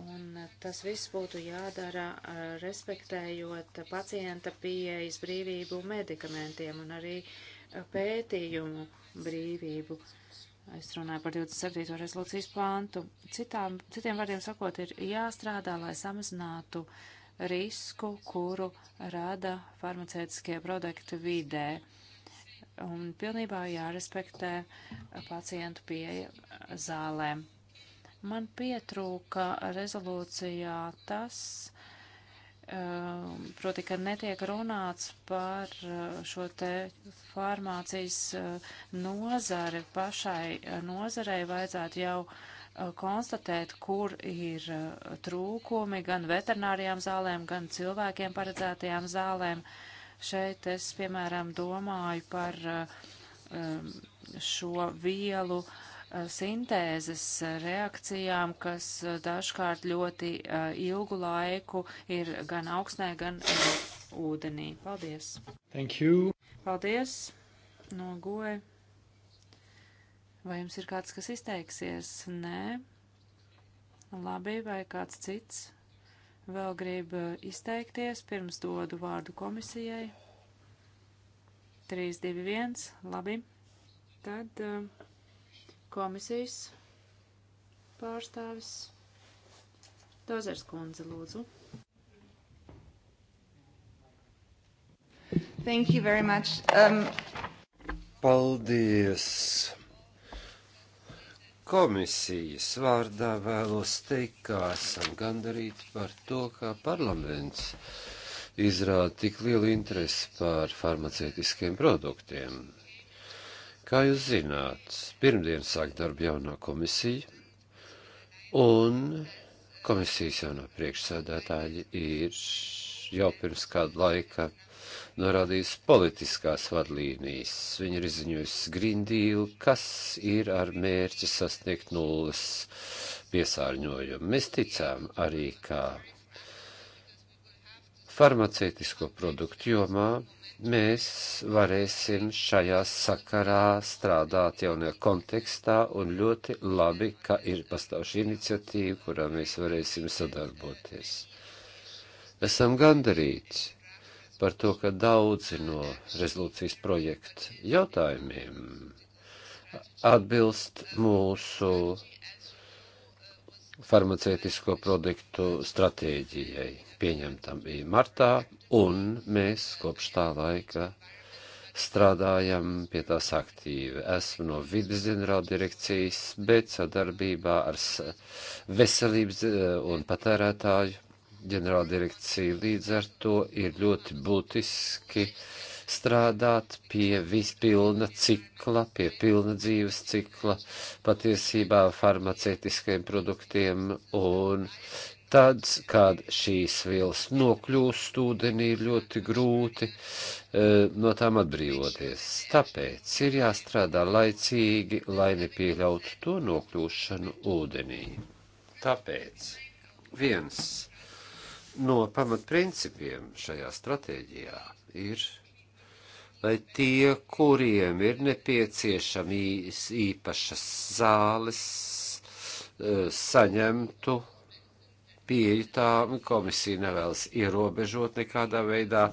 un tas viss būtu jādara uh, respektējot pacienta pieejas brīvību medikamentiem un arī uh, pētījumu brīvību. Es runāju par 27. rezolūcijas pāntu. Citām, citiem vārdiem sakot, ir jāstrādā, lai samazinātu risku, kuru rada farmacētiskie produkti vidē. Uh, un pilnībā jārespektē pacientu pieeja zālēm. Man pietrūka rezolūcijā tas, um, proti, ka netiek runāts par uh, šo te farmācijas uh, nozari. Pašai uh, nozarei vajadzētu jau konstatēt, kur ir trūkumi gan veterinārijām zālēm, gan cilvēkiem paredzētajām zālēm. Uh, Šeit es, piemēram, domāju par um, šo vielu uh, sintēzes reakcijām, kas uh, dažkārt ļoti uh, ilgu laiku ir gan augstnē, gan ūdenī. Paldies! Thank you! Paldies! No goja! Vai jums ir kāds, kas izteiksies? Nē. Labi, vai kāds cits? vēl grib uh, izteikties, pirms dodu vārdu komisijai. 3, 2, 1, labi. Tad uh, komisijas pārstāvis Dozers kundze, lūdzu. Thank you very much. Um...
Paldies. Komisijas vārdā vēlos teikt, ka esam gandarīti par to, kā parlaments izrāda tik lielu interesi par farmaceitiskiem produktiem. Kā jūs zināt, pirmdien sāk darbu jaunā komisija, un komisijas jaunā priekšsēdētāja ir jau pirms kādu laika norādījusi politiskās vadlīnijas. Viņa ir izziņojusi Green Deal, kas ir ar mērķi sasniegt nulles piesārņojumu. Mēs ticām arī, ka farmaceitisko produktu jomā mēs varēsim šajā sakarā strādāt jaunajā kontekstā un ļoti labi, ka ir pastāv šī iniciatīva, kurā mēs varēsim sadarboties. Esam gandarīti par to, ka daudzi no rezolūcijas projekta jautājumiem atbilst mūsu farmaceitisko produktu stratēģijai pieņemtam bija martā, un mēs kopš tā laika strādājam pie tās aktīvi. Esmu no vidas ģenerāla direkcijas, bet sadarbībā ar veselības eh, un patērētāju ģenerāldirekcija. Līdz ar to ir ļoti būtiski strādāt pie vispilna cikla, pie pilna dzīves cikla, patiesībā farmaceitiskiem produktiem un tad, kad šīs vielas nokļūst ūdenī, ir ļoti grūti e, no tām atbrīvoties. Tāpēc ir jāstrādā laicīgi, lai nepieļautu to nokļūšanu ūdenī. Tāpēc viens no pamatprincipiem šajā stratēģijā ir, lai tie, kuriem ir nepieciešami īpašas zāles, e, saņemtu pieeju tām. Komisija nevēlas ierobežot nekādā veidā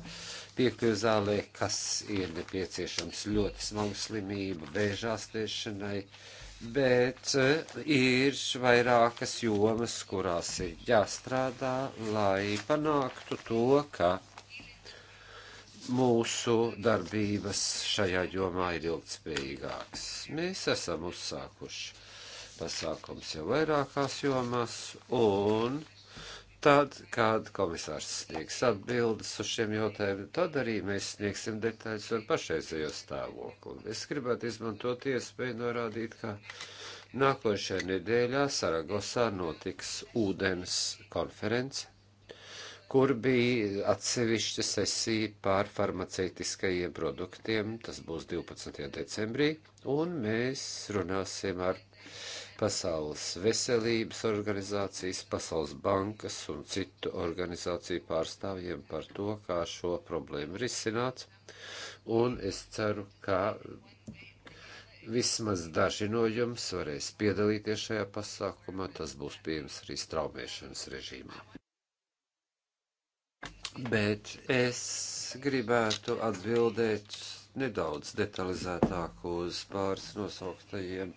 piekļuvi zālē, kas ir nepieciešams ļoti smagu slimību, vēžāstiešanai. Uh, bet eh, ir vairākas jomas, kurās ir jāstrādā, lai panāktu to, ka mūsu darbības šajā jomā ir ilgspējīgākas. Mēs esam uzsākuši pasākums jau vairākās jomās un Tad, kad komisārs sniegs atbildes uz šiem jautājumiem, tad arī mēs sniegsim detaļas par pašreizējo stāvokli. Es gribētu izmantot iespēju norādīt, ka nākošajā nedēļā Saragosā notiks ūdens konference, kur bija atsevišķa sesija pār farmaceitiskajiem produktiem. Tas būs 12. decembrī, un mēs runāsim ar Pasaules veselības organizācijas, Pasaules bankas un citu organizāciju pārstāvjiem par to, kā šo problēmu risināt. Un es ceru, ka vismaz daži no jums varēs piedalīties šajā pasākumā. Tas būs pieejams arī straumēšanas režīmā. Bet es gribētu atbildēt nedaudz detalizētāk uz pāris nosauktajiem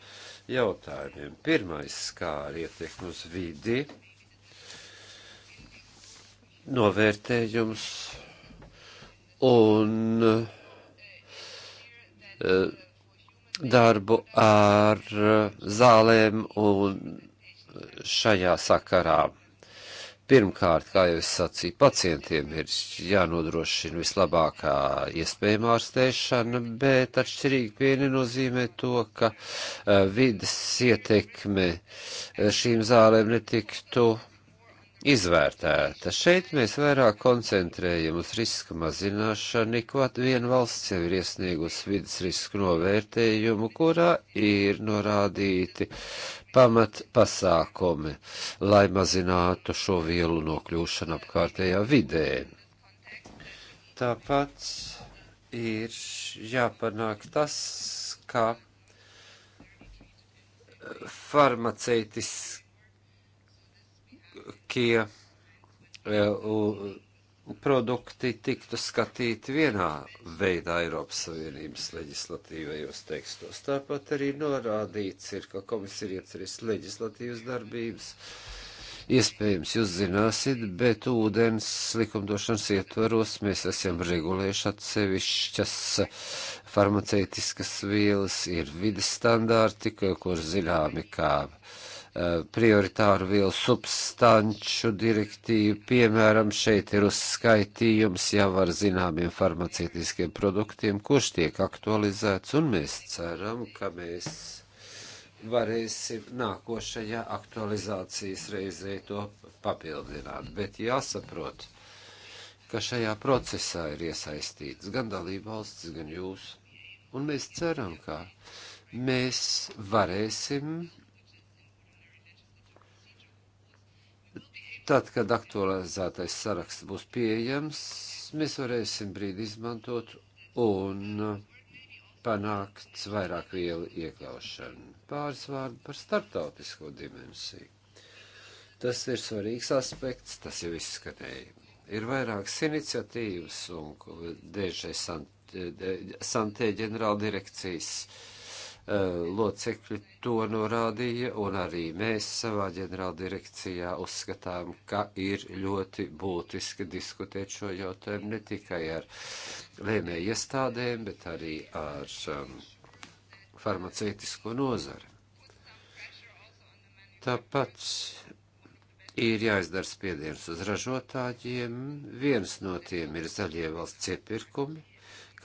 jautājumiem. Pirmais skāra ietekmi uz vidi, novērtējums un e, darbu ar e, zālēm un šajā sakarā Pirmkārt, kā jau es sacīju, pacientiem ir jānodrošina vislabākā iespējama ārstēšana, bet atšķirīgi pieeja nenozīmē to, ka eh, vidas ietekme eh, šīm zālēm netiktu izvērtēta. Šeit mēs vairāk koncentrējam uz riska mazināšanu, ko viena valsts jau ir iesniegusi vidas risku novērtējumu, kurā ir norādīti pamat pasākumi, lai mazinātu šo vielu nokļūšanu apkārtējā vidē. Tāpat ir jāpanāk tas, ka farmaceitiski Kia e, produkti tiktu skatīti vienā veidā Eiropas Savienības leģislatīvajos tekstos. Tāpat arī norādīts ir, ka komisija ir iecerījis leģislatīvas darbības. Iespējams, jūs zināsiet, bet ūdens likumdošanas ietvaros mēs esam regulējuši atsevišķas farmaceitiskas vielas, ir vides standārti, kurš zināmi kā uh, Eh, prioritāru vielu substanču direktīvu. Piemēram, šeit ir uzskaitījums jau ar zināmiem farmaceitiskiem produktiem, kurš tiek aktualizēts, un mēs ceram, ka mēs varēsim nākošajā aktualizācijas reizē to papildināt. Bet jāsaprot, ka šajā procesā ir iesaistīts gan dalībvalstis, gan jūs, un mēs ceram, ka mēs varēsim Tad, kad aktualizētais saraksts būs pieejams, mēs varēsim brīdi izmantot un panākt vairāk vielu iekļaušanu. Pāris vārdi par startautisko dimensiju. Tas ir svarīgs aspekts, tas jau izskanēja. Ir vairākas iniciatīvas un dēžai Santē ģenerāldirekcijas direkcijas Eh, locekļi to norādīja, un arī mēs savā ģenerāldirekcijā uzskatām, ka ir ļoti būtiski diskutēt šo jautājumu ne tikai ar lēmēju iestādēm, bet arī ar um, farmaceitisko nozari. Tāpat ir jāizdara spiediens uz ražotājiem. Viens no tiem ir zaļie valsts iepirkumi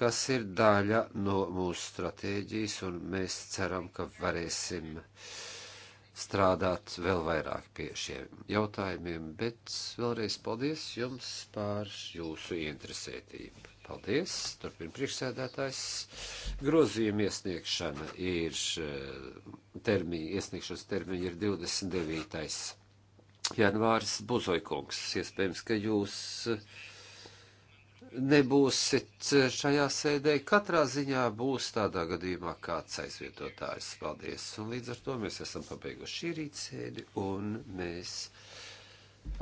kas ir daļa no mūsu stratēģijas, un mēs ceram, ka varēsim strādāt vēl vairāk pie šiem jautājumiem, bet vēlreiz paldies jums par jūsu interesētību. Paldies, turpina priekšsēdētājs. Grozījuma iesniegšana ir eh, termiņa, iesniegšanas termiņa ir 29. janvārs Buzoikungs. Iespējams, ka jūs uh, nebūsit šajā sēdē, katrā ziņā būs tādā gadījumā kāds aizvietotājs. Paldies! Un līdz ar to mēs esam pabeiguši šī rīta sēdi un mēs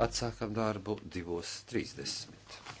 atsākam darbu 2.30.